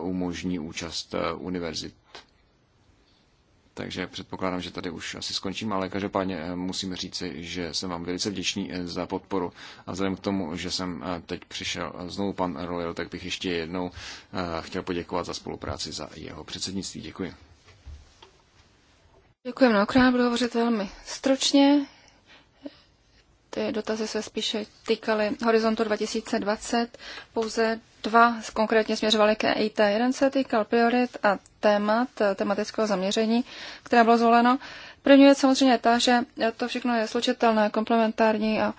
umožní účast univerzit takže předpokládám, že tady už asi skončím, ale každopádně eh, musím říci, že jsem vám velice vděčný eh, za podporu. A vzhledem k tomu, že jsem eh, teď přišel znovu pan Royal, tak bych ještě jednou chtěl poděkovat za spolupráci za jeho předsednictví. Děkuji. Děkuji mnohokrát, budu hovořit velmi stručně. Ty dotazy se spíše týkaly horizontu 2020. Pouze dva konkrétně směřovaly ke EIT. Jeden se týkal priorit a témat, tematického zaměření, které bylo zvoleno. První věc samozřejmě je ta, že to všechno je slučitelné, komplementární a,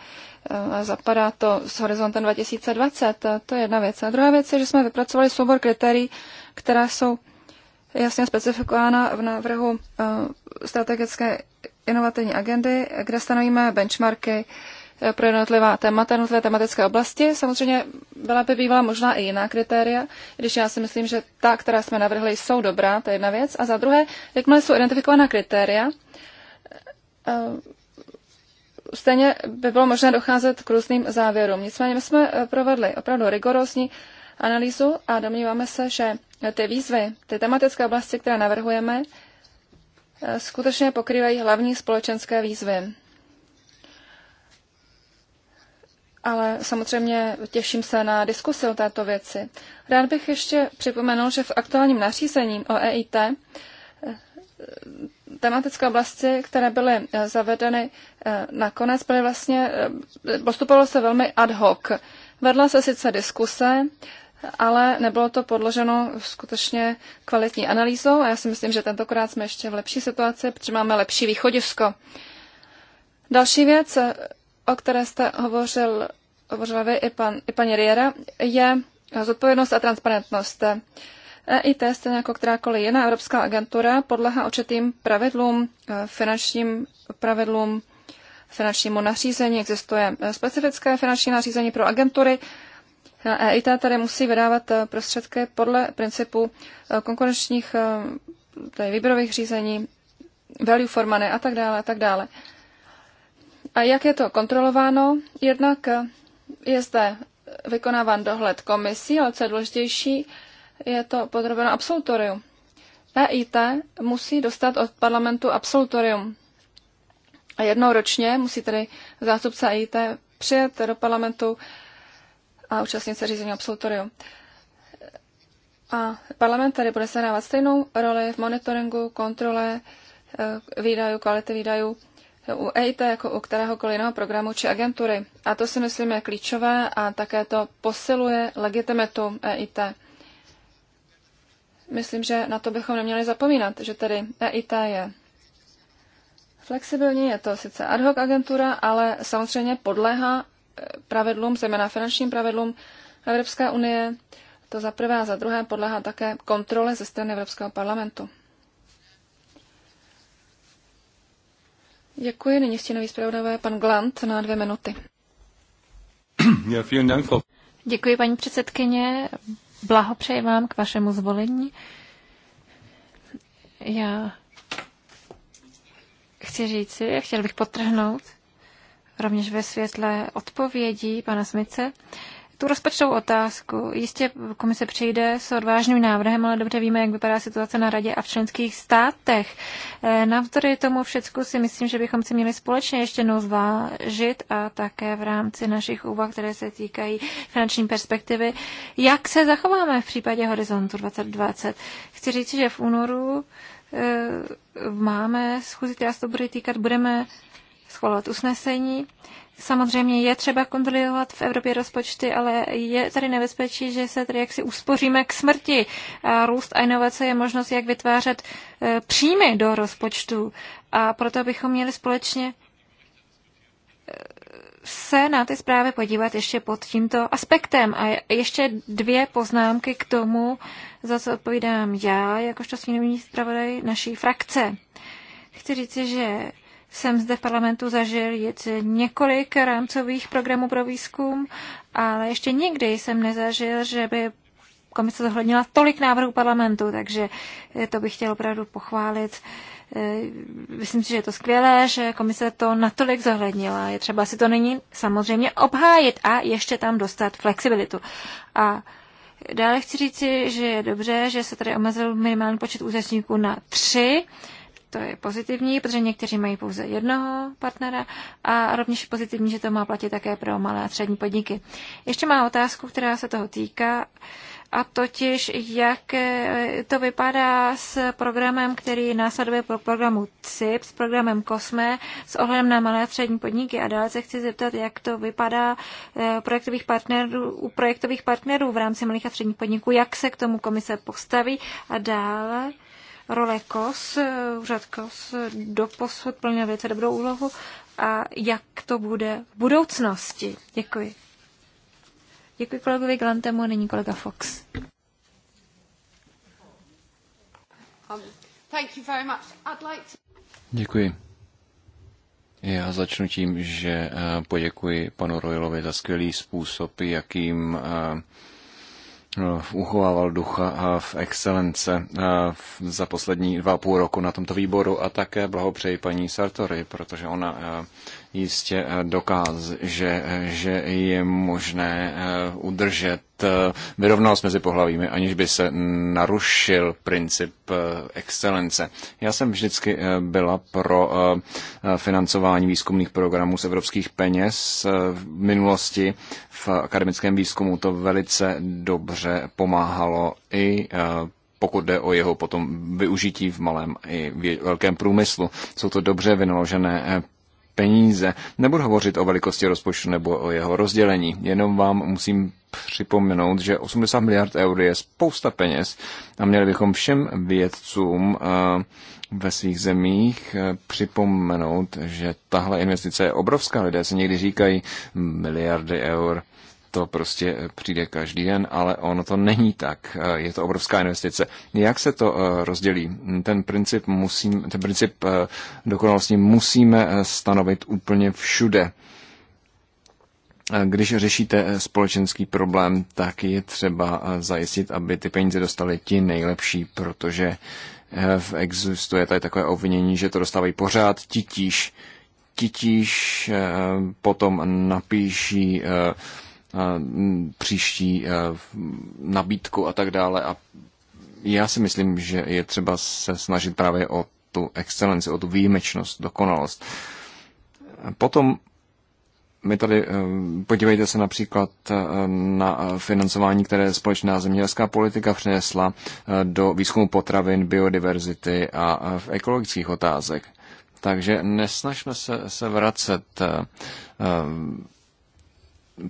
a zapadá to s horizontem 2020. To je jedna věc. A druhá věc je, že jsme vypracovali soubor kritérií, která jsou jasně specifikována v návrhu strategické inovativní agendy, kde stanovíme benchmarky pro jednotlivá témata, jednotlivé tematické oblasti. Samozřejmě byla by bývala možná i jiná kritéria, když já si myslím, že ta, která jsme navrhli, jsou dobrá, to je jedna věc. A za druhé, jakmile jsou identifikovaná kritéria, eh, stejně by bylo možné docházet k různým závěrům. Nicméně my jsme eh, provedli opravdu rigorózní analýzu a domníváme se, že ty výzvy, ty tematické oblasti, které navrhujeme, Eh, skutečně pokrývají hlavní společenské výzvy. ale samozřejmě těším se na diskusi o této věci. Rád bych ještě připomenul, že v aktuálním nařízení o EIT eh, tematické oblasti, které byly eh, zavedeny nakonec, byly vlastně, postupovalo se velmi ad hoc. Vedla se sice diskuse, ale nebylo to podloženo skutečně kvalitní analýzou a já si myslím, že tentokrát jsme ještě v lepší situaci, protože máme lepší východisko. Další věc, o které jste hovořil, hovořila vy i, pan, i paní Riera, je zodpovědnost a transparentnost. EIT, stejně jako kterákoliv jiná evropská agentura, podlehá určitým pravidlům, finančním pravidlům, finančnímu nařízení. Existuje specifické finanční nařízení pro agentury EIT tady musí vydávat eh, prostředky podle principu eh, konkurenčních eh, tady výběrových řízení, value for money a tak dále a tak dále. A jak je to kontrolováno? Jednak je zde vykonáván dohled komisí, ale co je důležitější, je to podrobeno absolutorium. EIT musí dostat od parlamentu absolutorium. A jednou ročně musí tedy zástupce EIT přijet do parlamentu a účastnit se řízení absolutoriu. A parlament tady bude sehrávat stejnou roli v monitoringu, kontrole eh, výdajů, kvality výdajů eh, u EIT jako u kteréhokoliv jiného programu či agentury. A to si myslím je klíčové a také to posiluje legitimitu EIT. Myslím, že na to bychom neměli zapomínat, že tedy EIT je flexibilní, je to sice ad hoc agentura, ale samozřejmě podléhá pravidlům, zejména finančním pravidlům Evropské unie. To za prvé a za druhé podléhá také kontrole ze strany Evropského parlamentu. Děkuji. Nyní stínový zpravodavé pan Glant na dvě minuty. Děkuji, paní předsedkyně. Blahopřeji vám k vašemu zvolení. Já chci říci, chtěl bych potrhnout, rovněž ve světle odpovědí pana Smice. Tu rozpočtovou otázku jistě komise přijde s odvážným návrhem, ale dobře víme, jak vypadá situace na radě a v členských státech. E, navzdory tomu všecku si myslím, že bychom si měli společně ještě jednou zvážit a také v rámci našich úvah, které se týkají finanční perspektivy, jak se zachováme v případě Horizontu 2020. Chci říct, že v únoru e, máme schůzi, která se to bude týkat, budeme schvalovat usnesení. Samozřejmě je třeba kontrolovat v Evropě rozpočty, ale je tady nebezpečí, že se tady jaksi uspoříme k smrti. A růst a inovace je možnost, jak vytvářet e, příjmy do rozpočtu. A proto bychom měli společně e, se na ty zprávy podívat ještě pod tímto aspektem. A ještě dvě poznámky k tomu, za co odpovídám já, jakožto sněmovní zpravodaj naší frakce. Chci říci, že jsem zde v parlamentu zažil několik rámcových programů pro výzkum, ale ještě nikdy jsem nezažil, že by komise zohlednila tolik návrhů parlamentu, takže eh, to bych chtěl opravdu pochválit. Eh, myslím si, že je to skvělé, že komise to natolik zohlednila. Je třeba si to nyní samozřejmě obhájit a ještě tam dostat flexibilitu. A dále chci říci, že je dobře, že se tady omezil minimální počet účastníků na tři. To je pozitivní, protože někteří mají pouze jednoho partnera a rovněž pozitivní, že to má platit také pro malé a střední podniky. Ještě má otázku, která se toho týká, a totiž, jak eh, to vypadá s programem, který následuje po programu CIP, s programem COSME, s ohledem na malé a střední podniky. A dále se chci zeptat, jak to vypadá eh, projektových partnerů, u projektových partnerů v rámci malých a středních podniků, jak se k tomu komise postaví a dále role KOS, úřad KOS doposud plně věce dobrou úlohu a jak to bude v budoucnosti. Děkuji. Děkuji kolegovi Glantemu, nyní kolega Fox. Um, Děkuji. Já začnu tím, že eh, poděkuji panu Royalovi za skvělý způsob, jakým eh, uchovával ducha v excelence za poslední dva a půl roku na tomto výboru a také blahopřeji paní Sartori, protože ona jistě eh, dokáz, že, eh, že je možné eh, udržet vyrovnanost mezi pohlavími, aniž by se narušil princip excelence. Já jsem vždycky byla pro financování výzkumných programů z evropských peněz. V minulosti v akademickém výzkumu to velice dobře pomáhalo i pokud jde o jeho potom využití v malém i velkém průmyslu. Jsou to dobře vynaložené peníze. Nebudu hovořit o velikosti rozpočtu nebo o jeho rozdělení, jenom vám musím připomenout, že 80 miliard eur je spousta peněz a měli bychom všem vědcům eh, ve svých zemích eh, připomenout, že tahle investice je obrovská. Lidé se někdy říkají miliardy eur to prostě eh, přijde každý den, ale ono to není tak. Eh, je to obrovská investice. Jak se to eh, rozdělí? Ten princip, musím, ten princip dokonalosti musíme stanovit úplně všude. Když řešíte společenský problém, tak je třeba zajistit, aby ty peníze dostali ti nejlepší, protože existuje tady takové obvinění, že to dostávají pořád titíž. Titíž potom napíší příští nabídku a tak dále. A já si myslím, že je třeba se snažit právě o tu excelenci, o tu výjimečnost, dokonalost. Potom my tady, e, podívejte se například e, na financování, které společná zemědělská politika přinesla e, do výzkumu potravin, biodiverzity a v ekologických otázek. Takže nesnažme se, se vracet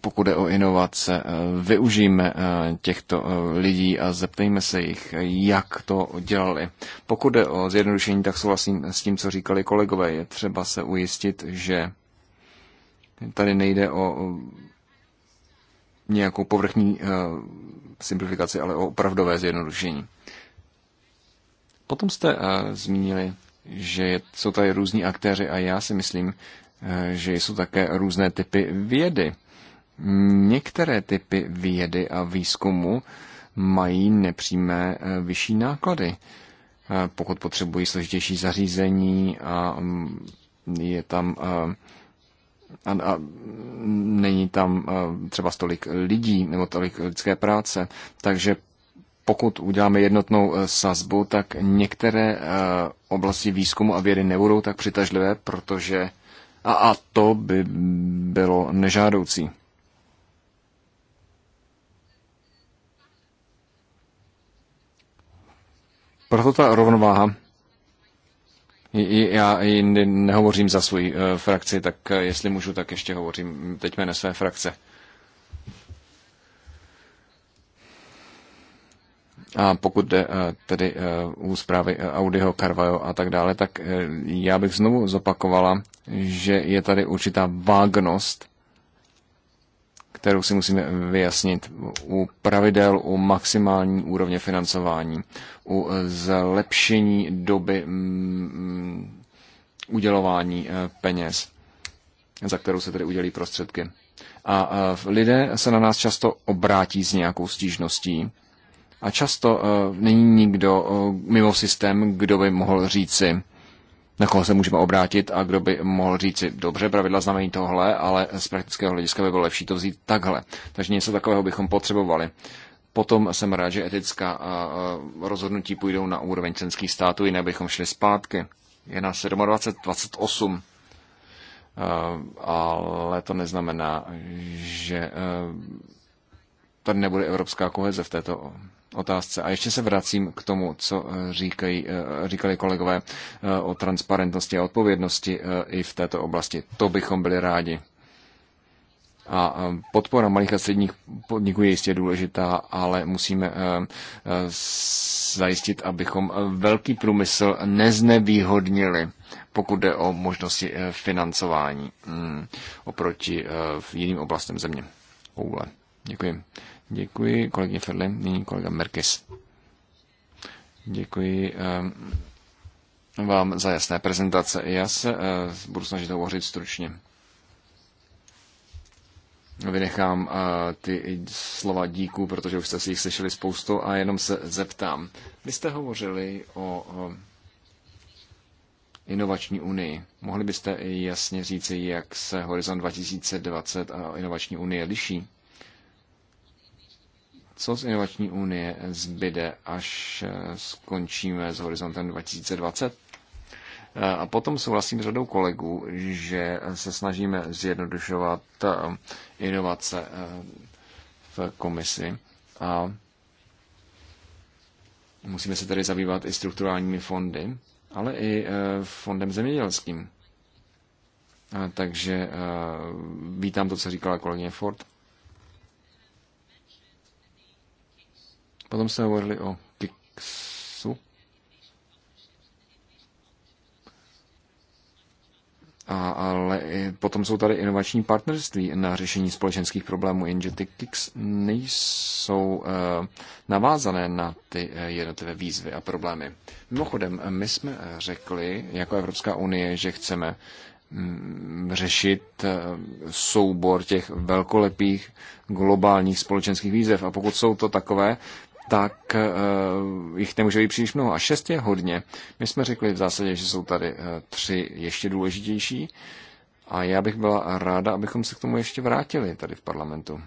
pokud je o inovace, eh, využijme eh, těchto eh, lidí a zeptejme se jich, jak to dělali. Pokud je o zjednodušení, tak souhlasím s tím, co říkali kolegové. Je třeba se ujistit, že tady nejde o nějakou povrchní simplifikaci, ale o opravdové zjednodušení. Potom jste zmínili, že jsou tady různí aktéři a já si myslím, že jsou také různé typy vědy některé typy vědy a výzkumu mají nepřímé eh, vyšší náklady. Eh, pokud potřebují složitější zařízení a mm, je tam eh, a, a není tam třeba tolik lidí nebo tolik lidské práce, takže pokud uděláme jednotnou sazbu, tak některé oblasti výzkumu a vědy nebudou tak přitažlivé, protože a, a to by bylo nežádoucí. proto ta rovnováha, já jindy nehovořím za svou eh, frakci, tak eh, jestli můžu, tak ještě hovořím teď jménem své frakce. A pokud jde eh, tedy u zprávy Audiho, Carvajo a tak dále, tak já bych znovu zopakovala, že je tady určitá vágnost kterou si musíme vyjasnit u pravidel, u maximální úrovně financování, u zlepšení doby mm, mm, udělování eh, peněz, za kterou se tedy udělí prostředky. A eh, lidé se na nás často obrátí s nějakou stížností a často eh, není nikdo mimo systém, kdo by mohl říci, na koho se můžeme obrátit a kdo by mohl říci, dobře, pravidla znamení tohle, ale z praktického hlediska by bylo lepší to vzít takhle. Takže něco takového bychom potřebovali. Potom jsem rád, že etická rozhodnutí půjdou na úroveň členských států, jinak bychom šli zpátky. Je na 27, 28 ale to neznamená, že e, tady nebude evropská koheze v této otázce. A ještě se vracím k tomu, co eh, říkají, eh, říkali kolegové eh, o transparentnosti a odpovědnosti i v této oblasti. To bychom byli rádi. A podpora malých a středních podniků je jistě důležitá, ale musíme zajistit, abychom velký průmysl neznevýhodnili, pokud jde o možnosti financování mm, oproti jiným oblastem země. Koule. Děkuji. Děkuji kolegyně Ferle. nyní kolega Merkis. Děkuji eh, vám za jasné prezentace. Já se eh, budu snažit hovořit stručně. Vynechám eh, ty slova díků, protože už jste si jich slyšeli spoustu a jenom se zeptám. Vy jste hovořili o inovační unii. Mohli byste jasně říci, jak se Horizon 2020 a inovační unie liší? co z inovační unie zbyde, až eh, skončíme s horizontem 2020? Eh, a potom souhlasím s řadou kolegů, že se snažíme zjednodušovat eh, inovace v komisi a musíme se tedy zabývat i strukturálními fondy, ale i fondem zemědělským. Takže vítám to, co říkala kolegyně Ford. Potom se hovorili o Kixu. A, ale potom jsou tady inovační partnerství na řešení společenských problémů, jenže ty Kix nejsou uh, navázané na ty eh, jednotlivé výzvy a problémy. Mimochodem, my jsme eh, řekli jako Evropská unie, že chceme mm, řešit soubor těch velkolepých globálních společenských výzev. A pokud jsou to takové, tak eh, jich nemůže být příliš mnoho. A šest je hodně. My jsme řekli v zásadě, že jsou tady eh, tři ještě důležitější. A já bych byla ráda, abychom se k tomu ještě vrátili tady v parlamentu.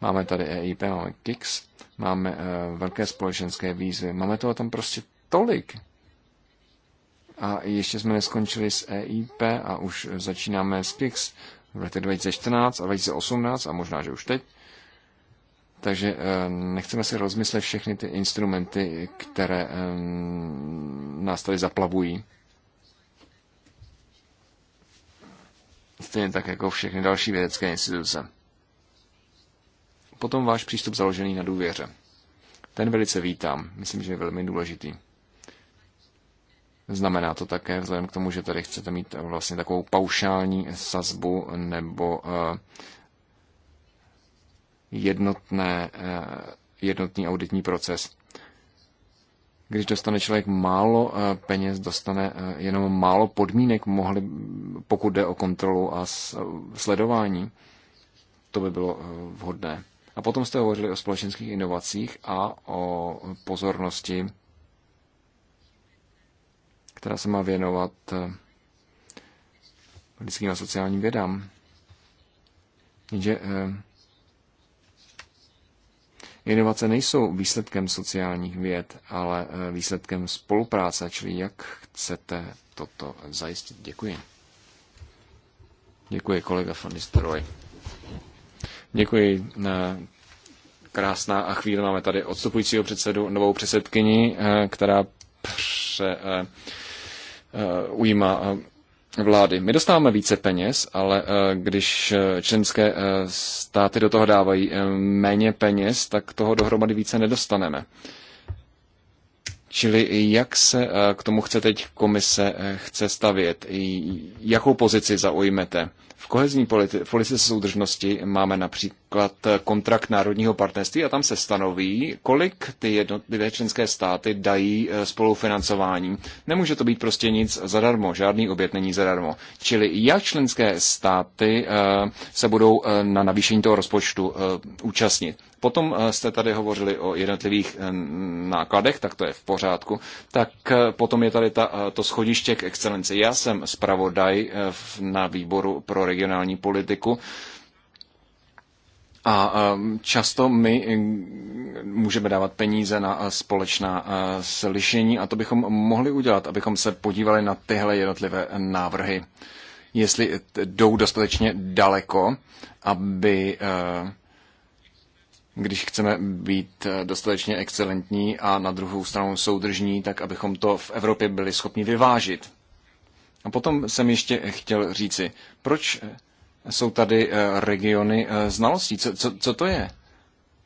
Máme tady EIP, máme KIX, máme eh, velké společenské výzvy, máme toho tam prostě tolik. A ještě jsme neskončili s EIP a už začínáme s KIX v letech 2014 a 2018 a možná, že už teď. Takže eh, nechceme si rozmyslet všechny ty instrumenty, které eh, nás tady zaplavují. Stejně tak jako všechny další vědecké instituce. Potom váš přístup založený na důvěře. Ten velice vítám, myslím, že je velmi důležitý. Znamená to také, vzhledem k tomu, že tady chcete mít vlastně takovou paušální sazbu nebo eh, jednotné, eh, jednotný auditní proces. Když dostane člověk málo eh, peněz, dostane eh, jenom málo podmínek, mohli, pokud jde o kontrolu a sledování, to by bylo vhodné. A potom jste hovořili o společenských inovacích a o pozornosti, která se má věnovat lidským a sociálním vědám. Jenže Inovace nejsou výsledkem sociálních věd, ale eh, výsledkem spolupráce, čili jak chcete toto zajistit. Děkuji. Děkuji, kolega von Nistelrooy. Děkuji. Eh, krásná a chvíli máme tady odstupujícího předsedu, novou předsedkyni, eh, která pře, ujímá vlády. My dostáváme více peněz, ale eh, když eh, členské eh, státy do toho dávají méně peněz, tak toho dohromady více nedostaneme. Čili jak se k tomu chce teď komise chce stavět? Jakou pozici zaujmete? V kohezní politice soudržnosti máme například kontrakt národního partnerství a tam se stanoví, kolik ty jednotlivé členské státy dají eh, spolufinancování. Nemůže to být prostě nic zadarmo, žádný oběd není zadarmo. Čili jak členské státy eh, se budou eh, na navýšení toho rozpočtu účastnit. Potom jste tady hovořili o jednotlivých nákladech, tak to je v pořádku. Tak potom je tady ta, to schodiště k excelenci. Já jsem zpravodaj na výboru pro regionální politiku. A často my eh, můžeme dávat peníze na eh, společná eh, slyšení a to bychom mohli udělat, abychom se podívali na tyhle jednotlivé návrhy, jestli jdou dostatečně daleko, aby když chceme být dostatečně excelentní a na druhou stranu soudržní, tak abychom to v Evropě byli schopni vyvážit. A potom jsem ještě chtěl říci, proč jsou tady eh, regiony eh, znalostí? Co, co, co to je?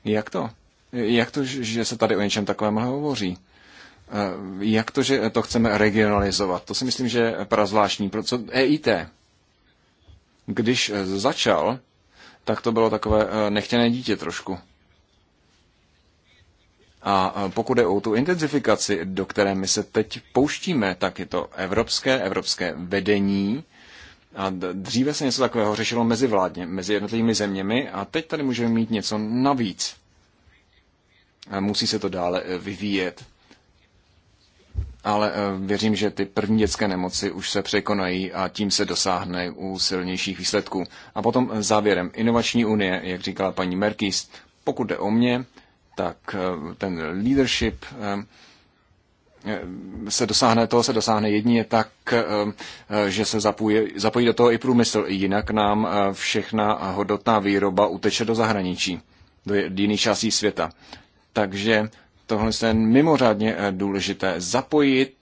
Jak to? Jak to, že se tady o něčem takovém hovoří? Eh, jak to, že to chceme regionalizovat? To si myslím, že je prazvláštní. Co, EIT, když začal, tak to bylo takové nechtěné dítě trošku. A pokud je o tu intenzifikaci, do které my se teď pouštíme, tak je to evropské, evropské vedení. A dříve se něco takového řešilo mezivládně, mezi jednotlivými zeměmi a teď tady můžeme mít něco navíc. A musí se to dále e, vyvíjet. Ale e, věřím, že ty první dětské nemoci už se překonají a tím se dosáhne u silnějších výsledků. A potom e, závěrem. Inovační unie, jak říkala paní Merkis, pokud jde o mě, tak eh, ten leadership eh, eh, se dosáhne toho, se dosáhne jedině tak, že se zapojí, zapojí do toho i průmysl. Jinak nám všechna hodnotná výroba uteče do zahraničí, do jiných částí světa. Takže tohle je mimořádně důležité. Zapojit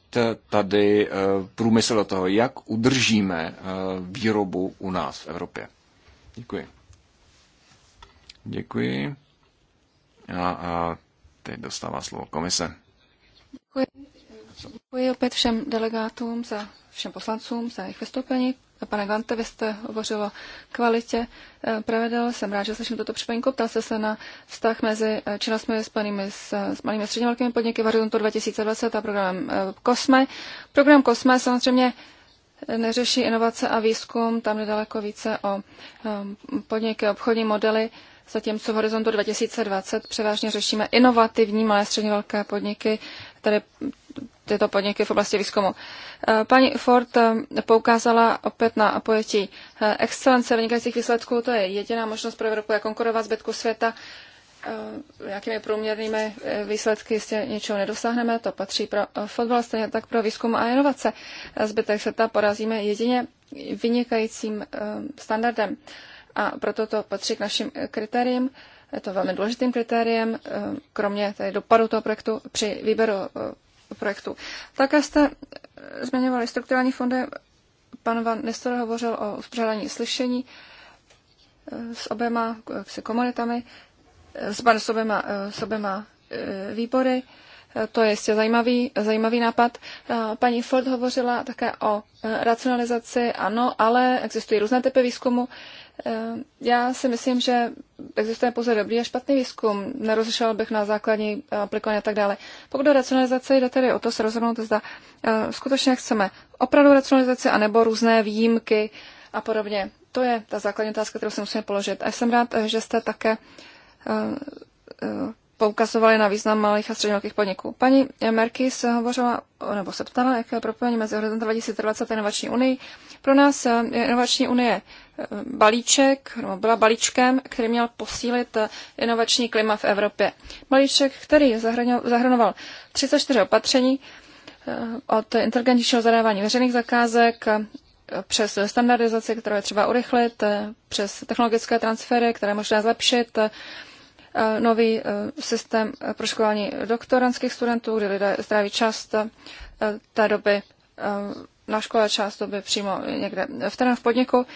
tady průmysl do toho, jak udržíme výrobu u nás v Evropě. Děkuji. Děkuji. A, a teď dostává slovo komise. Děkuji. Děkuji opět všem delegátům, za, všem poslancům za jejich vystoupení. Pane Gante, vy jste hovořil o kvalitě eh, pravidel. Jsem rád, že slyším toto připomínku. Ptal jste se na vztah mezi eh, činnostmi spojenými s, s malými a středně velkými podniky v horizontu 2020 a programem COSME. Eh, Program COSME samozřejmě neřeší inovace a výzkum, tam je daleko více o podniky, obchodní modely zatímco v horizontu 2020 převážně řešíme inovativní malé středně velké podniky, tedy tyto podniky v oblasti výzkumu. Eh, paní Ford eh, poukázala opět na pojetí eh, excelence vynikajících výsledků. To je jediná možnost pro Evropu, jak konkurovat zbytku světa. Jakými průměrnými výsledky jistě něčeho nedosáhneme. To patří pro fotbal, stejně tak pro výzkum a inovace. Zbytek světa porazíme jedině vynikajícím standardem a proto to patří k našim kritériím. Je to velmi důležitým kritériem, eh, kromě tedy dopadu toho projektu při výběru eh, projektu. Také jste eh, zmiňovali strukturální fondy. Pan Van Nestor hovořil o uspořádání slyšení s oběma s komunitami, s, s, oběma, s oběma výbory. To je jistě zajímavý, zajímavý nápad. Paní Ford hovořila také o racionalizaci. Ano, ale existují různé typy výzkumu. Eh, já si myslím, že existuje pouze dobrý a špatný výzkum. Nerozlišoval bych na základní eh, aplikování a tak dále. Pokud o racionalizaci jde tedy o to se rozhodnout, zda eh, skutečně chceme opravdu racionalizaci anebo různé výjimky a podobně. To je ta základní otázka, kterou si musíme položit. A jsem rád, že jste také poukazovali na význam malých a středně velkých podniků. Paní Merky se hovořila, nebo se ptala, jaké je propojení mezi horizontem 2020 a inovační unii. Pro nás je eh, inovační unie eh, balíček, nebo byla balíčkem, který měl posílit eh, inovační klima v Evropě. Balíček, který zahrnoval 34 opatření od inteligentního zadávání veřejných zakázek přes standardizaci, kterou je třeba urychlit, přes technologické transfery, které možná zlepšit, Eh, nový eh, systém eh, proškolání doktorantských studentů, kde lidé stráví část té doby na škole, část doby přímo někde v terénu v podniku,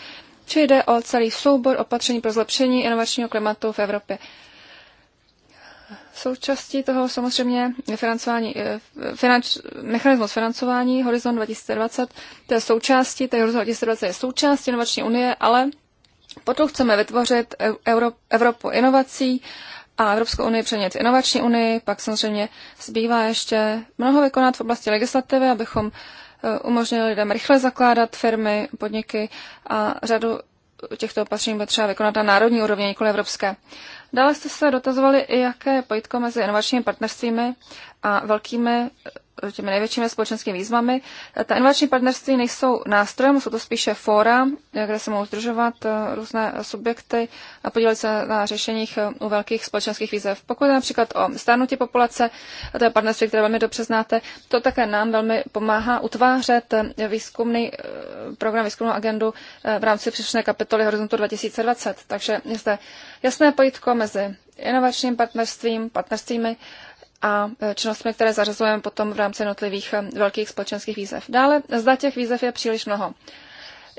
či jde o celý soubor opatření pro zlepšení inovačního klimatu v Evropě. Součástí toho samozřejmě financování, finanč, mechanismus financování Horizon 2020, to je součástí, tedy Horizon 2020 je součástí inovační unie, ale Potom chceme vytvořit Evropu inovací a Evropskou unii přenět inovační unii, pak samozřejmě zbývá ještě mnoho vykonat v oblasti legislativy, abychom eh, umožnili lidem rychle zakládat firmy, podniky a řadu těchto opatření bude třeba vykonat na národní úrovni, nikoli evropské. Dále jste se dotazovali, jaké je pojitko mezi inovačními partnerstvími a velkými těmi největšími společenskými výzvami. Ta inovační partnerství nejsou nástrojem, jsou to spíše fóra, kde se mohou združovat eh, různé subjekty a podílet se na řešeních eh, u velkých společenských výzev. Pokud je například o stárnutí populace, to je partnerství, které velmi dobře znáte, to také nám velmi pomáhá utvářet eh, výzkumný program, výzkumnou agendu v rámci příslušné kapitoly Horizontu 2020. Takže je zde jasné pojitko mezi inovačním partnerstvím, partnerstvími a e, činnostmi, které zařazujeme potom v rámci notlivých e, velkých společenských výzev. Dále, zda těch výzev je příliš mnoho.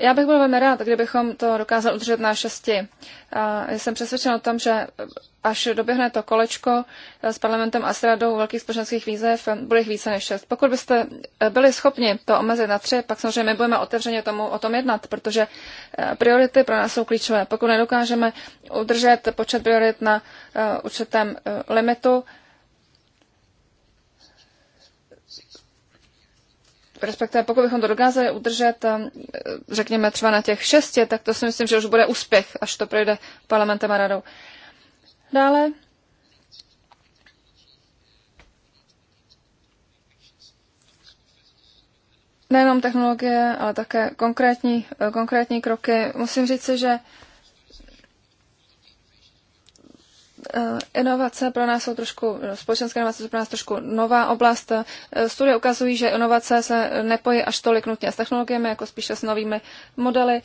Já bych byl velmi rád, kdybychom to dokázali udržet na šesti. A jsem přesvědčen o tom, že e, až doběhne to kolečko s parlamentem a s radou velkých společenských výzev, bude jich více než šest. Pokud byste byli schopni to omezit na tři, pak samozřejmě my budeme otevřeně tomu, o tom jednat, protože priority pro nás jsou klíčové. Pokud nedokážeme udržet počet priorit na určitém limitu, respektive pokud bychom to dokázali udržet, eh, řekněme třeba na těch šesti, tak to si myslím, že už bude úspěch, až to projde parlamentem a radou. Dále nejenom technologie, ale také konkrétní, eh, konkrétní kroky. Musím říct, že Eh, inovace pro nás jsou trošku, no, společenské inovace jsou pro nás trošku nová oblast. Eh, studie ukazují, že inovace se nepojí až tolik nutně s technologiemi, jako spíše s novými modely.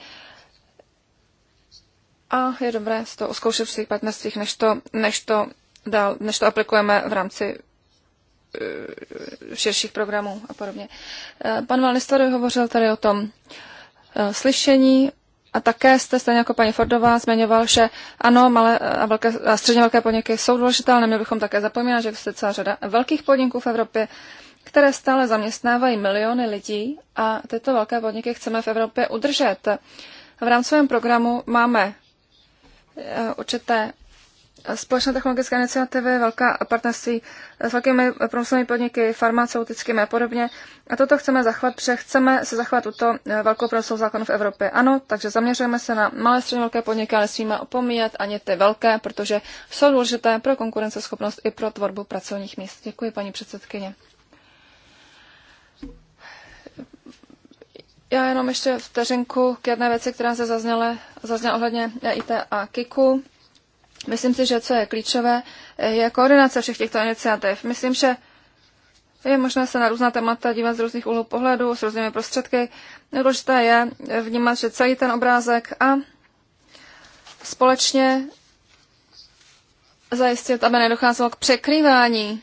A je dobré z toho zkoušet v svých partnerstvích, než to, než to, dál, než to aplikujeme v rámci eh, širších programů a podobně. Pan Valnistory hovořil tady o tom slyšení, a také jste, stejně jako paní Fordová, zmiňoval, že ano, malé a, velké, a středně velké podniky jsou důležité, ale neměli bychom také zapomínat, že jste celá řada velkých podniků v Evropě, které stále zaměstnávají miliony lidí a tyto velké podniky chceme v Evropě udržet. V rámcovém programu máme eh, určité společné technologické iniciativy, velká partnerství s velkými průmyslovými podniky, farmaceutickými a podobně. A toto chceme zachovat, protože chceme se zachovat tuto eh, velkou průmyslovou zákonu v Evropě. Ano, takže zaměřujeme se na malé střední velké podniky, ale nesmíme opomíjet ani ty velké, protože jsou důležité pro konkurenceschopnost i pro tvorbu pracovních míst. Děkuji, paní předsedkyně. Já jenom ještě vteřinku k jedné věci, která se zazněla, zazněla ohledně e IT a KIKu. Myslím si, že co je klíčové, je koordinace všech těchto iniciativ. Myslím, že je možné se na různá témata dívat z různých úhlů pohledu, s různými prostředky. Důležité je vnímat, že celý ten obrázek a společně zajistit, aby nedocházelo k překrývání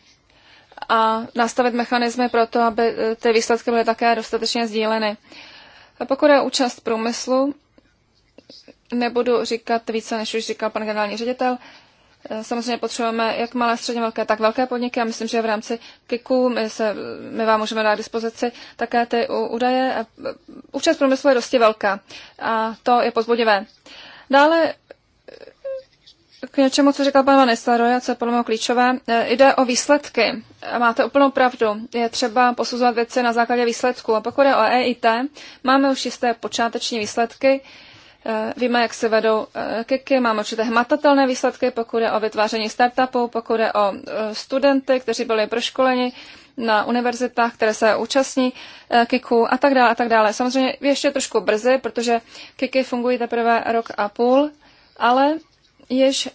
a nastavit mechanismy pro to, aby ty výsledky byly také dostatečně sdíleny. A pokud je účast průmyslu, Nebudu říkat více, než už říkal pan generální ředitel. Eh, samozřejmě potřebujeme jak malé, středně velké, tak velké podniky a myslím, že v rámci KIKu my, se, my vám můžeme dát k dispozici také ty údaje. Eh, účast průmyslu je dosti velká a to je pozbudivé. Dále eh, k něčemu, co říkal pan Van a co je podle mě klíčové, jde o výsledky. Máte úplnou pravdu. Je třeba posuzovat věci na základě výsledků. A pokud je o EIT, máme už jisté počáteční výsledky, Eh, víme, jak se vedou eh, kiky, máme určité hmatatelné výsledky, pokud je o vytváření startupů, pokud je o eh, studenty, kteří byli proškoleni na univerzitách, které se účastní kiku a tak dále a tak dále. Samozřejmě ještě trošku brzy, protože kiky fungují teprve rok a půl, ale již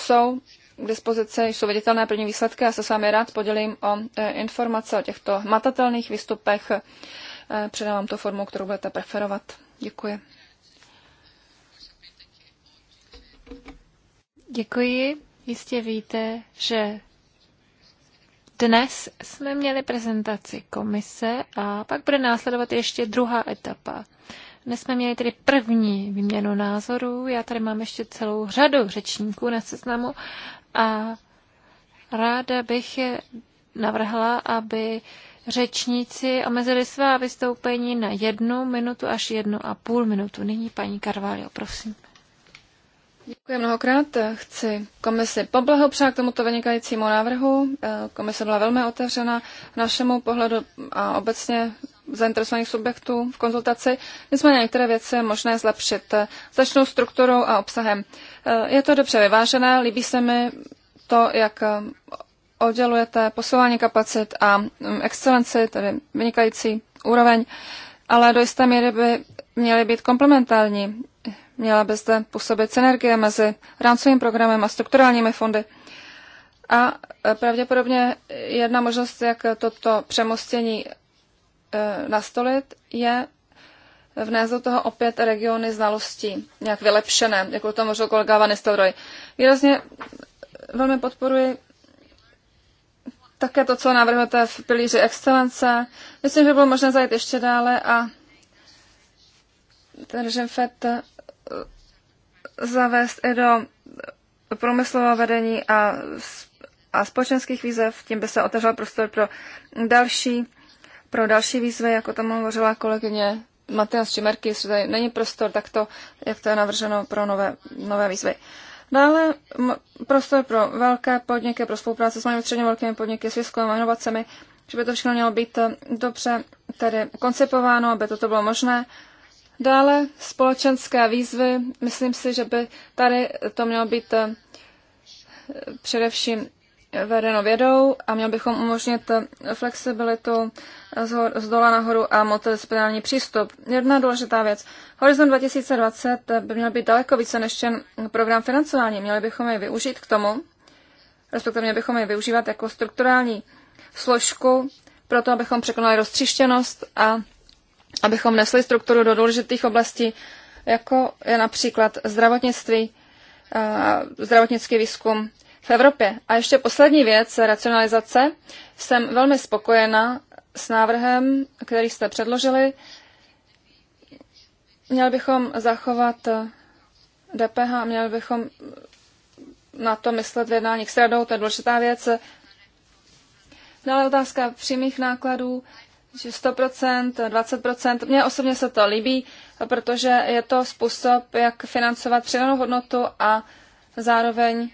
jsou k dispozici, jsou viditelné první výsledky a se s vámi rád podělím o informace o těchto hmatatelných výstupech. Předávám to formu, kterou budete preferovat. Děkuji. Děkuji. Jistě víte, že dnes jsme měli prezentaci komise a pak bude následovat ještě druhá etapa. Dnes jsme měli tedy první výměnu názorů. Já tady mám ještě celou řadu řečníků na seznamu a ráda bych je navrhla, aby řečníci omezili svá vystoupení na jednu minutu až jednu a půl minutu. Nyní paní Karvalio, prosím. Děkuji mnohokrát. Chci komisi poblahopřát k tomuto vynikajícímu návrhu. Komise byla velmi otevřena našemu pohledu a obecně zainteresovaných subjektů v konzultaci. Nicméně některé věci je možné zlepšit. Začnou strukturou a obsahem. Je to dobře vyvážené, líbí se mi to, jak oddělujete posilování kapacit a excelenci, tedy vynikající úroveň, ale do jisté míry by měly být komplementární. Měla by zde působit synergie mezi rámcovým programem a strukturálními fondy. A e, pravděpodobně jedna možnost, jak toto přemostění e, nastolit, je vnést do toho opět regiony znalostí, nějak vylepšené, jako to možná kolega Van Nistelrooy. Výrazně velmi podporuji také to, co navrhujete v pilíři excelence. Myslím, že bylo možné zajít ještě dále a ten režim FED zavést i do průmyslového vedení a, a společenských výzev, tím by se otevřel prostor pro další, pro další výzvy, jako tam hovořila kolegyně Matias Čimerky, že není prostor takto, jak to je navrženo pro nové, nové výzvy. Dále prostor pro velké podniky, pro spolupráci s malými středně velkými podniky, s výzkumem a inovacemi, že by to všechno mělo být dobře tedy koncipováno, aby toto bylo možné Dále společenské výzvy. Myslím si, že by tady to mělo být eh, především vedeno vědou a měl bychom umožnit eh, flexibilitu z dola nahoru a multidisciplinární přístup. Jedna důležitá věc. Horizont 2020 by měl být daleko více než jen program financování. Měli bychom jej využít k tomu, respektive měli bychom jej využívat jako strukturální složku pro to, abychom překonali roztřištěnost a abychom nesli strukturu do důležitých oblastí, jako je například zdravotnictví, zdravotnický výzkum v Evropě. A ještě poslední věc, racionalizace. Jsem velmi spokojena s návrhem, který jste předložili. Měli bychom zachovat DPH, měli bychom na to myslet v jednáních s radou, to je důležitá věc. Dále no, otázka přímých nákladů. 100%, 20%. Mně osobně se to líbí, protože je to způsob, jak financovat přidanou hodnotu a zároveň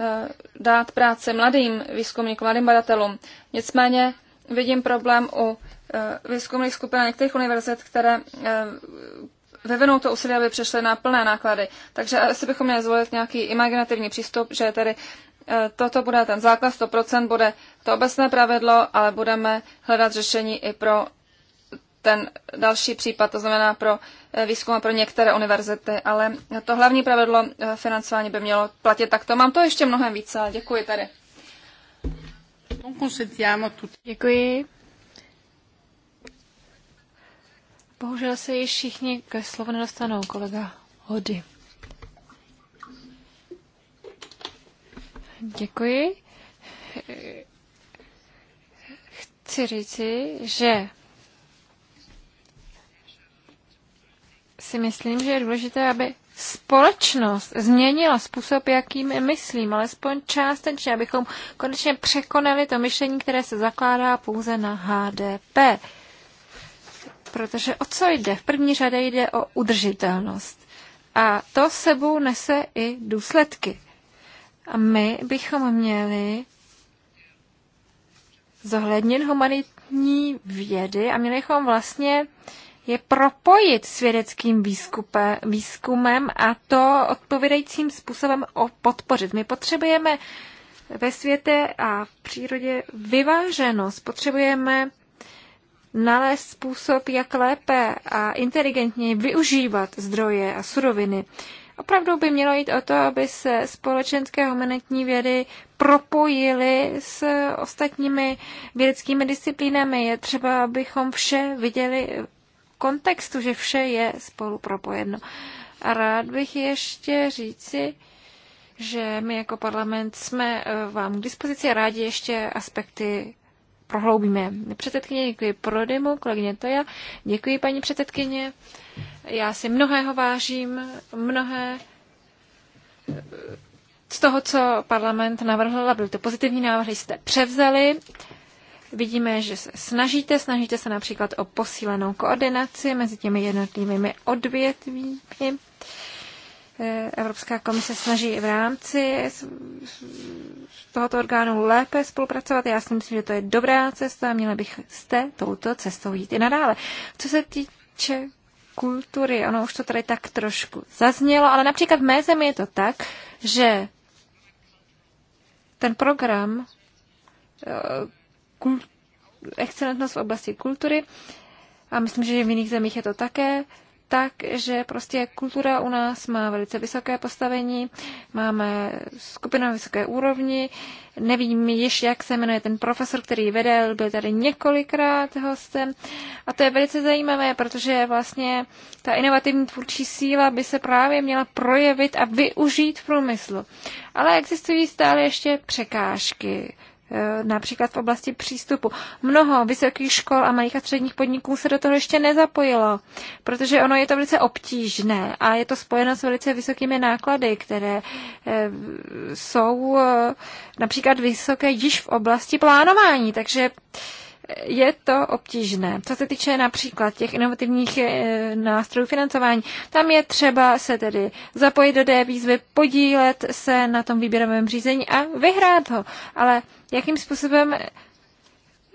e, dát práci mladým výzkumníkům, mladým badatelům. Nicméně vidím problém u e, výzkumných skupin na některých univerzit, které e, vyvinou to úsilí, aby přešly na plné náklady. Takže asi bychom měli zvolit nějaký imaginativní přístup, že tedy E, toto bude ten základ 100%, bude to obecné pravidlo, ale budeme hledat řešení i pro ten další případ, to znamená pro e, výzkum a pro některé univerzity, ale to hlavní pravidlo e, financování by mělo platit takto. Mám to ještě mnohem více, ale děkuji tady. Děkuji. Bohužel se již všichni ke slovu nedostanou, kolega Hody. Děkuji. Chci říci, že si myslím, že je důležité, aby společnost změnila způsob, jakým myslím, alespoň částečně, abychom konečně překonali to myšlení, které se zakládá pouze na HDP. Protože o co jde? V první řadě jde o udržitelnost. A to sebou nese i důsledky. A my bychom měli zohlednit humanitní vědy a měli bychom vlastně je propojit s vědeckým výzkupe, výzkumem a to odpovědajícím způsobem podpořit. My potřebujeme ve světě a v přírodě vyváženost, potřebujeme nalézt způsob, jak lépe a inteligentně využívat zdroje a suroviny. Opravdu by mělo jít o to, aby se společenské humanitní vědy propojily s ostatními vědeckými disciplínami. Je třeba, abychom vše viděli v kontextu, že vše je spolu propojeno. A rád bych ještě říci, že my jako parlament jsme eh, vám k dispozici a rádi ještě aspekty prohloubíme. Předsedkyně, děkuji Prodymu, kolegyně Toja, děkuji paní předsedkyně. Já si mnohého vážím, mnohé eh, z toho, co parlament navrhl, a byly to pozitivní návrhy, jste převzali. Vidíme, že se snažíte, snažíte se například o posílenou koordinaci mezi těmi jednotlivými odvětvími. E, Evropská komise snaží v rámci tohoto orgánu lépe spolupracovat. Já si myslím, že to je dobrá cesta a měli byste touto cestou jít i nadále. Co se týče kultury, ono už to tady tak trošku zaznělo, ale například v mé zemi je to tak, že ten program e, kult, excelentnost v oblasti kultury, a myslím, že v jiných zemích je to také, tak, že prostě kultura u nás má velice vysoké postavení, máme skupinu na vysoké úrovni, nevím již, jak se jmenuje ten profesor, který vedel, byl tady několikrát hostem a to je velice zajímavé, protože vlastně ta inovativní tvůrčí síla by se právě měla projevit a využít v průmyslu. Ale existují stále ještě překážky Eh, například v oblasti přístupu. Mnoho vysokých škol a malých a středních podniků se do toho ještě nezapojilo, protože ono je to velice obtížné a je to spojeno s velice vysokými náklady, které eh, jsou eh, například vysoké již v oblasti plánování. Takže je to obtížné. Co se týče například těch inovativních eh, nástrojů financování, tam je třeba se tedy zapojit do té výzvy, podílet se na tom výběrovém řízení a vyhrát ho. Ale jakým způsobem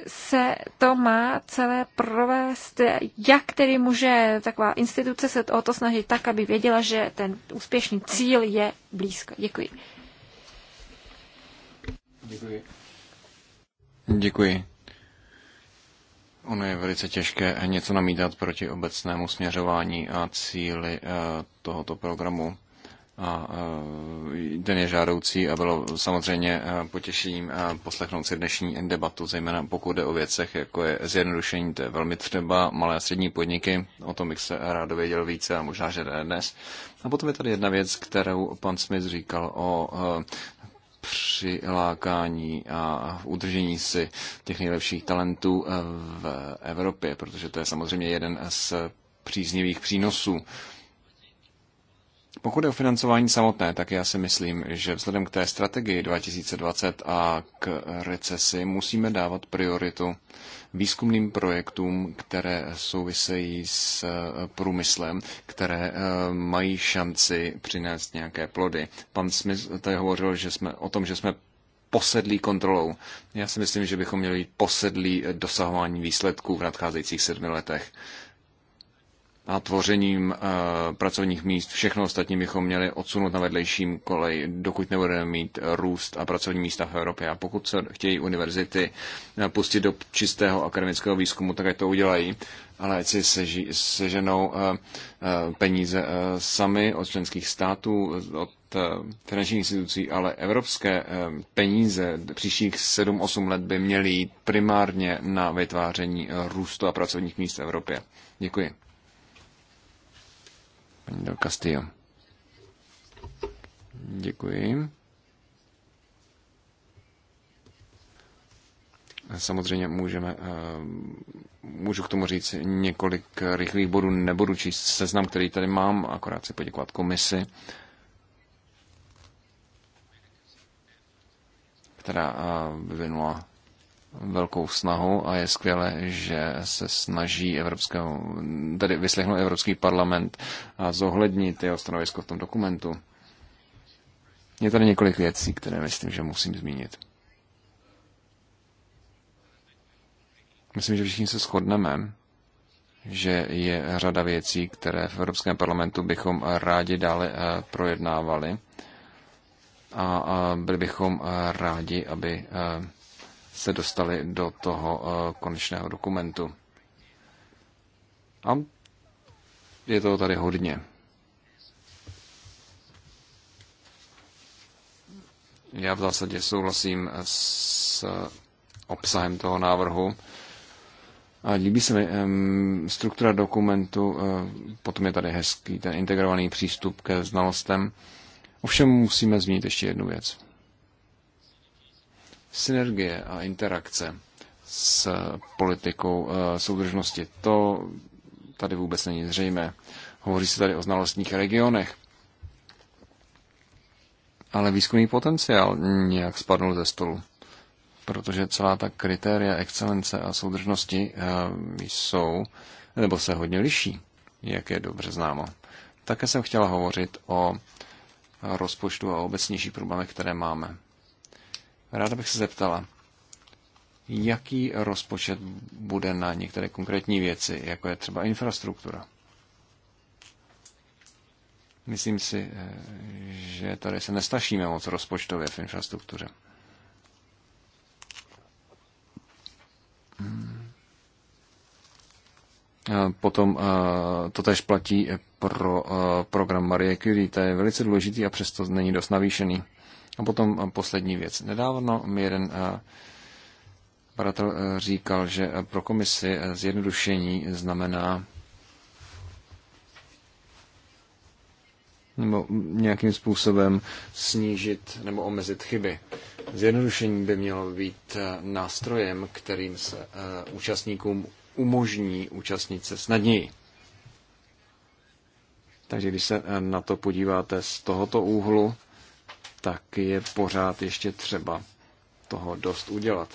se to má celé provést, jak tedy může taková instituce se o to snažit tak, aby věděla, že ten úspěšný cíl je blízko. Děkuji. Děkuji. Děkuji. Ono je velice těžké něco namítat proti obecnému směřování a cíli eh, tohoto programu. A ten eh, je žádoucí a bylo samozřejmě eh, potěšením poslechnout si dnešní debatu, zejména pokud jde o věcech, jako je zjednodušení, to je velmi třeba malé a střední podniky, o tom bych se rád dověděl více a možná, že dnes. A potom je tady jedna věc, kterou pan Smith říkal o přilákání a udržení si těch nejlepších talentů eh, v Evropě, protože to je samozřejmě jeden z příznivých přínosů pokud je o financování samotné, tak já si myslím, že vzhledem k té strategii 2020 a k recesi musíme dávat prioritu výzkumným projektům, které souvisejí s eh, průmyslem, které eh, mají šanci přinést nějaké plody. Pan Smith tady hovořil že jsme, o tom, že jsme posedlí kontrolou. Já si myslím, že bychom měli být posedlí eh, dosahování výsledků v nadcházejících sedmi letech a tvořením eh, pracovních míst. Všechno ostatní bychom měli odsunout na vedlejším koleji, dokud nebudeme mít růst a pracovní místa v Evropě. A pokud se chtějí univerzity eh, pustit do čistého akademického výzkumu, tak ať to udělají, ale ať si seži, seženou eh, peníze sami od členských států, od finančních institucí, ale evropské peníze příštích 7-8 let by měly jít primárně na vytváření růstu a pracovních míst v Evropě. Děkuji paní Del Castillo. Děkuji. Samozřejmě můžeme, eh, můžu k tomu říct několik rychlých bodů, nebudu číst seznam, který tady mám, akorát si poděkovat komisi, která eh, vyvinula velkou snahu a je skvělé, že se snaží evropského, tedy vyslechnout Evropský parlament a zohlednit jeho stanovisko v tom dokumentu. Je tady několik věcí, které myslím, že musím zmínit. Myslím, že všichni se shodneme, že je řada věcí, které v Evropském parlamentu bychom rádi dále eh, projednávali a byli bychom eh, rádi, aby eh, se dostali do toho eh, konečného dokumentu. A je toho tady hodně. Já v zásadě souhlasím s obsahem toho návrhu. A líbí se mi um, struktura dokumentu, eh, potom je tady hezký ten integrovaný přístup ke znalostem. Ovšem musíme zmínit ještě jednu věc synergie a interakce s politikou eh, soudržnosti. To tady vůbec není zřejmé. Hovoří se tady o znalostních regionech. Ale výzkumný potenciál nějak spadl ze stolu, protože celá ta kritéria excelence a soudržnosti eh, jsou, nebo se hodně liší, jak je dobře známo. Také jsem chtěla hovořit o rozpočtu a obecnější problémy, které máme. Ráda bych se zeptala, jaký rozpočet bude na některé konkrétní věci, jako je třeba infrastruktura. Myslím si, eh, že tady se nestašíme moc rozpočtově v infrastruktuře. Hmm. Eh, potom eh, to tež platí pro program Marie Curie. To je velice důležitý a přesto není dost navýšený. A potom poslední věc. Nedávno mi jeden baratel e, říkal, že e, pro komisi e, zjednodušení znamená nebo nějakým způsobem snížit nebo omezit chyby. Zjednodušení by mělo být nástrojem, kterým se účastníkům umožní účastnit se snadněji. Takže když se na to podíváte z tohoto úhlu, tak je pořád ještě třeba toho dost udělat.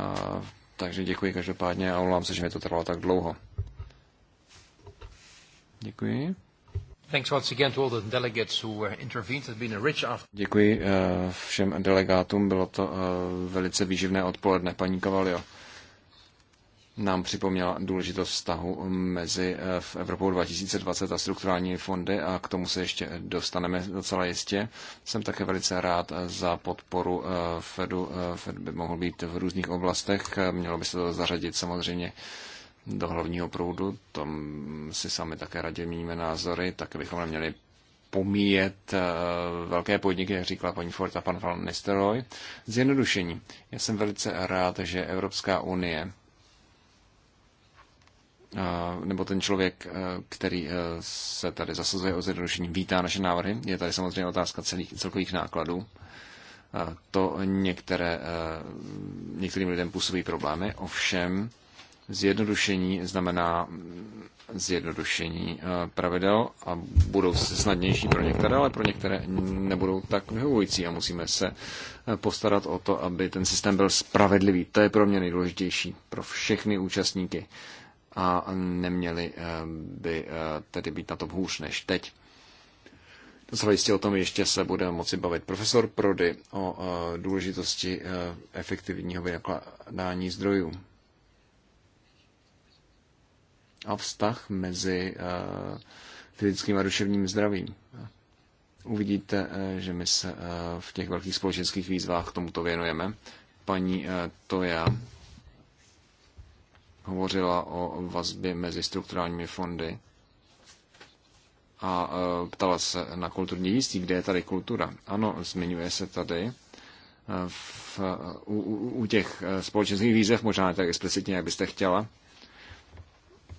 A, takže děkuji každopádně a omlouvám se, že mi to trvalo tak dlouho. Děkuji. Děkuji všem delegátům, bylo to eh, velice výživné odpoledne, paní Kavalio nám připomněla důležitost vztahu mezi eh, v Evropou 2020 a strukturální fondy a k tomu se ještě dostaneme docela jistě. Jsem také velice rád eh, za podporu eh, Fedu. Fed by mohl být v různých oblastech. Mělo by se to zařadit samozřejmě do hlavního proudu. Tam si sami také radě měníme názory, tak bychom neměli pomíjet velké podniky, jak říkala paní Ford a pan Van Nistelrooy. Zjednodušení. Já jsem velice rád, že Evropská unie nebo ten člověk, e, který e, se tady zasazuje o zjednodušení, vítá naše návrhy. Je tady samozřejmě otázka celých, celkových nákladů. To některé, e, některým lidem působí problémy, ovšem zjednodušení znamená mm, zjednodušení pravidel a budou snadnější pro některé, ale pro některé nebudou tak vyhovující a musíme se postarat o to, aby ten systém byl spravedlivý. To je pro mě nejdůležitější pro všechny účastníky a neměli eh, by eh, tedy být na tom hůř než teď. Docela jistě o tom ještě se bude moci bavit profesor Prody o eh, důležitosti efektivního vynakládání zdrojů. A vztah mezi fyzickým a duševním zdravím. Uvidíte, že my se v těch velkých společenských výzvách k tomuto věnujeme. Paní Toja hovořila o vazbě mezi strukturálními fondy a e, ptala se na kulturní dědictví, kde je tady kultura. Ano, zmiňuje se tady e, v, u, u těch e, společenských výzev, možná ne tak explicitně, jak byste chtěla,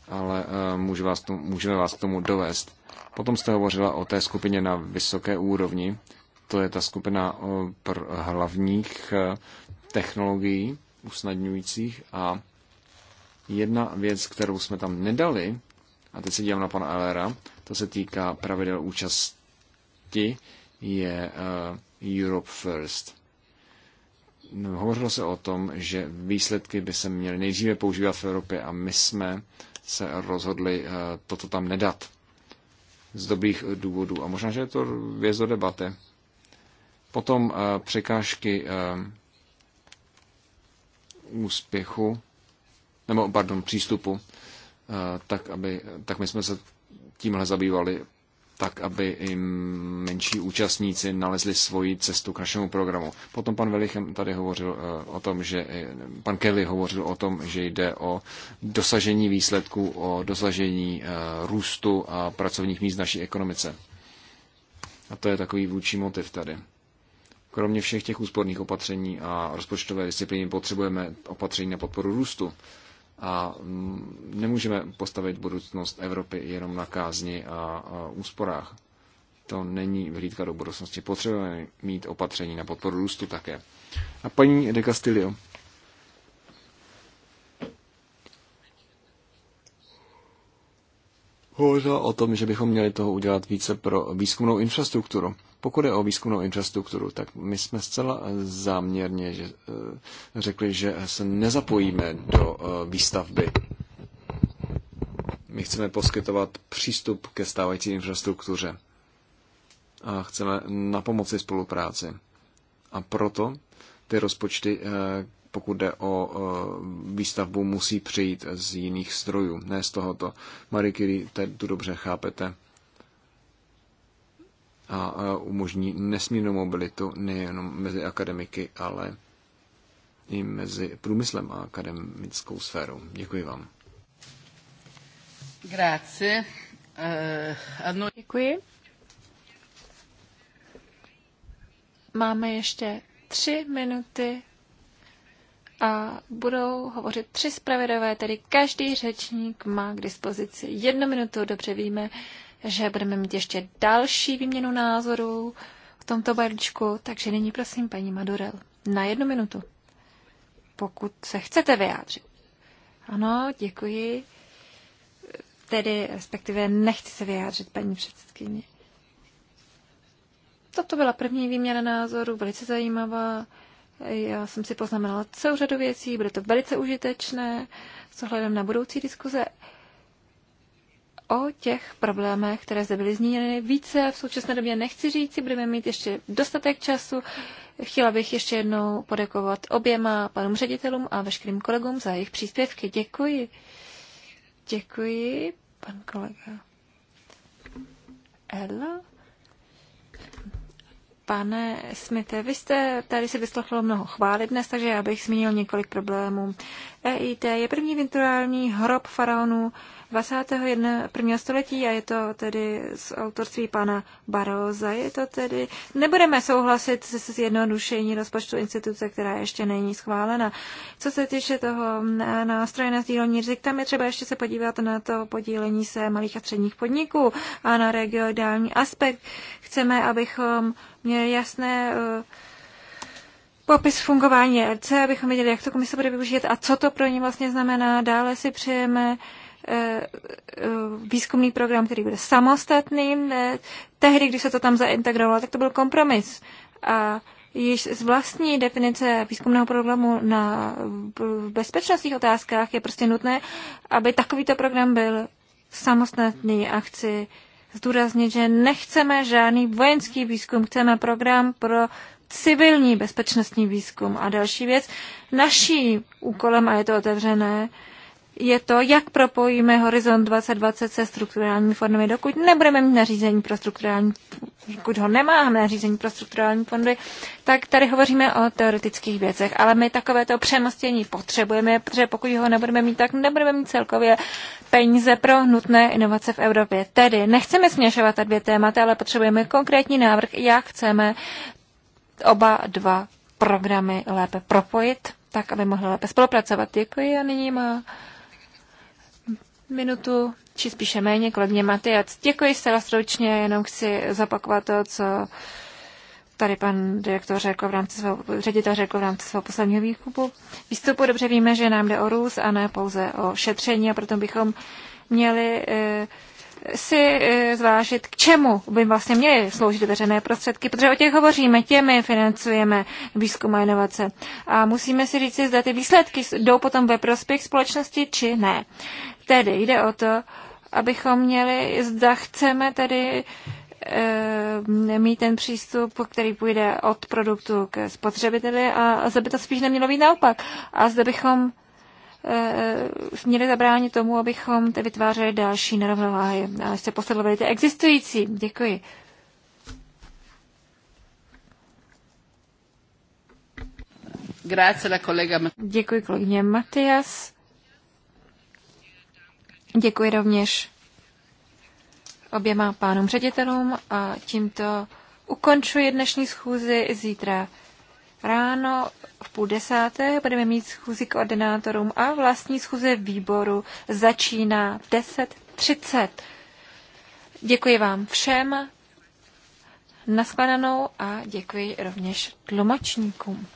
ale může vás, můžeme vás k tomu dovést. Potom jste hovořila o té skupině na vysoké úrovni, to je ta skupina hlavních technologií usnadňujících a Jedna věc, kterou jsme tam nedali, a teď se dívám na pana Elera, to se týká pravidel účasti, je uh, Europe First. No, hovořilo se o tom, že výsledky by se měly nejdříve používat v Evropě a my jsme se rozhodli uh, toto tam nedat z dobrých důvodů. A možná, že je to věc do debaty. Potom uh, překážky uh, úspěchu nebo pardon, přístupu, eh, tak, aby, tak my jsme se tímhle zabývali tak, aby i menší účastníci nalezli svoji cestu k našemu programu. Potom pan Velichem tady hovořil eh, o tom, že pan Kelly hovořil o tom, že jde o dosažení výsledků, o dosažení eh, růstu a pracovních míst v naší ekonomice. A to je takový vůči motiv tady. Kromě všech těch úsporných opatření a rozpočtové disciplíny potřebujeme opatření na podporu růstu. A mm, nemůžeme postavit budoucnost Evropy jenom na kázni a úsporách. To není vyhlídka do budoucnosti. Potřebujeme mít opatření na podporu růstu také. A paní de Castillo, hovořila o tom, že bychom měli toho udělat více pro výzkumnou infrastrukturu. Pokud je o výzkumnou infrastrukturu, tak my jsme zcela záměrně že, eh, řekli, že se nezapojíme do eh, výstavby. My chceme poskytovat přístup ke stávající infrastruktuře a chceme na pomoci spolupráci. A proto ty rozpočty, eh, pokud jde o výstavbu, musí přijít z jiných strojů, ne z tohoto. Marie Curie, tu dobře chápete a umožní nesmírnou mobilitu nejenom mezi akademiky, ale i mezi průmyslem a akademickou sférou. Děkuji vám. Grazie. Eh, děkuji. Máme ještě tři minuty a budou hovořit tři zpravodajové, tedy každý řečník má k dispozici jednu minutu, dobře víme, že budeme mít ještě další výměnu názorů v tomto balíčku, takže nyní prosím paní Madurel na jednu minutu, pokud se chcete vyjádřit. Ano, děkuji. Tedy, respektive nechci se vyjádřit, paní předsedkyně. Toto byla první výměna názorů, velice zajímavá. Já jsem si poznamenala celou řadu věcí, bude to velice užitečné s ohledem na budoucí diskuze o těch problémech, které zde byly zmíněny. Více v současné době nechci říct, budeme mít ještě dostatek času. Chtěla bych ještě jednou podekovat oběma panům ředitelům a veškerým kolegům za jejich příspěvky. Děkuji. Děkuji, pan kolega. Hello, Pane Smite, vy jste tady si vyslechlo mnoho chvály dnes, takže já bych zmínil několik problémů. EIT je první virtuální hrob faraonů, 21. století a je to tedy z autorství pana Baroza. Je to tedy, nebudeme souhlasit se zjednodušení rozpočtu instituce, která ještě není schválena. Co se týče toho nástroje na sdílení rizik, tam je třeba ještě se podívat na to podílení se malých a středních podniků a na regionální aspekt. Chceme, abychom měli jasné e, popis fungování RC, abychom věděli, jak to komise bude využít a co to pro ně vlastně znamená. Dále si přejeme Eh, výzkumný program, který bude samostatným. Eh, tehdy, když se to tam zaintegrovalo, tak to byl kompromis. A již z vlastní definice výzkumného programu na bezpečnostních otázkách je prostě nutné, aby takovýto program byl samostatný a chci zdůraznit, že nechceme žádný vojenský výzkum, chceme program pro civilní bezpečnostní výzkum. A další věc, naším úkolem, a je to otevřené, je to, jak propojíme Horizont 2020 se strukturálními fondy, Dokud nebudeme mít nařízení pro strukturální, dokud ho nemáme nařízení pro strukturální fondy, tak tady hovoříme o teoretických věcech, ale my takovéto přemostění potřebujeme, protože pokud ho nebudeme mít, tak nebudeme mít celkově peníze pro nutné inovace v Evropě. Tedy nechceme směšovat ta dvě témata, ale potřebujeme konkrétní návrh, jak chceme oba dva programy lépe propojit, tak aby mohly lépe spolupracovat. Děkuji a nyní má minutu, či spíše méně, kolegyně Matyjac. Děkuji se stručně, jenom chci zapakovat to, co tady pan direktor řekl v rámci svého, ředitel řekl v rámci svého posledního výkupu. Výstupu dobře víme, že nám jde o růst a ne pouze o šetření a proto bychom měli e, si eh, zvážit, k čemu by vlastně měly sloužit veřejné prostředky, protože o těch hovoříme, těmi financujeme výzkum a inovace. A musíme si říct, zda ty výsledky jdou potom ve prospěch společnosti, či ne. Tedy jde o to, abychom měli, zda chceme tedy e, mít ten přístup, který půjde od produktu k spotřebiteli a, a zda by to spíš nemělo být naopak. A zda bychom eh, měli zabránit tomu, abychom te vytvářeli další nerovnováhy a se posilovali ty existující. Děkuji. Grazie la Děkuji kolegyně Matias. Děkuji rovněž oběma pánům ředitelům a tímto ukončuji dnešní schůzi zítra. Ráno v půl desáté budeme mít schůzi koordinátorům a vlastní schůze výboru začíná v 10.30. Děkuji vám všem, naskladanou a děkuji rovněž tlumočníkům.